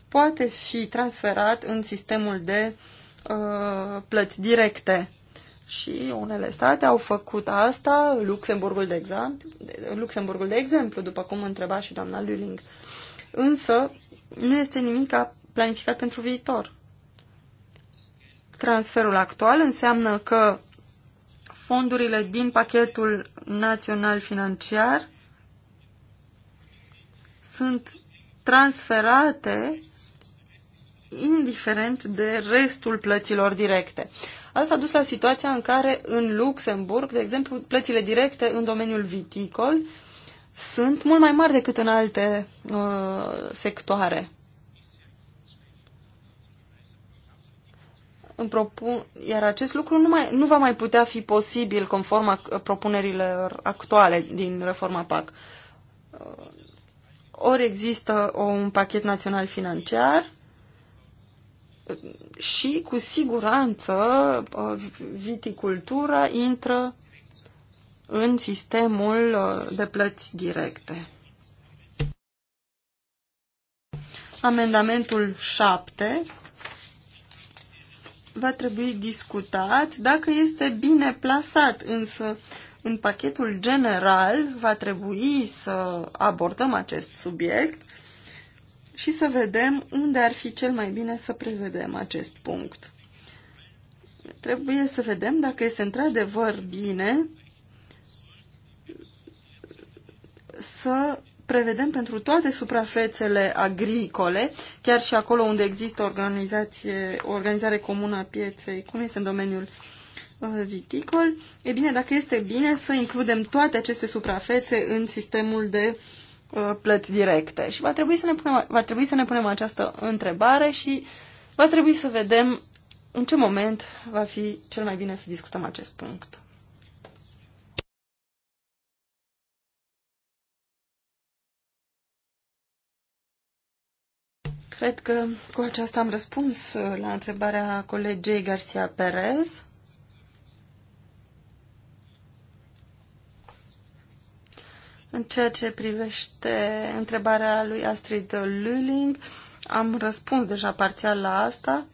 C: poate fi transferat în sistemul de uh, plăți directe. Și unele state au făcut asta, Luxemburgul de, exemplu, Luxemburgul de exemplu, după cum întreba și doamna Luling. Însă nu este nimic planificat pentru viitor. Transferul actual înseamnă că fondurile din pachetul național financiar sunt transferate indiferent de restul plăților directe. Asta a dus la situația în care în Luxemburg, de exemplu, plățile directe în domeniul viticol sunt mult mai mari decât în alte uh, sectoare. Îmi propun, iar acest lucru nu, mai, nu va mai putea fi posibil conform propunerilor actuale din reforma PAC. Uh, ori există un pachet național financiar și cu siguranță uh, viticultura intră în sistemul uh, de plăți directe. Amendamentul 7 va trebui discutat dacă este bine plasat, însă în pachetul general va trebui să abordăm acest subiect și să vedem unde ar fi cel mai bine să prevedem acest punct. Trebuie să vedem dacă este într-adevăr bine să prevedem pentru toate suprafețele agricole, chiar și acolo unde există organizație, organizare comună a pieței, cum este în domeniul uh, Uh, viticol, e bine, dacă este bine să includem toate aceste suprafețe în sistemul de uh, plăți directe. Și va trebui să ne punem, va trebui să ne punem această întrebare și va trebui să vedem în ce moment va fi cel mai bine să discutăm acest punct. Cred că cu aceasta am răspuns uh, la întrebarea colegei Garcia Perez. În ceea ce privește întrebarea lui Astrid Lulling, am răspuns deja parțial la asta.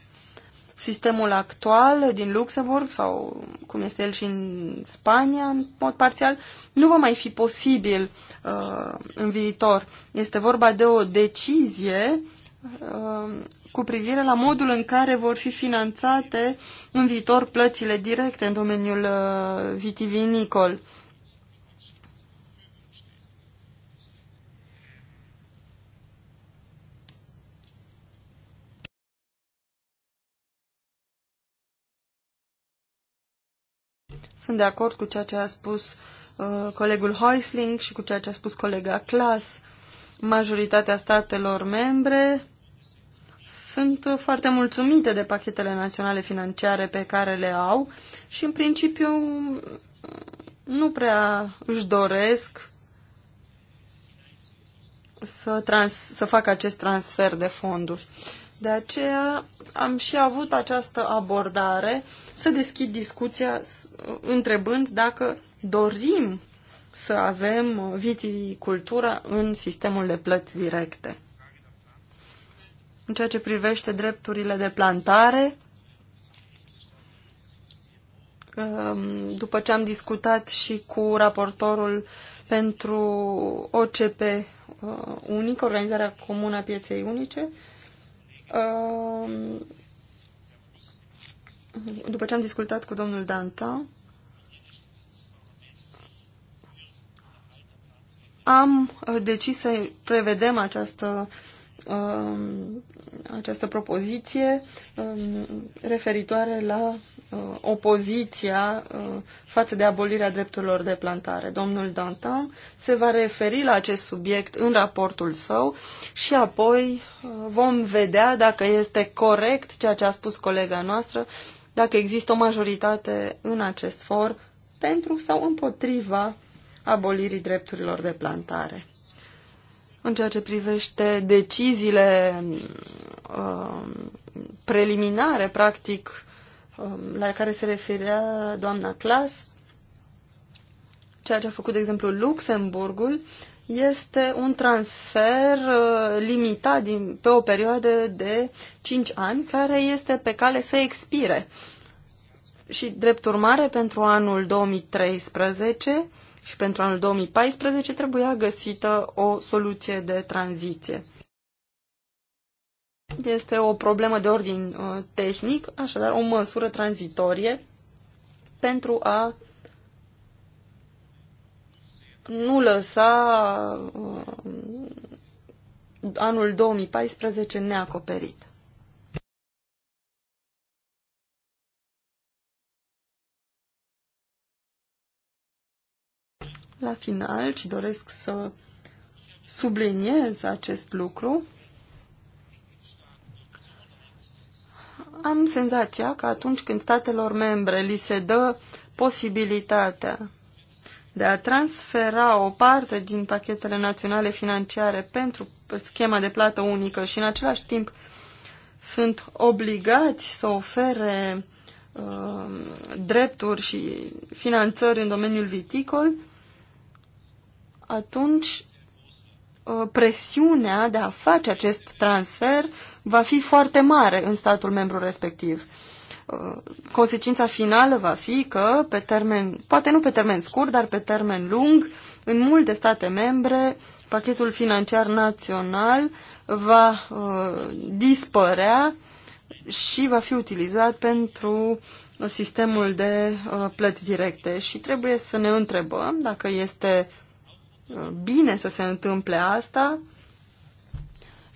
C: Sistemul actual din Luxemburg sau cum este el și în Spania, în mod parțial, nu va mai fi posibil uh, în viitor. Este vorba de o decizie uh, cu privire la modul în care vor fi finanțate în viitor plățile directe în domeniul uh, vitivinicol. Sunt de acord cu ceea ce a spus uh, colegul Heusling și cu ceea ce a spus colega Klaas. Majoritatea statelor membre sunt foarte mulțumite de pachetele naționale financiare pe care le au și, în principiu, nu prea își doresc să, trans- să facă acest transfer de fonduri. De aceea am și avut această abordare să deschid discuția întrebând dacă dorim să avem viticultura în sistemul de plăți directe. În ceea ce privește drepturile de plantare, um, după ce am discutat și cu raportorul pentru OCP uh, unic, Organizarea Comună a Pieței Unice, Ehm, după ce am discutat cu domnul Danta, am eh, decis să prevedem această Um, această propoziție um, referitoare la uh, opoziția uh, față de abolirea drepturilor de plantare. Domnul Dantan se va referi la acest subiect în raportul său și apoi uh, vom vedea dacă este corect ceea ce a spus colega noastră, dacă există o majoritate în acest for pentru sau împotriva abolirii drepturilor de plantare în ceea ce privește deciziile uh, preliminare, practic, uh, la care se referea doamna Clas, ceea ce a făcut, de exemplu, Luxemburgul, este un transfer uh, limitat din, pe o perioadă de 5 ani, care este pe cale să expire. Și, drept urmare, pentru anul 2013, și pentru anul 2014 trebuia găsită o soluție de tranziție. Este o problemă de ordin uh, tehnic, așadar o măsură tranzitorie pentru a nu lăsa uh, anul 2014 neacoperit. la final ci doresc să subliniez acest lucru, am senzația că atunci când statelor membre li se dă posibilitatea de a transfera o parte din pachetele naționale financiare pentru schema de plată unică și în același timp sunt obligați să ofere uh, drepturi și finanțări în domeniul viticol, atunci uh, presiunea de a face acest transfer va fi foarte mare în statul membru respectiv. Uh, consecința finală va fi că, pe termen, poate nu pe termen scurt, dar pe termen lung, în multe state membre, pachetul financiar național va uh, dispărea și va fi utilizat pentru sistemul de uh, plăți directe. Și trebuie să ne întrebăm dacă este bine să se întâmple asta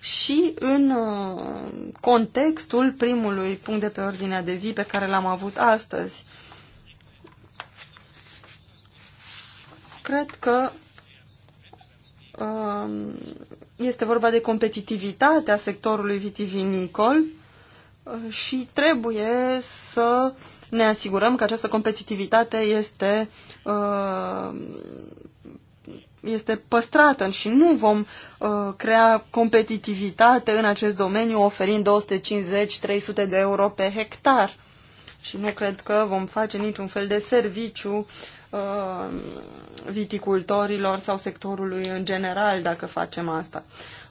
C: și în uh, contextul primului punct de pe ordinea de zi pe care l-am avut astăzi. Cred că um, este vorba de competitivitatea sectorului vitivinicol uh, și trebuie să ne asigurăm că această competitivitate este uh, este păstrată și nu vom uh, crea competitivitate în acest domeniu oferind 250-300 de euro pe hectar. Și nu cred că vom face niciun fel de serviciu uh, viticultorilor sau sectorului în general dacă facem asta.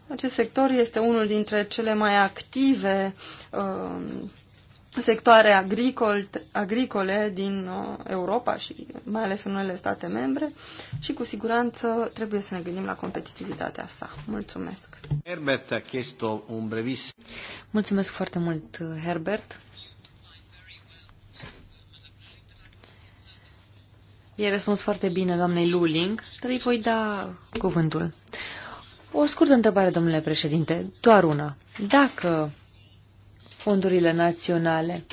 C: Acest sector este unul dintre cele mai active uh, sectoare agricol, agricole din uh, Europa și mai ales în unele state membre și cu siguranță trebuie să ne gândim la competitivitatea sa. Mulțumesc!
B: Herbert a chiesto un brevis.
C: Mulțumesc foarte mult, Herbert!
D: E răspuns foarte bine doamnei Luling, dar îi voi da cuvântul. O scurtă întrebare, domnule președinte, doar una. Dacă fondurile naționale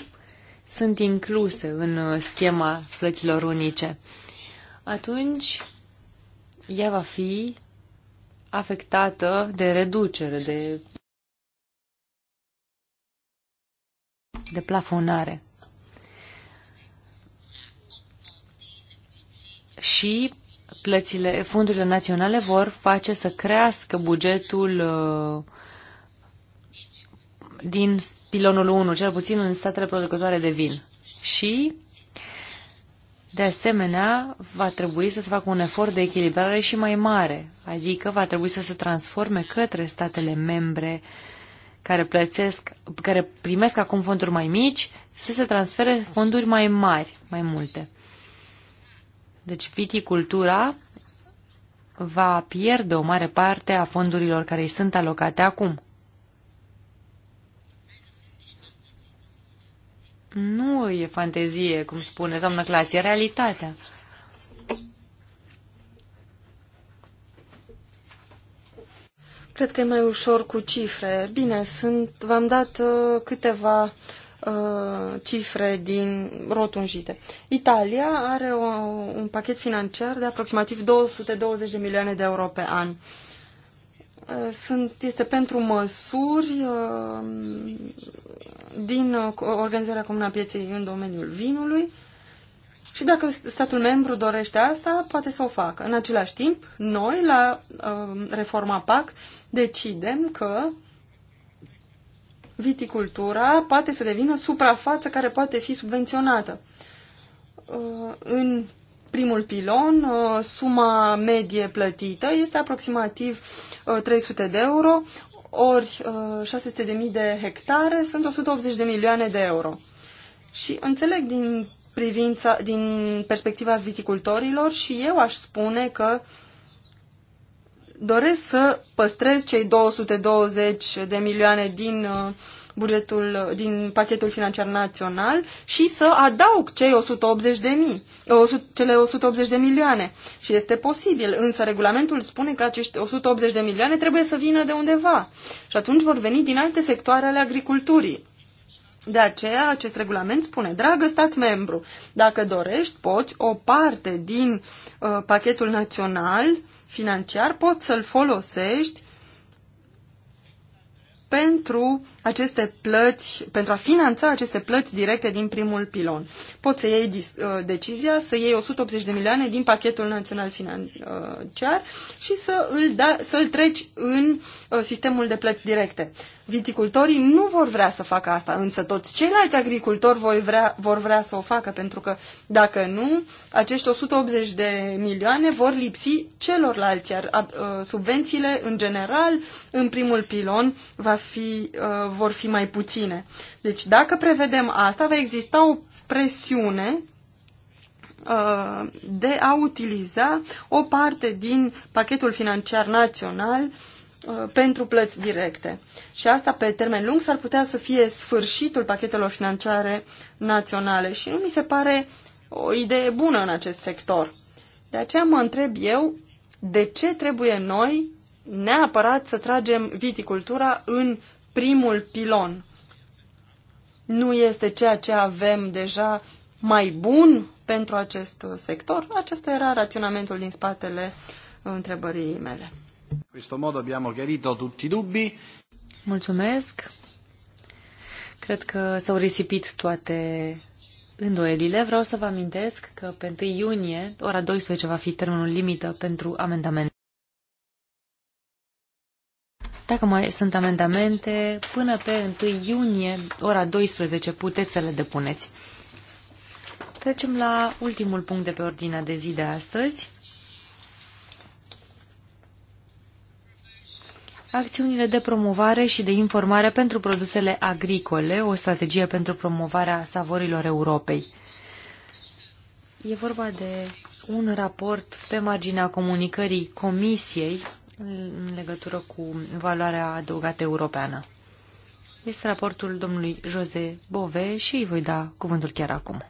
D: sunt incluse în uh, schema plăților unice, atunci ea va fi afectată de reducere, de, de plafonare. Și plățile, fondurile naționale vor face să crească bugetul uh, din pilonul 1, cel puțin în statele producătoare de vin. Și, de asemenea, va trebui să se facă un efort de echilibrare și mai mare, adică va trebui să se transforme către statele membre care, plățesc, care primesc acum fonduri mai mici, să se transfere fonduri mai mari, mai multe. Deci viticultura va pierde o mare parte a fondurilor care îi sunt alocate acum. nu e fantezie, cum spune doamna Clas, e realitatea.
C: Cred că e mai ușor cu cifre. Bine, sunt, v-am dat uh, câteva uh, cifre din rotunjite. Italia are o, un pachet financiar de aproximativ 220 de milioane de euro pe an. Uh, Uh, sunt, este pentru măsuri uh, din uh, organizarea comună a pieței în domeniul vinului și dacă statul membru dorește asta, poate să o facă. În același timp, noi la reforma PAC decidem că viticultura poate să devină suprafață care poate fi subvenționată. În primul pilon, suma medie plătită este aproximativ 300 uh, de euro ori 600.000 uh, de hectare sunt 180 de milioane de euro. Și înțeleg din, privința, din perspectiva viticultorilor și eu aș spune că doresc să păstrez cei 220 de milioane din uh, bugetul, din pachetul financiar național și să adaug cei 180 de mii, 100, cele 180 de milioane. Și este posibil, însă regulamentul spune că acești 180 de milioane trebuie să vină de undeva. Și atunci vor veni din alte sectoare ale agriculturii. De aceea, acest regulament spune, dragă stat membru, dacă dorești, poți o parte din uh, pachetul național financiar, poți să-l folosești pentru aceste plăți, pentru a finanța aceste plăți directe din primul pilon. Poți să iei uh, decizia să iei 180 de milioane din pachetul național financiar și să îl da, să îl treci în uh, sistemul de plăți directe viticultorii nu vor vrea să facă asta, însă toți ceilalți agricultori vor vrea, vor vrea să o facă, pentru că dacă nu, acești 180 de milioane vor lipsi celorlalți, iar subvențiile în general, în primul pilon, va fi, vor fi mai puține. Deci dacă prevedem asta, va exista o presiune de a utiliza o parte din pachetul financiar național Uh, pentru plăți directe. Și asta pe termen lung s-ar putea să fie sfârșitul pachetelor financiare naționale și nu mi se pare o idee bună în acest sector. De aceea mă întreb eu de ce trebuie noi neapărat să tragem viticultura în primul pilon. Nu este ceea ce avem deja mai bun pentru acest sector? Acesta era raționamentul din spatele întrebării mele.
B: In questo modo abbiamo chiarito tutti i
D: dubbi.
C: Mulțumesc. Cred că s-au risipit toate
D: îndoielile. Vreau să vă amintesc că pe 1 iunie, ora 12, va fi termenul limită pentru amendamente. Dacă mai sunt amendamente, până pe 1 iunie, ora 12, puteți să le depuneți. Trecem la ultimul punct de pe ordinea de zi de astăzi. Acțiunile de promovare și de informare pentru produsele agricole, o strategie pentru promovarea savorilor Europei. E vorba de un raport pe marginea comunicării Comisiei în legătură cu valoarea adăugată europeană. Este raportul domnului Jose Bove și îi voi da cuvântul chiar acum.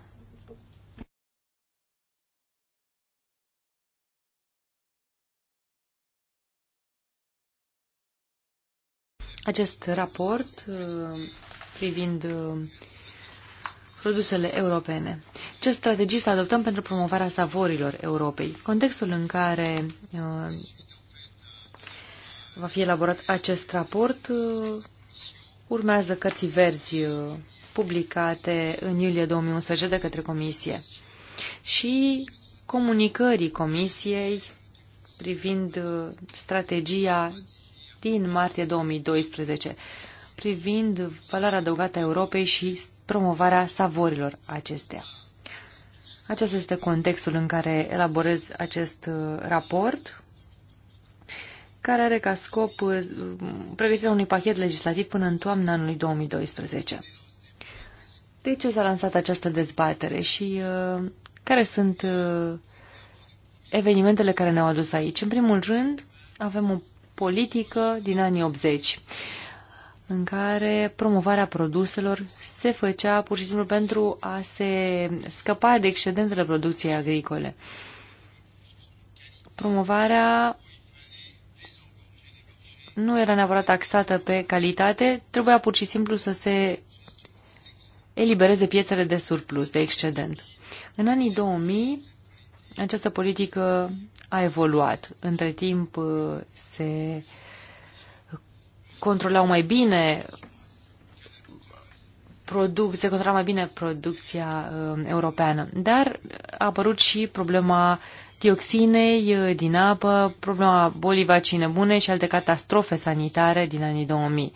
D: Acest raport uh, privind uh, produsele europene. Ce strategii să adoptăm pentru promovarea savorilor Europei? Contextul în care uh, va fi elaborat acest raport urmează cărții verzi publicate în iulie 2011 de către Comisie și comunicării Comisiei privind strategia din martie 2012 privind valoarea adăugată a Europei și promovarea savorilor acesteia. Acesta este contextul în care elaborez acest uh, raport, care are ca scop uh, pregătirea unui pachet legislativ până în toamna anului 2012. De ce s-a lansat această dezbatere și uh, care sunt uh, evenimentele care ne-au adus aici? În primul rând, avem o politică din anii 80 în care promovarea produselor se făcea pur și simplu pentru a se scăpa de excedentele producției agricole. Promovarea nu era neapărat taxată pe calitate, trebuia pur și simplu să se elibereze pietrele de surplus, de excedent. În anii 2000 această politică a evoluat. Între timp uh, se controlau mai bine produc, se controla mai bine producția uh, europeană. Dar a apărut și problema dioxinei uh, din apă, problema bolii vacine bune și alte catastrofe sanitare din anii 2000.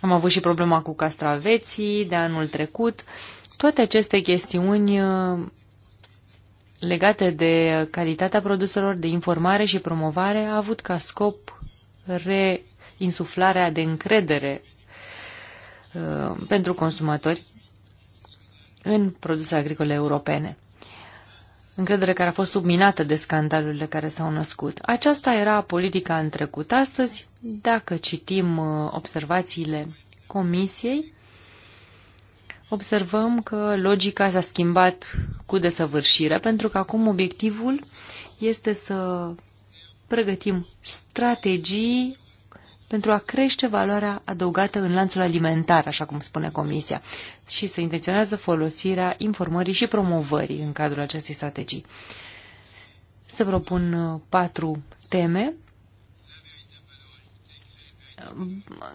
D: Am avut și problema cu castraveții de anul trecut. Toate aceste chestiuni uh, legate de calitatea produselor, de informare și promovare, a avut ca scop reinsuflarea de încredere uh, pentru consumatori în produse agricole europene. Încredere care a fost subminată de scandalurile care s-au născut. Aceasta era politica în trecut. Astăzi, dacă citim uh, observațiile Comisiei, observăm că logica s-a schimbat cu desăvârșire, pentru că acum obiectivul este să pregătim strategii pentru a crește valoarea adăugată în lanțul alimentar, așa cum spune Comisia, și să intenționează folosirea informării și promovării în cadrul acestei strategii. Se propun uh, patru teme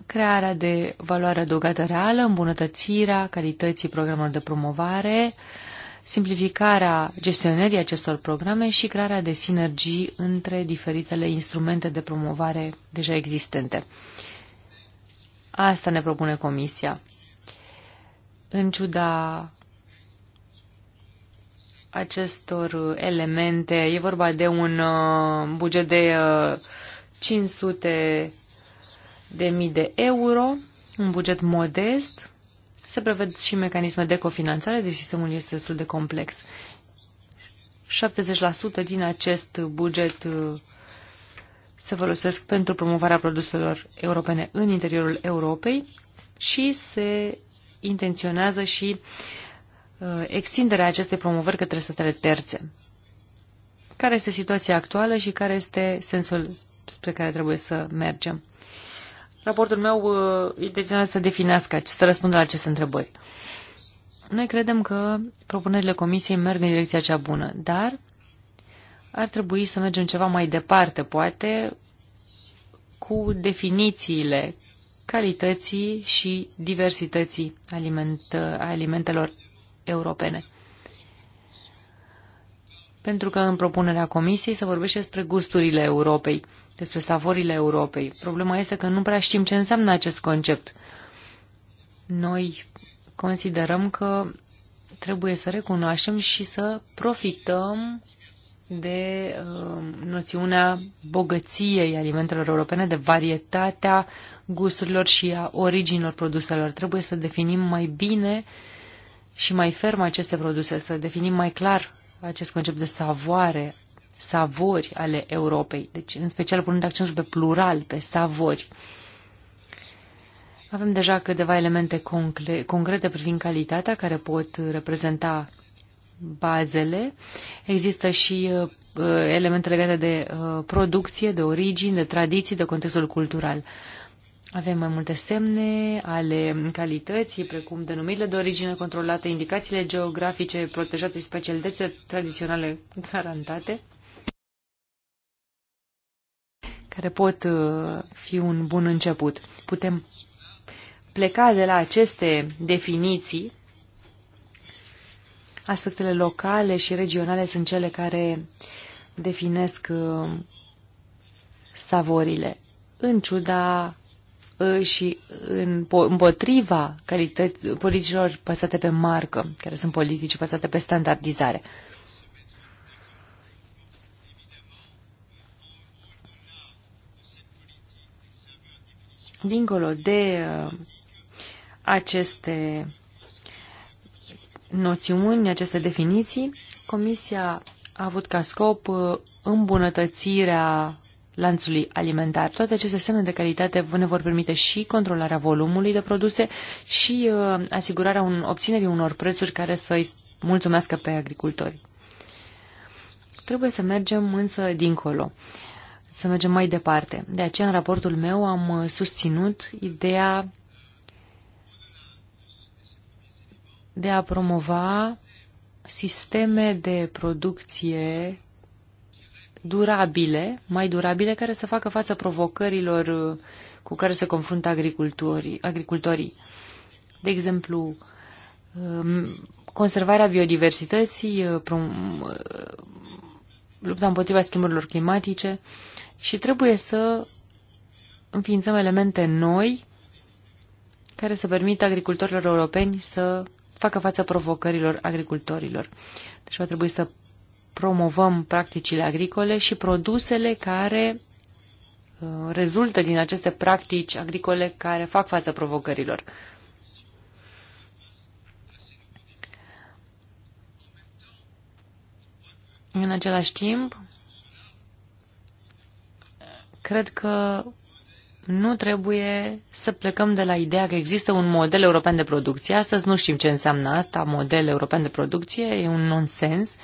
D: crearea de valoare adăugată reală, îmbunătățirea calității programelor de promovare, simplificarea gestionării acestor programe și crearea de sinergii între diferitele instrumente de promovare deja existente. Asta ne propune Comisia. În ciuda acestor elemente, e vorba de un uh, buget de 500 uh, de mii de euro, un buget modest. Se prevăd și mecanisme de cofinanțare, deci sistemul este destul de complex. 70% din acest buget uh, se folosesc pentru promovarea produselor europene în interiorul Europei și se intenționează și uh, extinderea acestei promovări către statele terțe. Care este situația actuală și care este sensul spre care trebuie să mergem? Raportul meu uh, intenționează să definească, să răspundă la aceste întrebări. Noi credem că propunerile Comisiei merg în direcția cea bună, dar ar trebui să mergem ceva mai departe, poate, cu definițiile calității și diversității aliment, alimentelor europene. Pentru că în propunerea Comisiei se vorbește despre gusturile Europei despre savorile Europei. Problema este că nu prea știm ce înseamnă acest concept. Noi considerăm că trebuie să recunoaștem și să profităm de uh, noțiunea bogăției alimentelor europene, de varietatea gusturilor și a originilor produselor. Trebuie să definim mai bine și mai ferm aceste produse, să definim mai clar acest concept de savoare savori ale Europei, deci în special punând accentul pe plural, pe savori. Avem deja câteva elemente concrete privind calitatea care pot reprezenta bazele. Există și uh, uh, elemente legate de uh, producție, de origini, de tradiții, de contextul cultural. Avem mai multe semne ale calității, precum denumirile de origine controlate, indicațiile geografice protejate și specialitățile tradiționale garantate care pot uh, fi un bun început. Putem pleca de la aceste definiții. Aspectele locale și regionale sunt cele care definesc uh, savorile. În ciuda uh, și împotriva calități, politicilor păsate pe marcă, care sunt politici păsate pe standardizare. Dincolo de uh, aceste noțiuni, aceste definiții, Comisia a avut ca scop uh, îmbunătățirea lanțului alimentar. Toate aceste semne de calitate ne vor permite și controlarea volumului de produse și uh, asigurarea un, obținerii unor prețuri care să îi mulțumească pe agricultori. Trebuie să mergem însă dincolo. Uh, să mergem mai departe. De aceea, în raportul meu, am uh, susținut ideea de a promova sisteme de producție durabile, mai durabile, care să facă față provocărilor uh, cu care se confruntă agricultorii. agricultorii. De exemplu, um, conservarea biodiversității, uh, lupta împotriva schimburilor climatice, și trebuie să înființăm elemente noi care să permită agricultorilor europeni să facă față provocărilor agricultorilor. Deci va trebui să promovăm practicile agricole și produsele care uh, rezultă din aceste practici agricole care fac față provocărilor. În același timp, Cred că nu trebuie să plecăm de la ideea că există un model european de producție. Astăzi nu știm ce înseamnă asta, model european de producție, e un nonsens.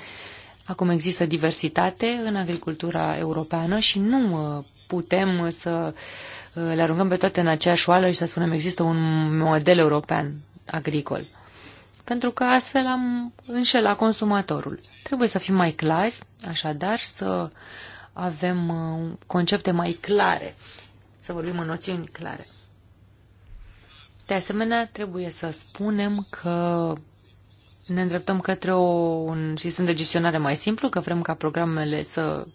D: Acum există diversitate în agricultura europeană și nu uh, putem să uh, le aruncăm pe toate în aceeași oală și să spunem există un model european agricol. Pentru că astfel am înșelat consumatorul. Trebuie să fim mai clari, așadar, să avem uh, concepte mai clare, să vorbim în noțiuni clare. De asemenea, trebuie să spunem că ne îndreptăm către o, un sistem de gestionare mai simplu, că vrem ca programele să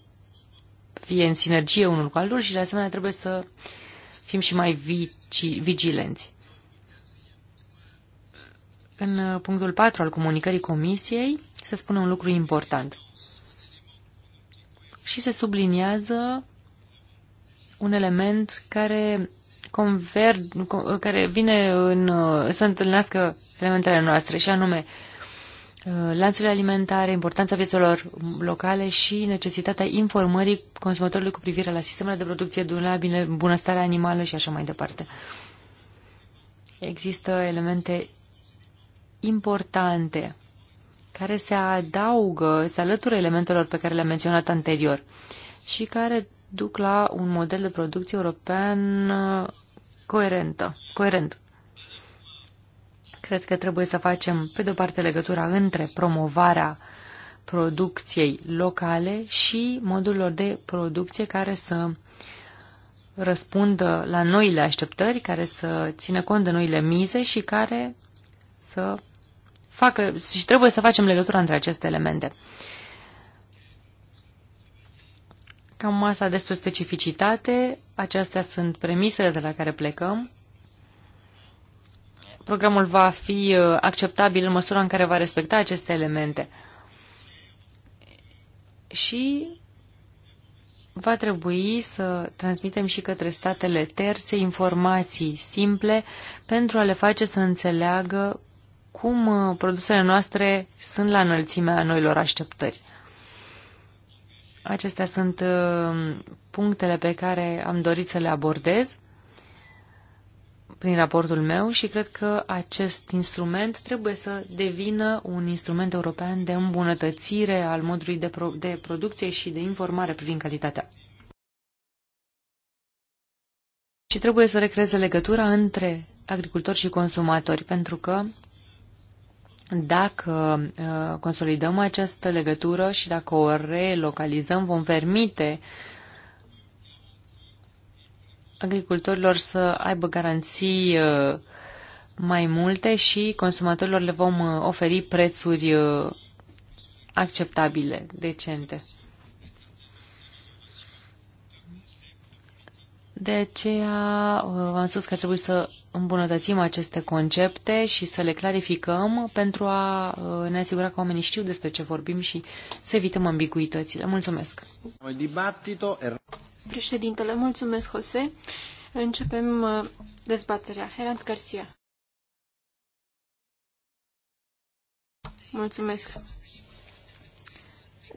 D: fie în sinergie unul cu altul și, de asemenea, trebuie să fim și mai vici, vigilenți. În uh, punctul 4 al comunicării Comisiei se spune un lucru important și se subliniază un element care conver, care vine în, uh, să întâlnească elementele noastre, și anume uh, lanțurile alimentare, importanța vieților locale și necesitatea informării consumatorului cu privire la sistemele de producție durabile, bunăstarea animală și așa mai departe. Există elemente importante care se adaugă, se alătură elementelor pe care le-am menționat anterior și care duc la un model de producție european uh, coerentă, coerent. Cred că trebuie să facem, pe de-o parte, legătura între promovarea producției locale și modurilor de producție care să răspundă la noile așteptări, care să țină cont de noile mize și care să facă și trebuie să facem legătura între aceste elemente. Cam asta despre specificitate. Acestea sunt premisele de la care plecăm. Programul va fi uh, acceptabil în măsura în care va respecta aceste elemente. Și va trebui să transmitem și către statele terțe informații simple pentru a le face să înțeleagă cum uh, produsele noastre sunt la înălțimea noilor așteptări. Acestea sunt uh, punctele pe care am dorit să le abordez prin raportul meu și cred că acest instrument trebuie să devină un instrument european de îmbunătățire al modului de, pro- de producție și de informare privind calitatea. Și trebuie să recreeze legătura între agricultori și consumatori, pentru că dacă uh, consolidăm această legătură și dacă o relocalizăm, vom permite agricultorilor să aibă garanții uh, mai multe și consumatorilor le vom uh, oferi prețuri acceptabile, decente. De aceea uh, am spus că trebuie să îmbunătățim aceste concepte și să le clarificăm pentru a uh, ne asigura că oamenii știu despre ce vorbim și să evităm ambiguitățile. Mulțumesc!
A: Președintele, mulțumesc, Jose. Începem uh, dezbaterea. Heranz Garcia. Mulțumesc.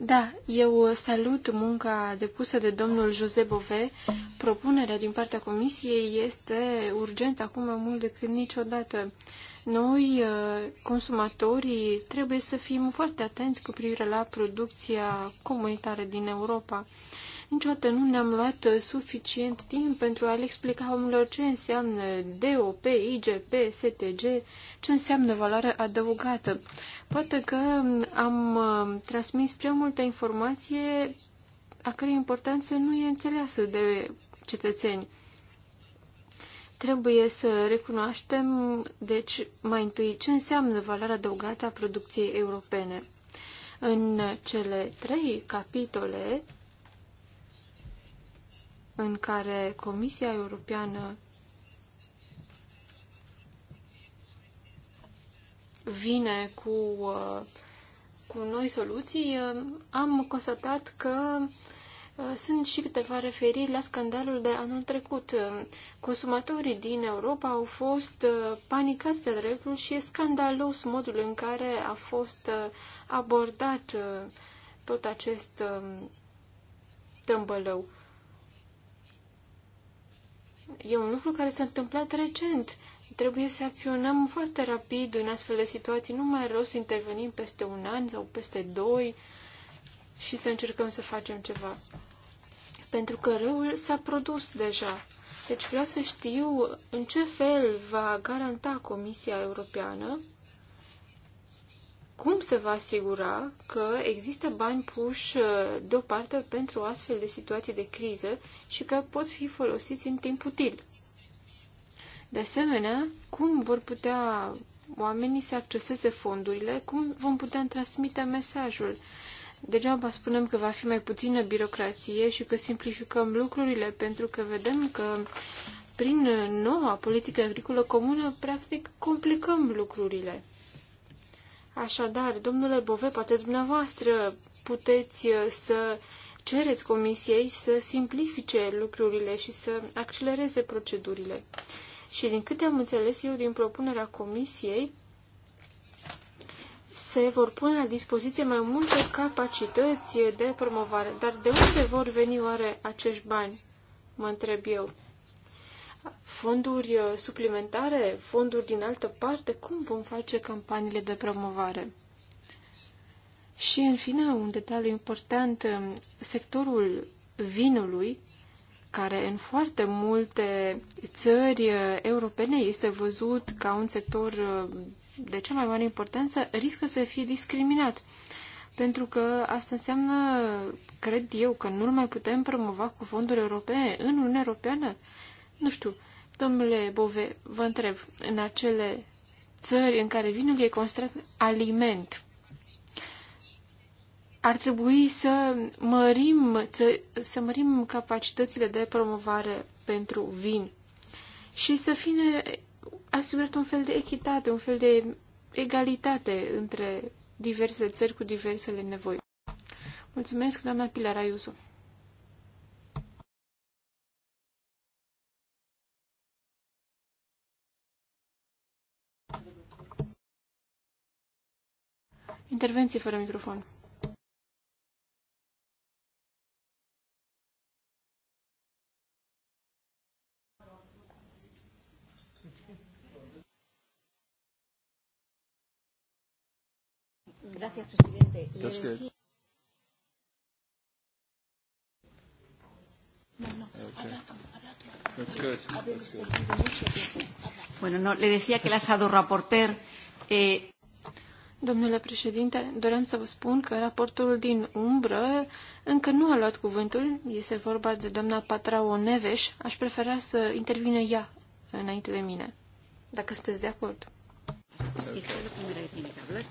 A: Da, eu salut munca depusă de domnul Jose Bove. Propunerea din partea comisiei este urgentă acum mai mult decât niciodată. Noi, uh, consumatorii, trebuie să fim foarte atenți cu privire la producția comunitară din Europa. Niciodată nu ne-am luat suficient timp pentru a le explica omilor ce înseamnă DOP, IGP, STG, ce înseamnă valoare adăugată. Poate că am uh, transmis prea multă informație a cărei importanță nu e înțeleasă de cetățeni. Trebuie să recunoaștem, deci, mai întâi ce înseamnă valoarea adăugată a producției europene. În cele trei capitole în care Comisia Europeană vine cu, uh, cu noi soluții, uh, am constatat că uh, sunt și câteva referiri la scandalul de anul trecut. Consumatorii din Europa au fost panicați de dreptul și e scandalos modul în care a fost abordat tot acest um, tâmbălău. E un lucru care s-a întâmplat recent Trebuie să acționăm foarte rapid în astfel de situații. Nu mai rost să intervenim peste un an sau peste doi și să încercăm să facem ceva. Pentru că răul s-a produs deja. Deci vreau să știu în ce fel va garanta Comisia Europeană cum se va asigura că există bani puși deoparte pentru astfel de situații de criză și că pot fi folosiți în timp util. De asemenea, cum vor putea oamenii să acceseze fondurile, cum vom putea transmite mesajul. Degeaba spunem că va fi mai puțină birocrație și că simplificăm lucrurile, pentru că vedem că prin noua politică agricolă comună, practic, complicăm lucrurile. Așadar, domnule Bove, poate dumneavoastră puteți uh, să cereți comisiei să simplifice lucrurile și să accelereze procedurile. Și din câte am înțeles eu din propunerea comisiei, se vor pune la dispoziție mai multe capacități de promovare. Dar de unde vor veni oare acești bani? Mă întreb eu. Fonduri uh, suplimentare? Fonduri din altă parte? Cum vom face campaniile de promovare? Și, în fine, un detaliu important, um, sectorul vinului care în foarte multe țări uh, europene este văzut ca un sector uh, de cea mai mare importanță, riscă să fie discriminat. Pentru că asta înseamnă, cred eu, că nu mai putem promova cu fonduri europene în Uniunea Europeană. Nu știu, domnule Bove, vă întreb, în acele țări în care vinul e construit aliment, ar trebui să mărim, să, să mărim capacitățile de promovare pentru vin și să fie asigurat un fel de echitate, un fel de egalitate între diversele țări cu diversele nevoi. Mulțumesc, doamna Pilar Ayuso. Intervenție fără microfon. Gracias, presidente. That's good. Bueno, no, le decía que la raporter eh, Domnule președinte, doream să vă spun că raportul din umbră încă nu a luat cuvântul. Este vorba de doamna Patrao Neveș. Aș prefera să intervine ea înainte de mine, dacă sunteți de acord.
B: Okay.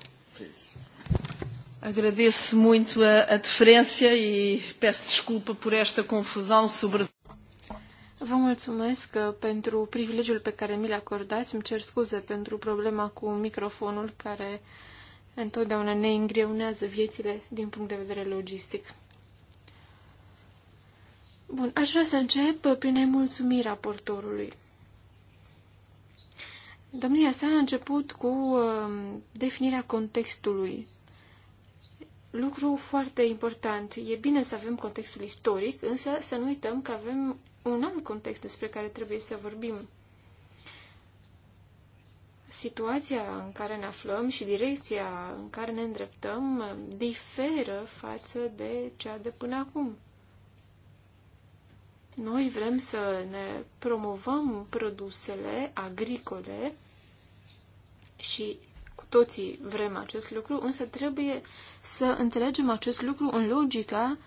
A: Agradeço muito a, a deferência e peço desculpa
C: por esta confusão sobre...
A: Vă mulțumesc uh, pentru privilegiul pe care mi-l acordați. Îmi cer scuze pentru problema cu microfonul care întotdeauna ne îngreunează viețile din punct de vedere logistic. Bun, aș vrea să încep prin a-i mulțumi raportorului. Domnia sa a început cu um, definirea contextului. Lucru foarte important. E bine să avem contextul istoric, însă să nu uităm că avem un alt context despre care trebuie să vorbim. Situația în care ne aflăm și direcția în care ne îndreptăm um, diferă față de cea de până acum. Noi vrem să ne promovăm produsele agricole și cu toții vrem acest lucru, însă trebuie să înțelegem acest lucru în logica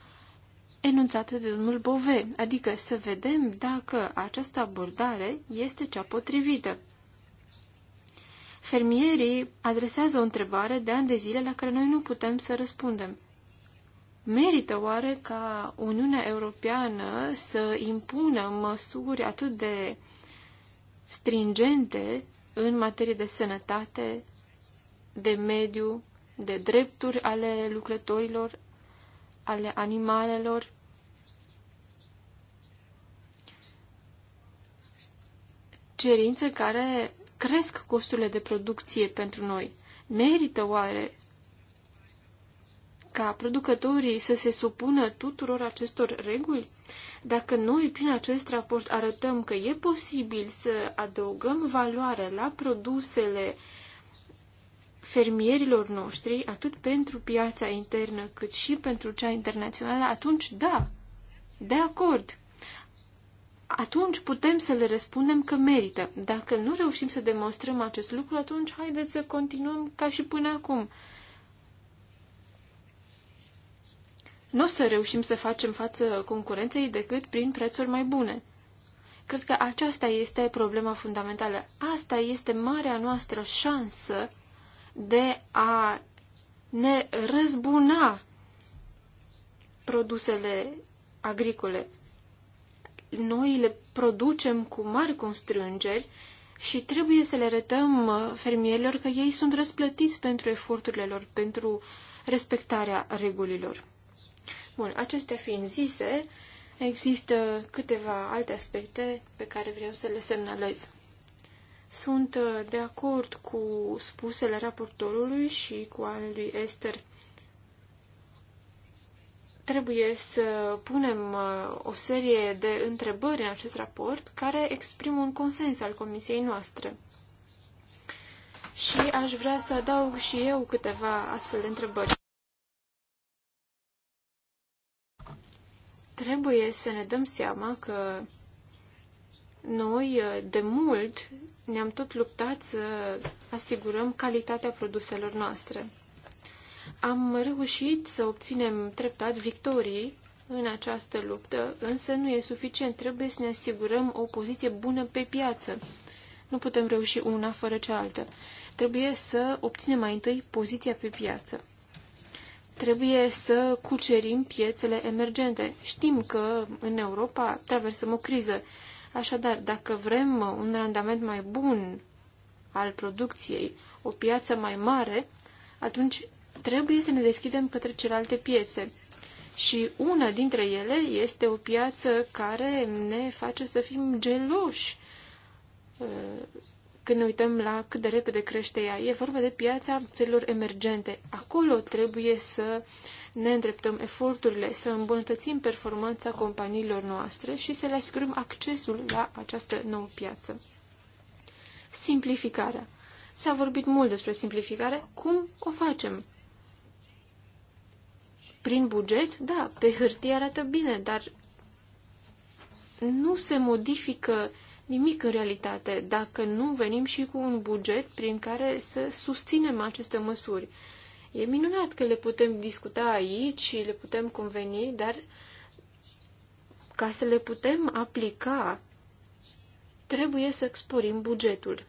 A: enunțată de domnul Bove, adică să vedem dacă această abordare este cea potrivită. Fermierii adresează o întrebare de ani de zile la care noi nu putem să răspundem. Merită oare ca Uniunea Europeană să impună măsuri atât de stringente în materie de sănătate, de mediu, de drepturi ale lucrătorilor, ale animalelor? Cerințe care cresc costurile de producție pentru noi. Merită oare ca producătorii să se supună tuturor acestor reguli? Dacă noi, prin acest raport, arătăm că e posibil să adăugăm valoare la produsele fermierilor noștri, atât pentru piața internă cât și pentru cea internațională, atunci da, de acord. Atunci putem să le răspundem că merită. Dacă nu reușim să demonstrăm acest lucru, atunci haideți să continuăm ca și până acum. nu o să reușim să facem față concurenței decât prin prețuri mai bune. Cred că aceasta este problema fundamentală. Asta este marea noastră șansă de a ne răzbuna produsele agricole. Noi le producem cu mari constrângeri și trebuie să le arătăm fermierilor că ei sunt răsplătiți pentru eforturile lor, pentru respectarea regulilor. Bun, acestea fiind zise, există câteva alte aspecte pe care vreau să le semnalez. Sunt uh, de acord cu spusele raportorului și cu ale lui Esther. Trebuie să punem uh, o serie de întrebări în acest raport care exprimă un consens al comisiei noastre. Și aș vrea să adaug și eu câteva astfel de întrebări. Trebuie să ne dăm seama că noi uh, de mult ne-am tot luptat să asigurăm calitatea produselor noastre. Am reușit să obținem treptat victorii în această luptă, însă nu e suficient. Trebuie să ne asigurăm o poziție bună pe piață. Nu putem reuși una fără cealaltă. Trebuie să obținem mai întâi poziția pe piață trebuie să cucerim piețele emergente. Știm că în Europa traversăm o criză. Așadar, dacă vrem un randament mai bun al producției, o piață mai mare, atunci trebuie să ne deschidem către celelalte piețe. Și una dintre ele este o piață care ne face să fim geloși când ne uităm la cât de repede crește ea. E vorba de piața țărilor emergente. Acolo trebuie să ne îndreptăm eforturile, să îmbunătățim performanța companiilor noastre și să le asigurăm accesul la această nouă piață. Simplificarea. S-a vorbit mult despre simplificare. Cum o facem? Prin buget? Da, pe hârtie arată bine, dar nu se modifică uh, nimic în realitate dacă nu venim și cu un buget prin care să susținem aceste măsuri. E minunat că le putem discuta aici și le putem conveni, dar ca să le putem aplica, trebuie să exporim bugetul.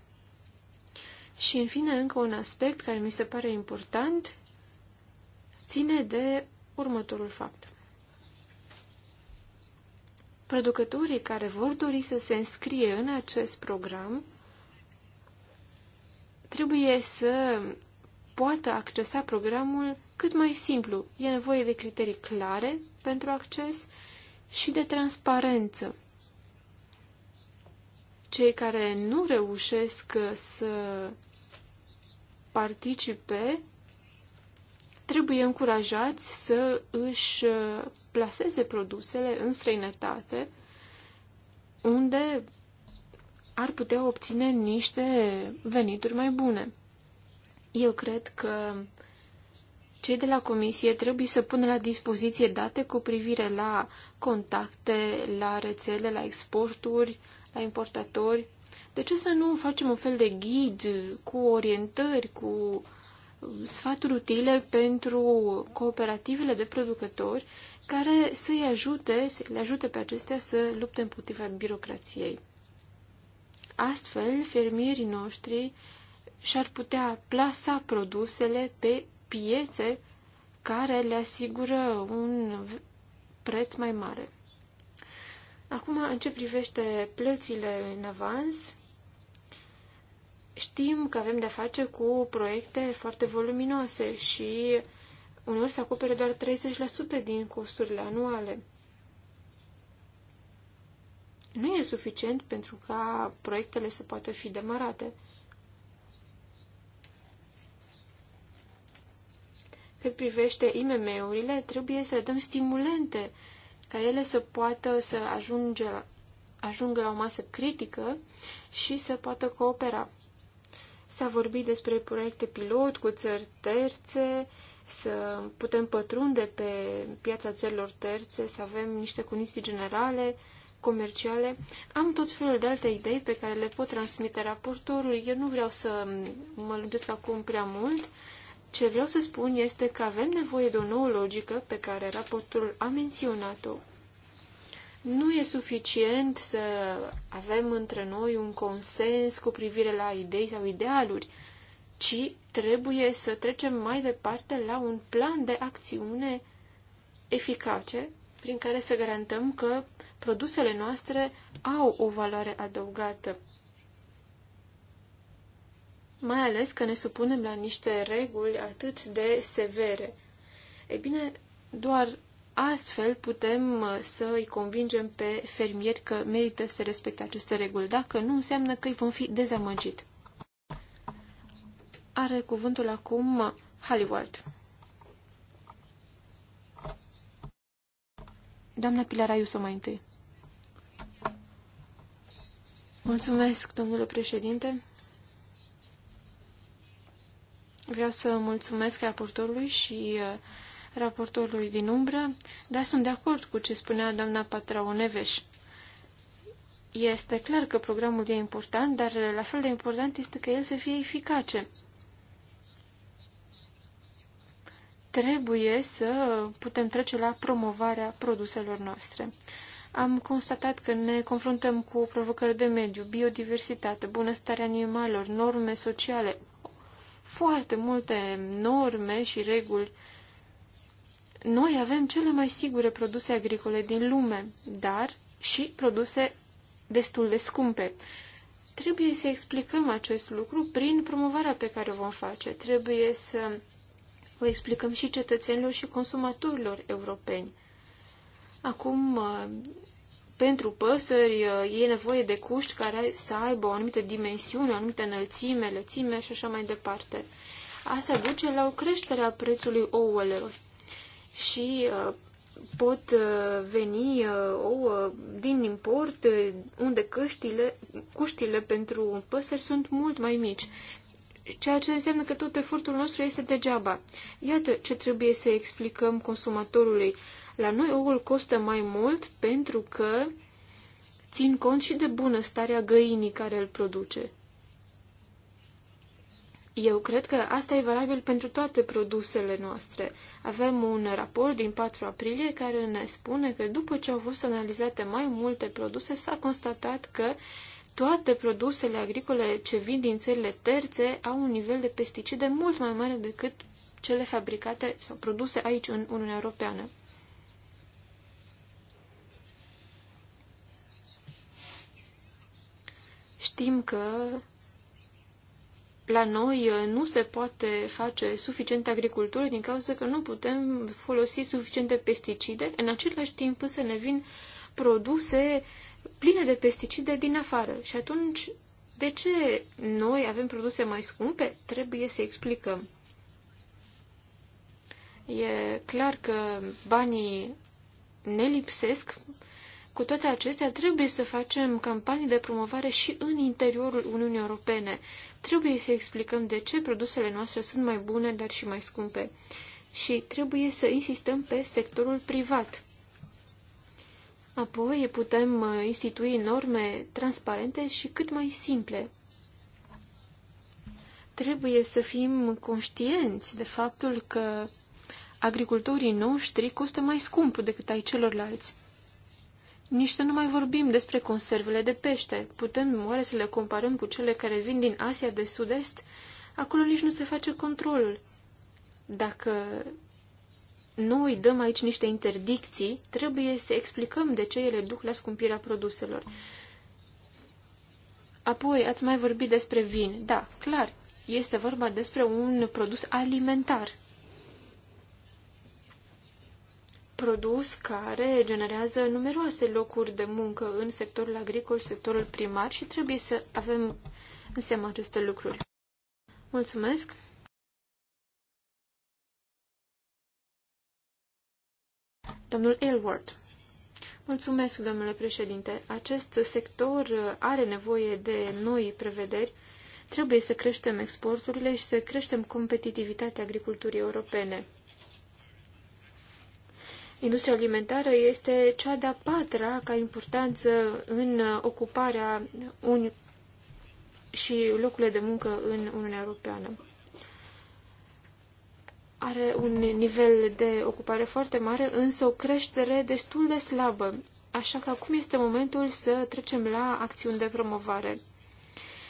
A: Și, în fine, încă un aspect care mi se pare important ține de următorul fapt producătorii care vor dori să se înscrie în acest program trebuie să poată accesa programul cât mai simplu. E nevoie de criterii clare pentru acces și de transparență. Cei care nu reușesc să participe trebuie încurajați să își uh, plaseze produsele în străinătate, unde ar putea obține niște venituri mai bune. Eu cred că cei de la comisie trebuie să pună la dispoziție date cu privire la contacte, la rețele, la exporturi, la importatori. De ce să nu facem un fel de ghid cu orientări, cu sfaturi utile pentru cooperativele de producători care să-i ajute, să le ajute pe acestea să lupte împotriva birocrației. Astfel, fermierii noștri și-ar putea plasa produsele pe piețe care le asigură un preț mai mare. Acum, în ce privește plățile în avans, Știm că avem de-a face cu proiecte foarte voluminoase și uneori se acopere doar 30% din costurile anuale. Nu e suficient pentru ca proiectele să poată fi demarate. Cât privește IMM-urile, trebuie să le dăm stimulente ca ele să poată să ajungă, ajungă la o masă critică și să poată coopera. S-a vorbit despre proiecte pilot cu țări terțe, să putem pătrunde pe piața țărilor terțe, să avem niște condiții generale, comerciale. Am tot felul de alte idei pe care le pot transmite raportorului. Eu nu vreau să mă lungesc acum prea mult. Ce vreau să spun este că avem nevoie de o nouă logică pe care raportul a menționat-o nu e suficient să avem între noi un consens cu privire la idei sau idealuri, ci trebuie să trecem mai departe la un plan de acțiune eficace prin care să garantăm că produsele noastre au o valoare adăugată. Mai ales că ne supunem la niște reguli atât de severe. E bine, doar Astfel putem uh, să îi convingem pe fermieri că merită să respecte aceste reguli. Dacă nu, înseamnă că îi vom fi dezamăgit. Are cuvântul acum Hollywood. Uh, Doamna Pilar Ayuso mai întâi. Mulțumesc, domnule președinte. Vreau să mulțumesc raportorului și uh, raportorului din umbră, dar sunt de acord cu ce spunea doamna Patrao Este clar că programul e important, dar la fel de important este că el să fie eficace. Trebuie să putem trece la promovarea produselor noastre. Am constatat că ne confruntăm cu provocări de mediu, biodiversitate, bunăstare animalelor, norme sociale, foarte multe norme și reguli noi avem cele mai sigure produse agricole din lume, dar și produse destul de scumpe. Trebuie să explicăm acest lucru prin promovarea pe care o vom face. Trebuie să o explicăm și cetățenilor și consumatorilor europeni. Acum, pentru păsări e nevoie de cuști care să aibă o anumită dimensiune, o anumită înălțime, lățime și așa mai departe. Asta duce la o creștere a prețului ouălor și uh, pot uh, veni uh, ouă din import, unde căștile, cuștile pentru păsări sunt mult mai mici, ceea ce înseamnă că tot efortul nostru este degeaba. Iată ce trebuie să explicăm consumatorului. La noi oul costă mai mult pentru că țin cont și de bunăstarea găinii care îl produce. Eu cred că asta e valabil pentru toate produsele noastre. Avem un raport din 4 aprilie care ne spune că după ce au fost analizate mai multe produse, s-a constatat că toate produsele agricole ce vin din țările terțe au un nivel de pesticide mult mai mare decât cele fabricate sau produse aici în Uniunea Europeană. Știm că la noi uh, nu se poate face suficientă agricultură din cauza că nu putem folosi suficiente pesticide, în același timp să ne vin produse pline de pesticide din afară. Și atunci, de ce noi avem produse mai scumpe? Trebuie să explicăm. E clar că banii ne lipsesc cu toate acestea, trebuie să facem campanii de promovare și în interiorul Uniunii Europene. Trebuie să explicăm de ce produsele noastre sunt mai bune, dar și mai scumpe. Și trebuie să insistăm pe sectorul privat. Apoi putem uh, institui norme transparente și cât mai simple. Trebuie să fim conștienți de faptul că agricultorii noștri costă mai scump decât ai celorlalți nici să nu mai vorbim despre conservele de pește. Putem oare să le comparăm cu cele care vin din Asia de Sud-Est? Acolo nici nu se face controlul. Dacă noi dăm aici niște interdicții, trebuie să explicăm de ce ele duc la scumpirea produselor. Apoi, ați mai vorbit despre vin. Da, clar, este vorba despre un produs alimentar produs care generează numeroase locuri de muncă în sectorul agricol, sectorul primar și trebuie să avem în seamă aceste lucruri. Mulțumesc! Domnul Aylward. Mulțumesc, domnule președinte. Acest sector are nevoie de noi prevederi. Trebuie să creștem exporturile și să creștem competitivitatea agriculturii europene. Industria alimentară este cea de-a patra ca importanță în ocuparea uni- și locurile de muncă în Uniunea Europeană. Are un nivel de ocupare foarte mare, însă o creștere destul de slabă. Așa că acum este momentul să trecem la acțiuni de promovare.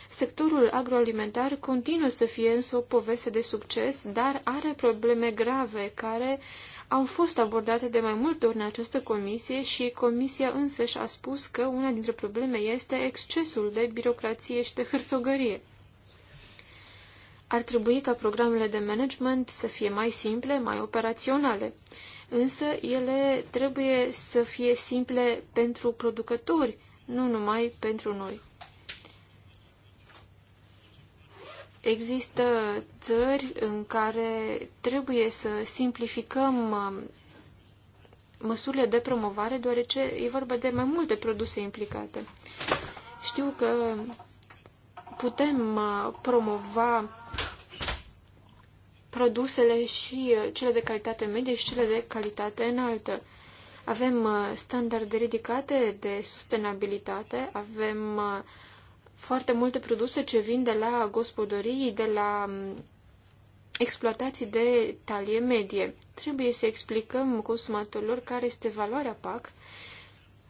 A: Sectorul agroalimentar continuă să fie însă o poveste de succes, dar are probleme grave care uh, au fost abordate de mai multe ori în această comisie și comisia însăși a spus că una dintre probleme este excesul de birocrație și de hârțogărie. Ar trebui ca programele de management să fie mai simple, mai operaționale, însă ele trebuie să fie simple pentru producători, nu numai pentru noi. Există țări în care trebuie să simplificăm um, măsurile de promovare, deoarece e vorba de mai multe produse implicate. Știu că putem uh, promova produsele și uh, cele de calitate medie și cele de calitate înaltă. Avem uh, standarde ridicate de sustenabilitate, avem foarte multe produse ce vin de la gospodării, de la mm, exploatații de talie medie. Trebuie să explicăm consumatorilor care este valoarea PAC,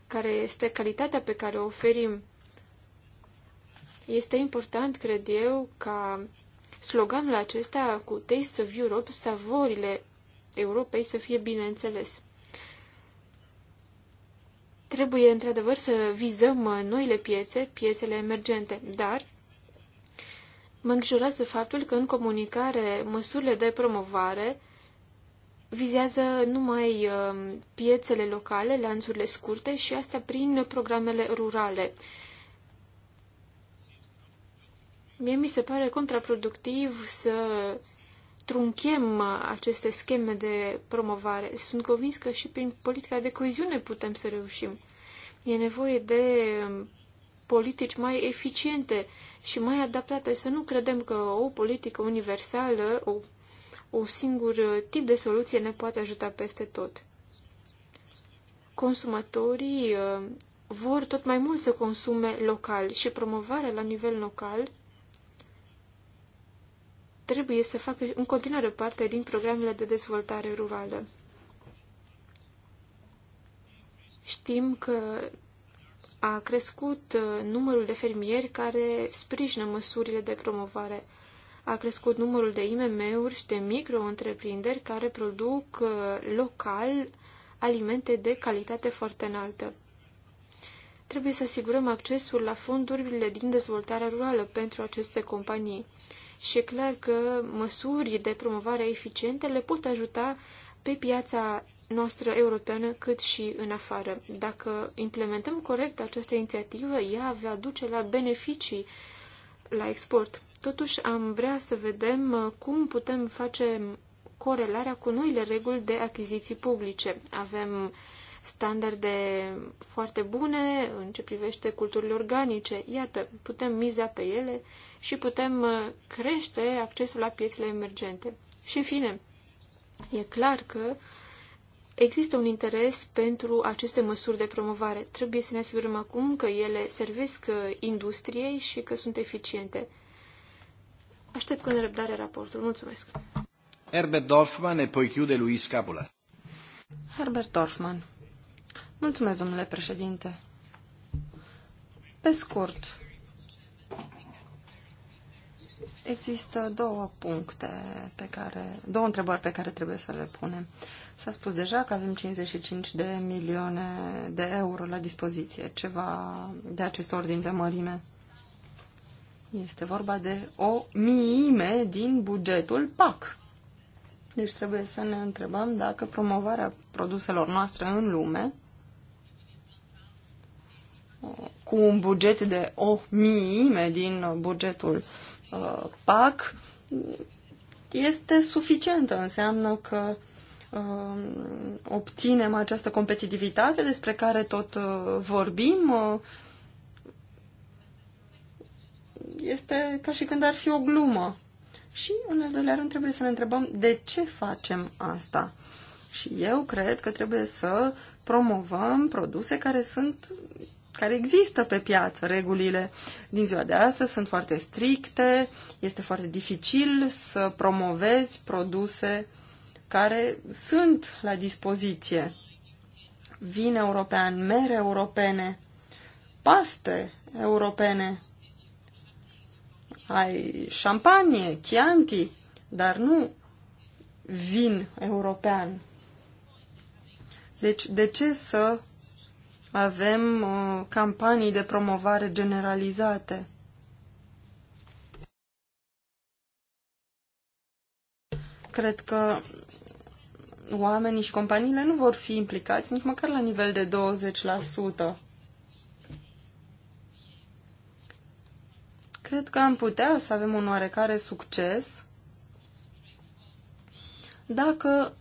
A: care este calitatea pe care o oferim. Este important, cred eu, ca sloganul acesta cu Taste of Europe, savorile Europei, să fie bineînțeles. Trebuie, într-adevăr, să vizăm uh, noile piețe, piețele emergente, dar mă îngrijorează faptul că în comunicare măsurile de promovare vizează numai uh, piețele locale, lanțurile scurte și asta prin programele rurale. Mie mi se pare contraproductiv să trunchem uh, aceste scheme de promovare. Sunt convins că și prin politica de coeziune putem să reușim. E nevoie de um, politici mai eficiente și mai adaptate. Să nu credem că o politică universală, o, un singur uh, tip de soluție ne poate ajuta peste tot. Consumatorii uh, vor tot mai mult să consume local și promovarea la nivel local trebuie să facă în continuare parte din programele de dezvoltare rurală. Știm că a crescut uh, numărul de fermieri care sprijină măsurile de promovare. A crescut numărul de IMM-uri și de micro-întreprinderi care produc uh, local alimente de calitate foarte înaltă. Trebuie să asigurăm accesul la fondurile din dezvoltarea rurală pentru aceste companii și e clar că măsuri de promovare eficiente le pot ajuta pe piața noastră europeană cât și în afară. Dacă implementăm corect această inițiativă, ea va duce la beneficii la export. Totuși am vrea să vedem uh, cum putem face corelarea cu noile reguli de achiziții publice. Avem standarde foarte bune în ce privește culturile organice. Iată, putem miza pe ele și putem uh, crește accesul la piețele emergente. Și în fine, e clar că există un interes pentru aceste măsuri de promovare. Trebuie să ne asigurăm acum că ele servesc uh, industriei și că sunt eficiente. Aștept cu nerăbdare raportul. Mulțumesc!
B: Herbert Dorfman e
C: poi chiude Luis Capula. Herbert Dorfman. Mulțumesc, domnule președinte. Pe scurt, există două puncte pe care, două întrebări pe care trebuie să le punem. S-a spus deja că avem 55 de milioane de euro la dispoziție, ceva de acest ordin de mărime. Este vorba de o miime din bugetul PAC. Deci trebuie să ne întrebăm dacă promovarea produselor noastre în lume cu un buget de o miime din bugetul uh, PAC este suficientă. Înseamnă că um, obținem această competitivitate despre care tot uh, vorbim. Uh, este ca și când ar fi o glumă. Și, în al doilea rând, trebuie să ne întrebăm de ce facem asta. Și eu cred că trebuie să promovăm produse care sunt care există pe piață. Regulile din ziua de astăzi sunt foarte stricte, este foarte dificil să promovezi produse care sunt la dispoziție. Vin european, mere europene, paste europene, ai șampanie, chianti, dar nu vin european. Deci, de ce să avem uh, campanii de promovare generalizate. Cred că oamenii și companiile nu vor fi implicați nici măcar la nivel de 20%. Cred că am putea să avem un oarecare succes dacă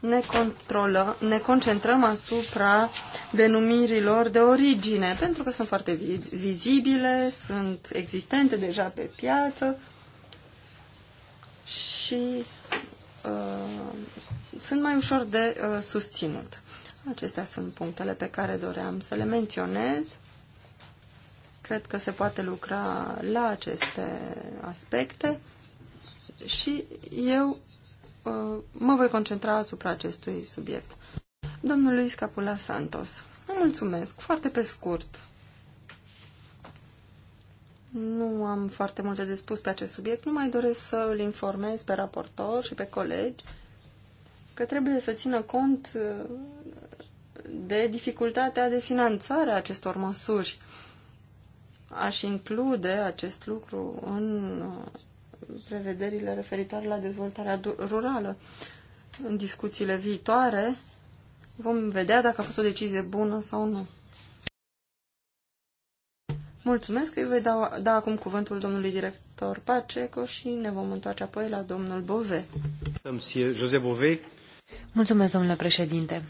C: ne, controlă, ne concentrăm asupra denumirilor de origine, pentru că sunt foarte vizibile, sunt existente deja pe piață și uh, sunt mai ușor de uh, susținut. Acestea sunt punctele pe care doream să le menționez. Cred că se poate lucra la aceste aspecte și eu Uh, mă voi concentra asupra acestui subiect. Domnului Scapula Santos, mulțumesc, foarte pe scurt. Nu am foarte multe de spus pe acest subiect, nu mai doresc să îl informez pe raportor și pe colegi că trebuie să țină cont uh, de dificultatea de finanțare a acestor măsuri. Aș include acest lucru în uh, prevederile referitoare la dezvoltarea rurală. În discuțiile viitoare vom vedea dacă a fost o decizie bună sau nu. Mulțumesc, îi voi da, da acum cuvântul domnului director Paceco și ne vom întoarce apoi la domnul Bove.
B: José Bove.
D: Mulțumesc, domnule președinte.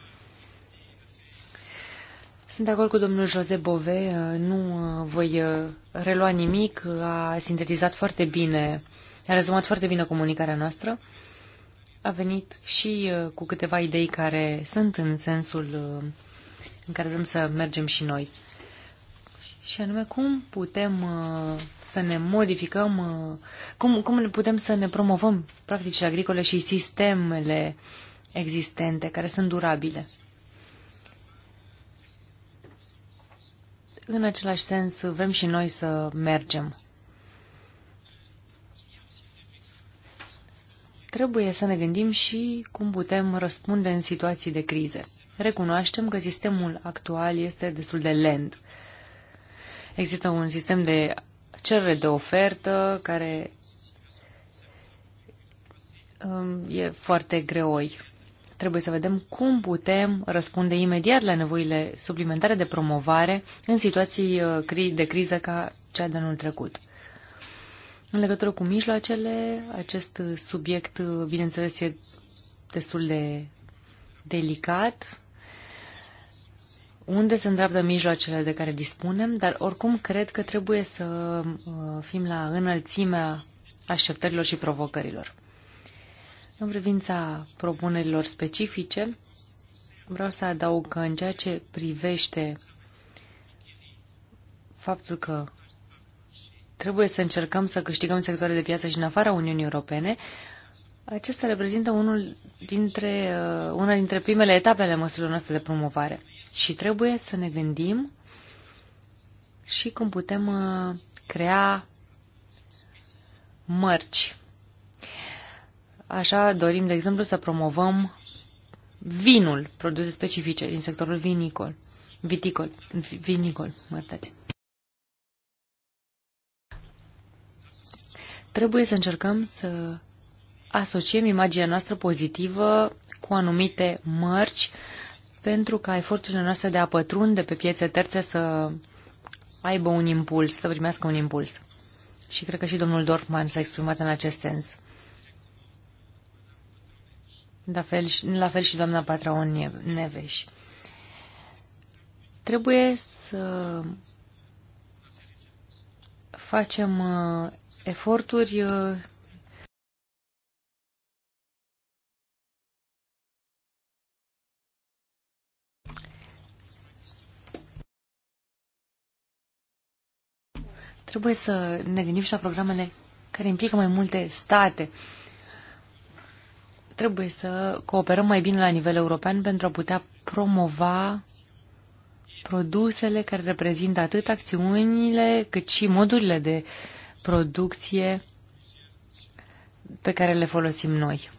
D: Sunt de acord cu domnul Jose Bove, nu voi relua nimic, a sintetizat foarte bine a rezumat foarte bine comunicarea noastră. A venit și uh, cu câteva idei care sunt în sensul uh, în care vrem să mergem și noi. Și anume, cum putem uh, să ne modificăm, cum, cum putem să ne promovăm practicile agricole și sistemele existente care sunt durabile. În același sens, vrem și noi să mergem trebuie să ne gândim și cum putem răspunde în situații de crize. Recunoaștem că sistemul actual este destul de lent. Există un sistem de cerere de ofertă care um, e foarte greoi. Trebuie să vedem cum putem răspunde imediat la nevoile suplimentare de promovare în situații uh, de criză ca cea de anul trecut. În legătură cu mijloacele, acest subiect, bineînțeles, e destul de delicat. Unde se îndreaptă mijloacele de care dispunem, dar oricum cred că trebuie să uh, fim la înălțimea așteptărilor și provocărilor. În privința propunerilor specifice, vreau să adaug că în ceea ce privește faptul că trebuie să încercăm să câștigăm sectoare de piață și în afara Uniunii Europene, acesta reprezintă unul dintre, uh, una dintre primele etape ale măsurilor noastre de promovare. Și trebuie să ne gândim și cum putem uh, crea mărci. Așa dorim, de exemplu, să promovăm vinul, produse specifice din sectorul vinicol, viticol, vinicol, mărtați. Trebuie să încercăm să asociem imaginea noastră pozitivă cu anumite mărci pentru ca eforturile noastre de a pătrunde pe piețe terțe să aibă un impuls, să primească un impuls. Și cred că și domnul Dorfman s-a exprimat în acest sens. La fel, la fel și doamna Patraon Neveș. Trebuie să facem uh, eforturi uh, Trebuie să ne gândim și la programele care implică mai multe state. Trebuie să cooperăm mai bine la nivel european pentru a putea promova produsele care reprezintă atât acțiunile cât și modurile de uh, producție pe care le folosim noi.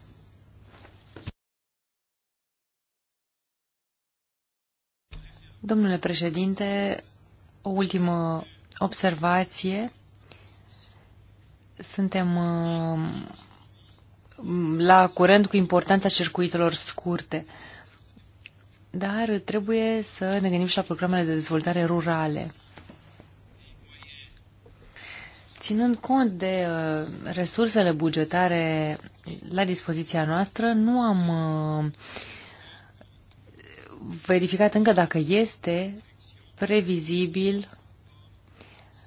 D: Domnule președinte, o ultimă observație. Suntem uh, la curent cu importanța circuitelor scurte, dar trebuie să ne gândim și la programele de dezvoltare rurale ținând cont de uh, resursele bugetare la dispoziția noastră, nu am uh, verificat încă dacă este previzibil,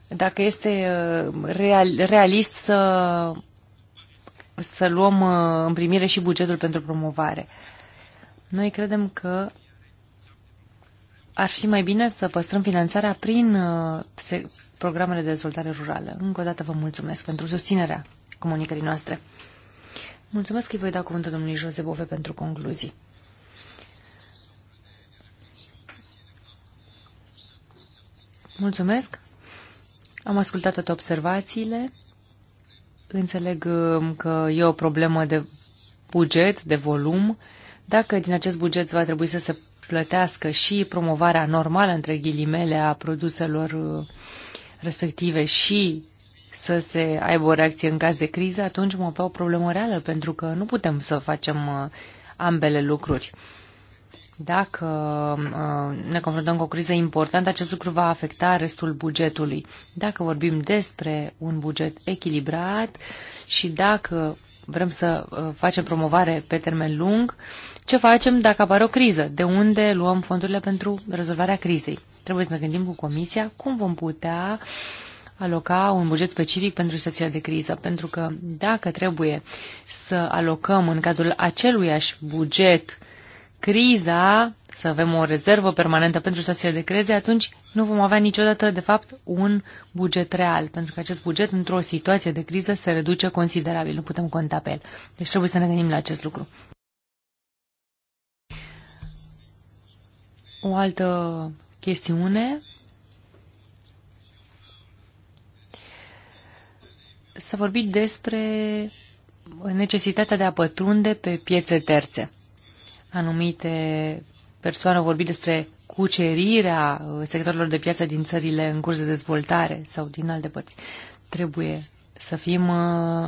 D: dacă este uh, real, realist să, să luăm uh, în primire și bugetul pentru promovare. Noi credem că ar fi mai bine să păstrăm finanțarea prin uh, programele de dezvoltare rurală. Încă o dată vă mulțumesc pentru susținerea comunicării noastre. Mulțumesc că îi voi da cuvântul domnului Jose Bove pentru concluzii. Mulțumesc. Am ascultat toate observațiile. Înțeleg um, că e o problemă de buget, de volum. Dacă din acest buget va trebui să se plătească și promovarea normală, între ghilimele, a produselor uh, respective și să se aibă o reacție în caz de criză, atunci mă pe o problemă reală, pentru că nu putem să facem uh, ambele lucruri. Dacă uh, ne confruntăm cu o criză importantă, acest lucru va afecta restul bugetului. Dacă vorbim despre un buget echilibrat și dacă vrem să uh, facem promovare pe termen lung, ce facem dacă apare o criză? De unde luăm fondurile pentru rezolvarea crizei? Trebuie să ne gândim cu Comisia cum vom putea aloca un buget specific pentru situația de criză, pentru că dacă trebuie să alocăm în cadrul aceluiași buget criza, să avem o rezervă permanentă pentru situația de crize, atunci nu vom avea niciodată, de fapt, un buget real, pentru că acest buget, într-o situație de criză, se reduce considerabil, nu putem conta pe el. Deci trebuie să ne gândim la acest lucru. O altă chestiune s-a vorbit despre necesitatea de a pătrunde pe piețe terțe. Anumite persoane au vorbit despre cucerirea uh, sectorilor de piață din țările în curs de dezvoltare sau din alte părți. Trebuie să fim uh,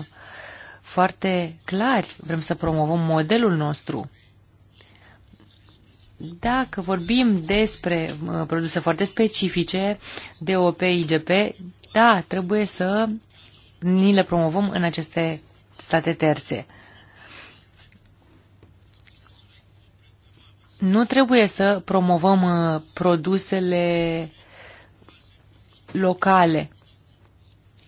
D: foarte clari. Vrem să promovăm modelul nostru dacă vorbim despre uh, produse foarte specifice, de OP, IGP, da, trebuie să ni le promovăm în aceste state terțe. Nu trebuie să promovăm uh, produsele locale.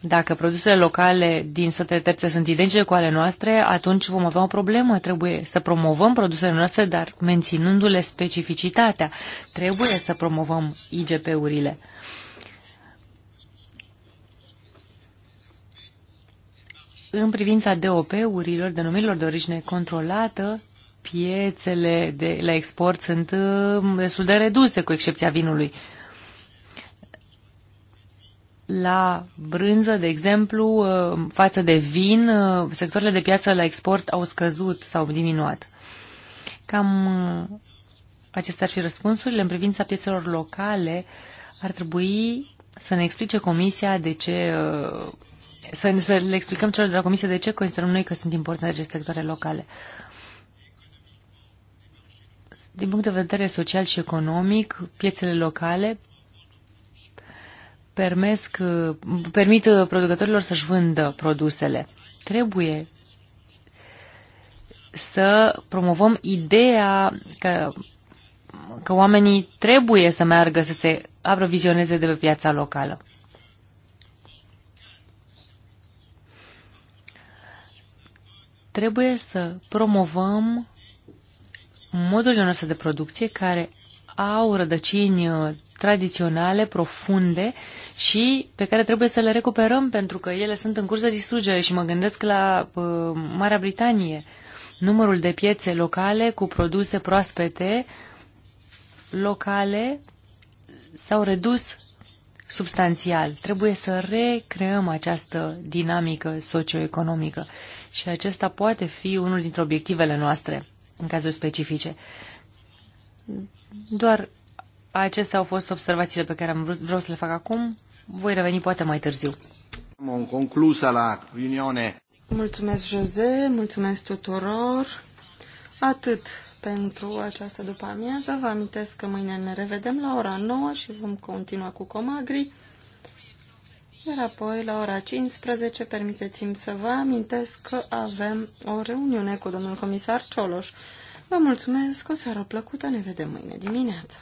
D: Dacă produsele locale din statele terțe sunt identice cu ale noastre, atunci vom avea o problemă. Trebuie să promovăm produsele noastre, dar menținându-le specificitatea. Trebuie să promovăm IGP-urile. În privința DOP-urilor, denumirilor de origine controlată, piețele de la export sunt uh, destul de reduse, cu excepția vinului la brânză, de exemplu, uh, față de vin, uh, sectoarele de piață la export au scăzut sau diminuat. Cam uh, acestea ar fi răspunsurile. În privința piețelor locale, ar trebui să ne explice comisia de ce să, să le explicăm celor de la comisie de ce considerăm noi că sunt importante aceste sectoare locale. Din punct de vedere social și economic, piețele locale permesc, uh, permit uh, producătorilor să-și vândă produsele. Trebuie să promovăm ideea că, că oamenii trebuie să meargă să se aprovizioneze de pe piața locală. Trebuie să promovăm modurile noastre de producție care au rădăcini uh, tradiționale, profunde și pe care trebuie să le recuperăm pentru că ele sunt în curs de distrugere și mă gândesc la uh, Marea Britanie. Numărul de piețe locale cu produse proaspete locale s-au redus substanțial. Trebuie să recreăm această dinamică socioeconomică și acesta poate fi unul dintre obiectivele noastre în cazuri specifice. Doar Acestea au fost observațiile pe care am vrut, vreau să le fac acum. Voi reveni poate mai târziu. Am conclusă
C: la reuniune. Mulțumesc, Jose, mulțumesc tuturor. Atât pentru această după-amiază. Vă amintesc că mâine ne revedem la ora 9 și vom continua cu Comagri. Iar apoi, la ora 15, permiteți-mi să vă amintesc că avem o reuniune cu domnul comisar Cioloș. Vă mulțumesc, o seară plăcută, ne vedem mâine dimineață.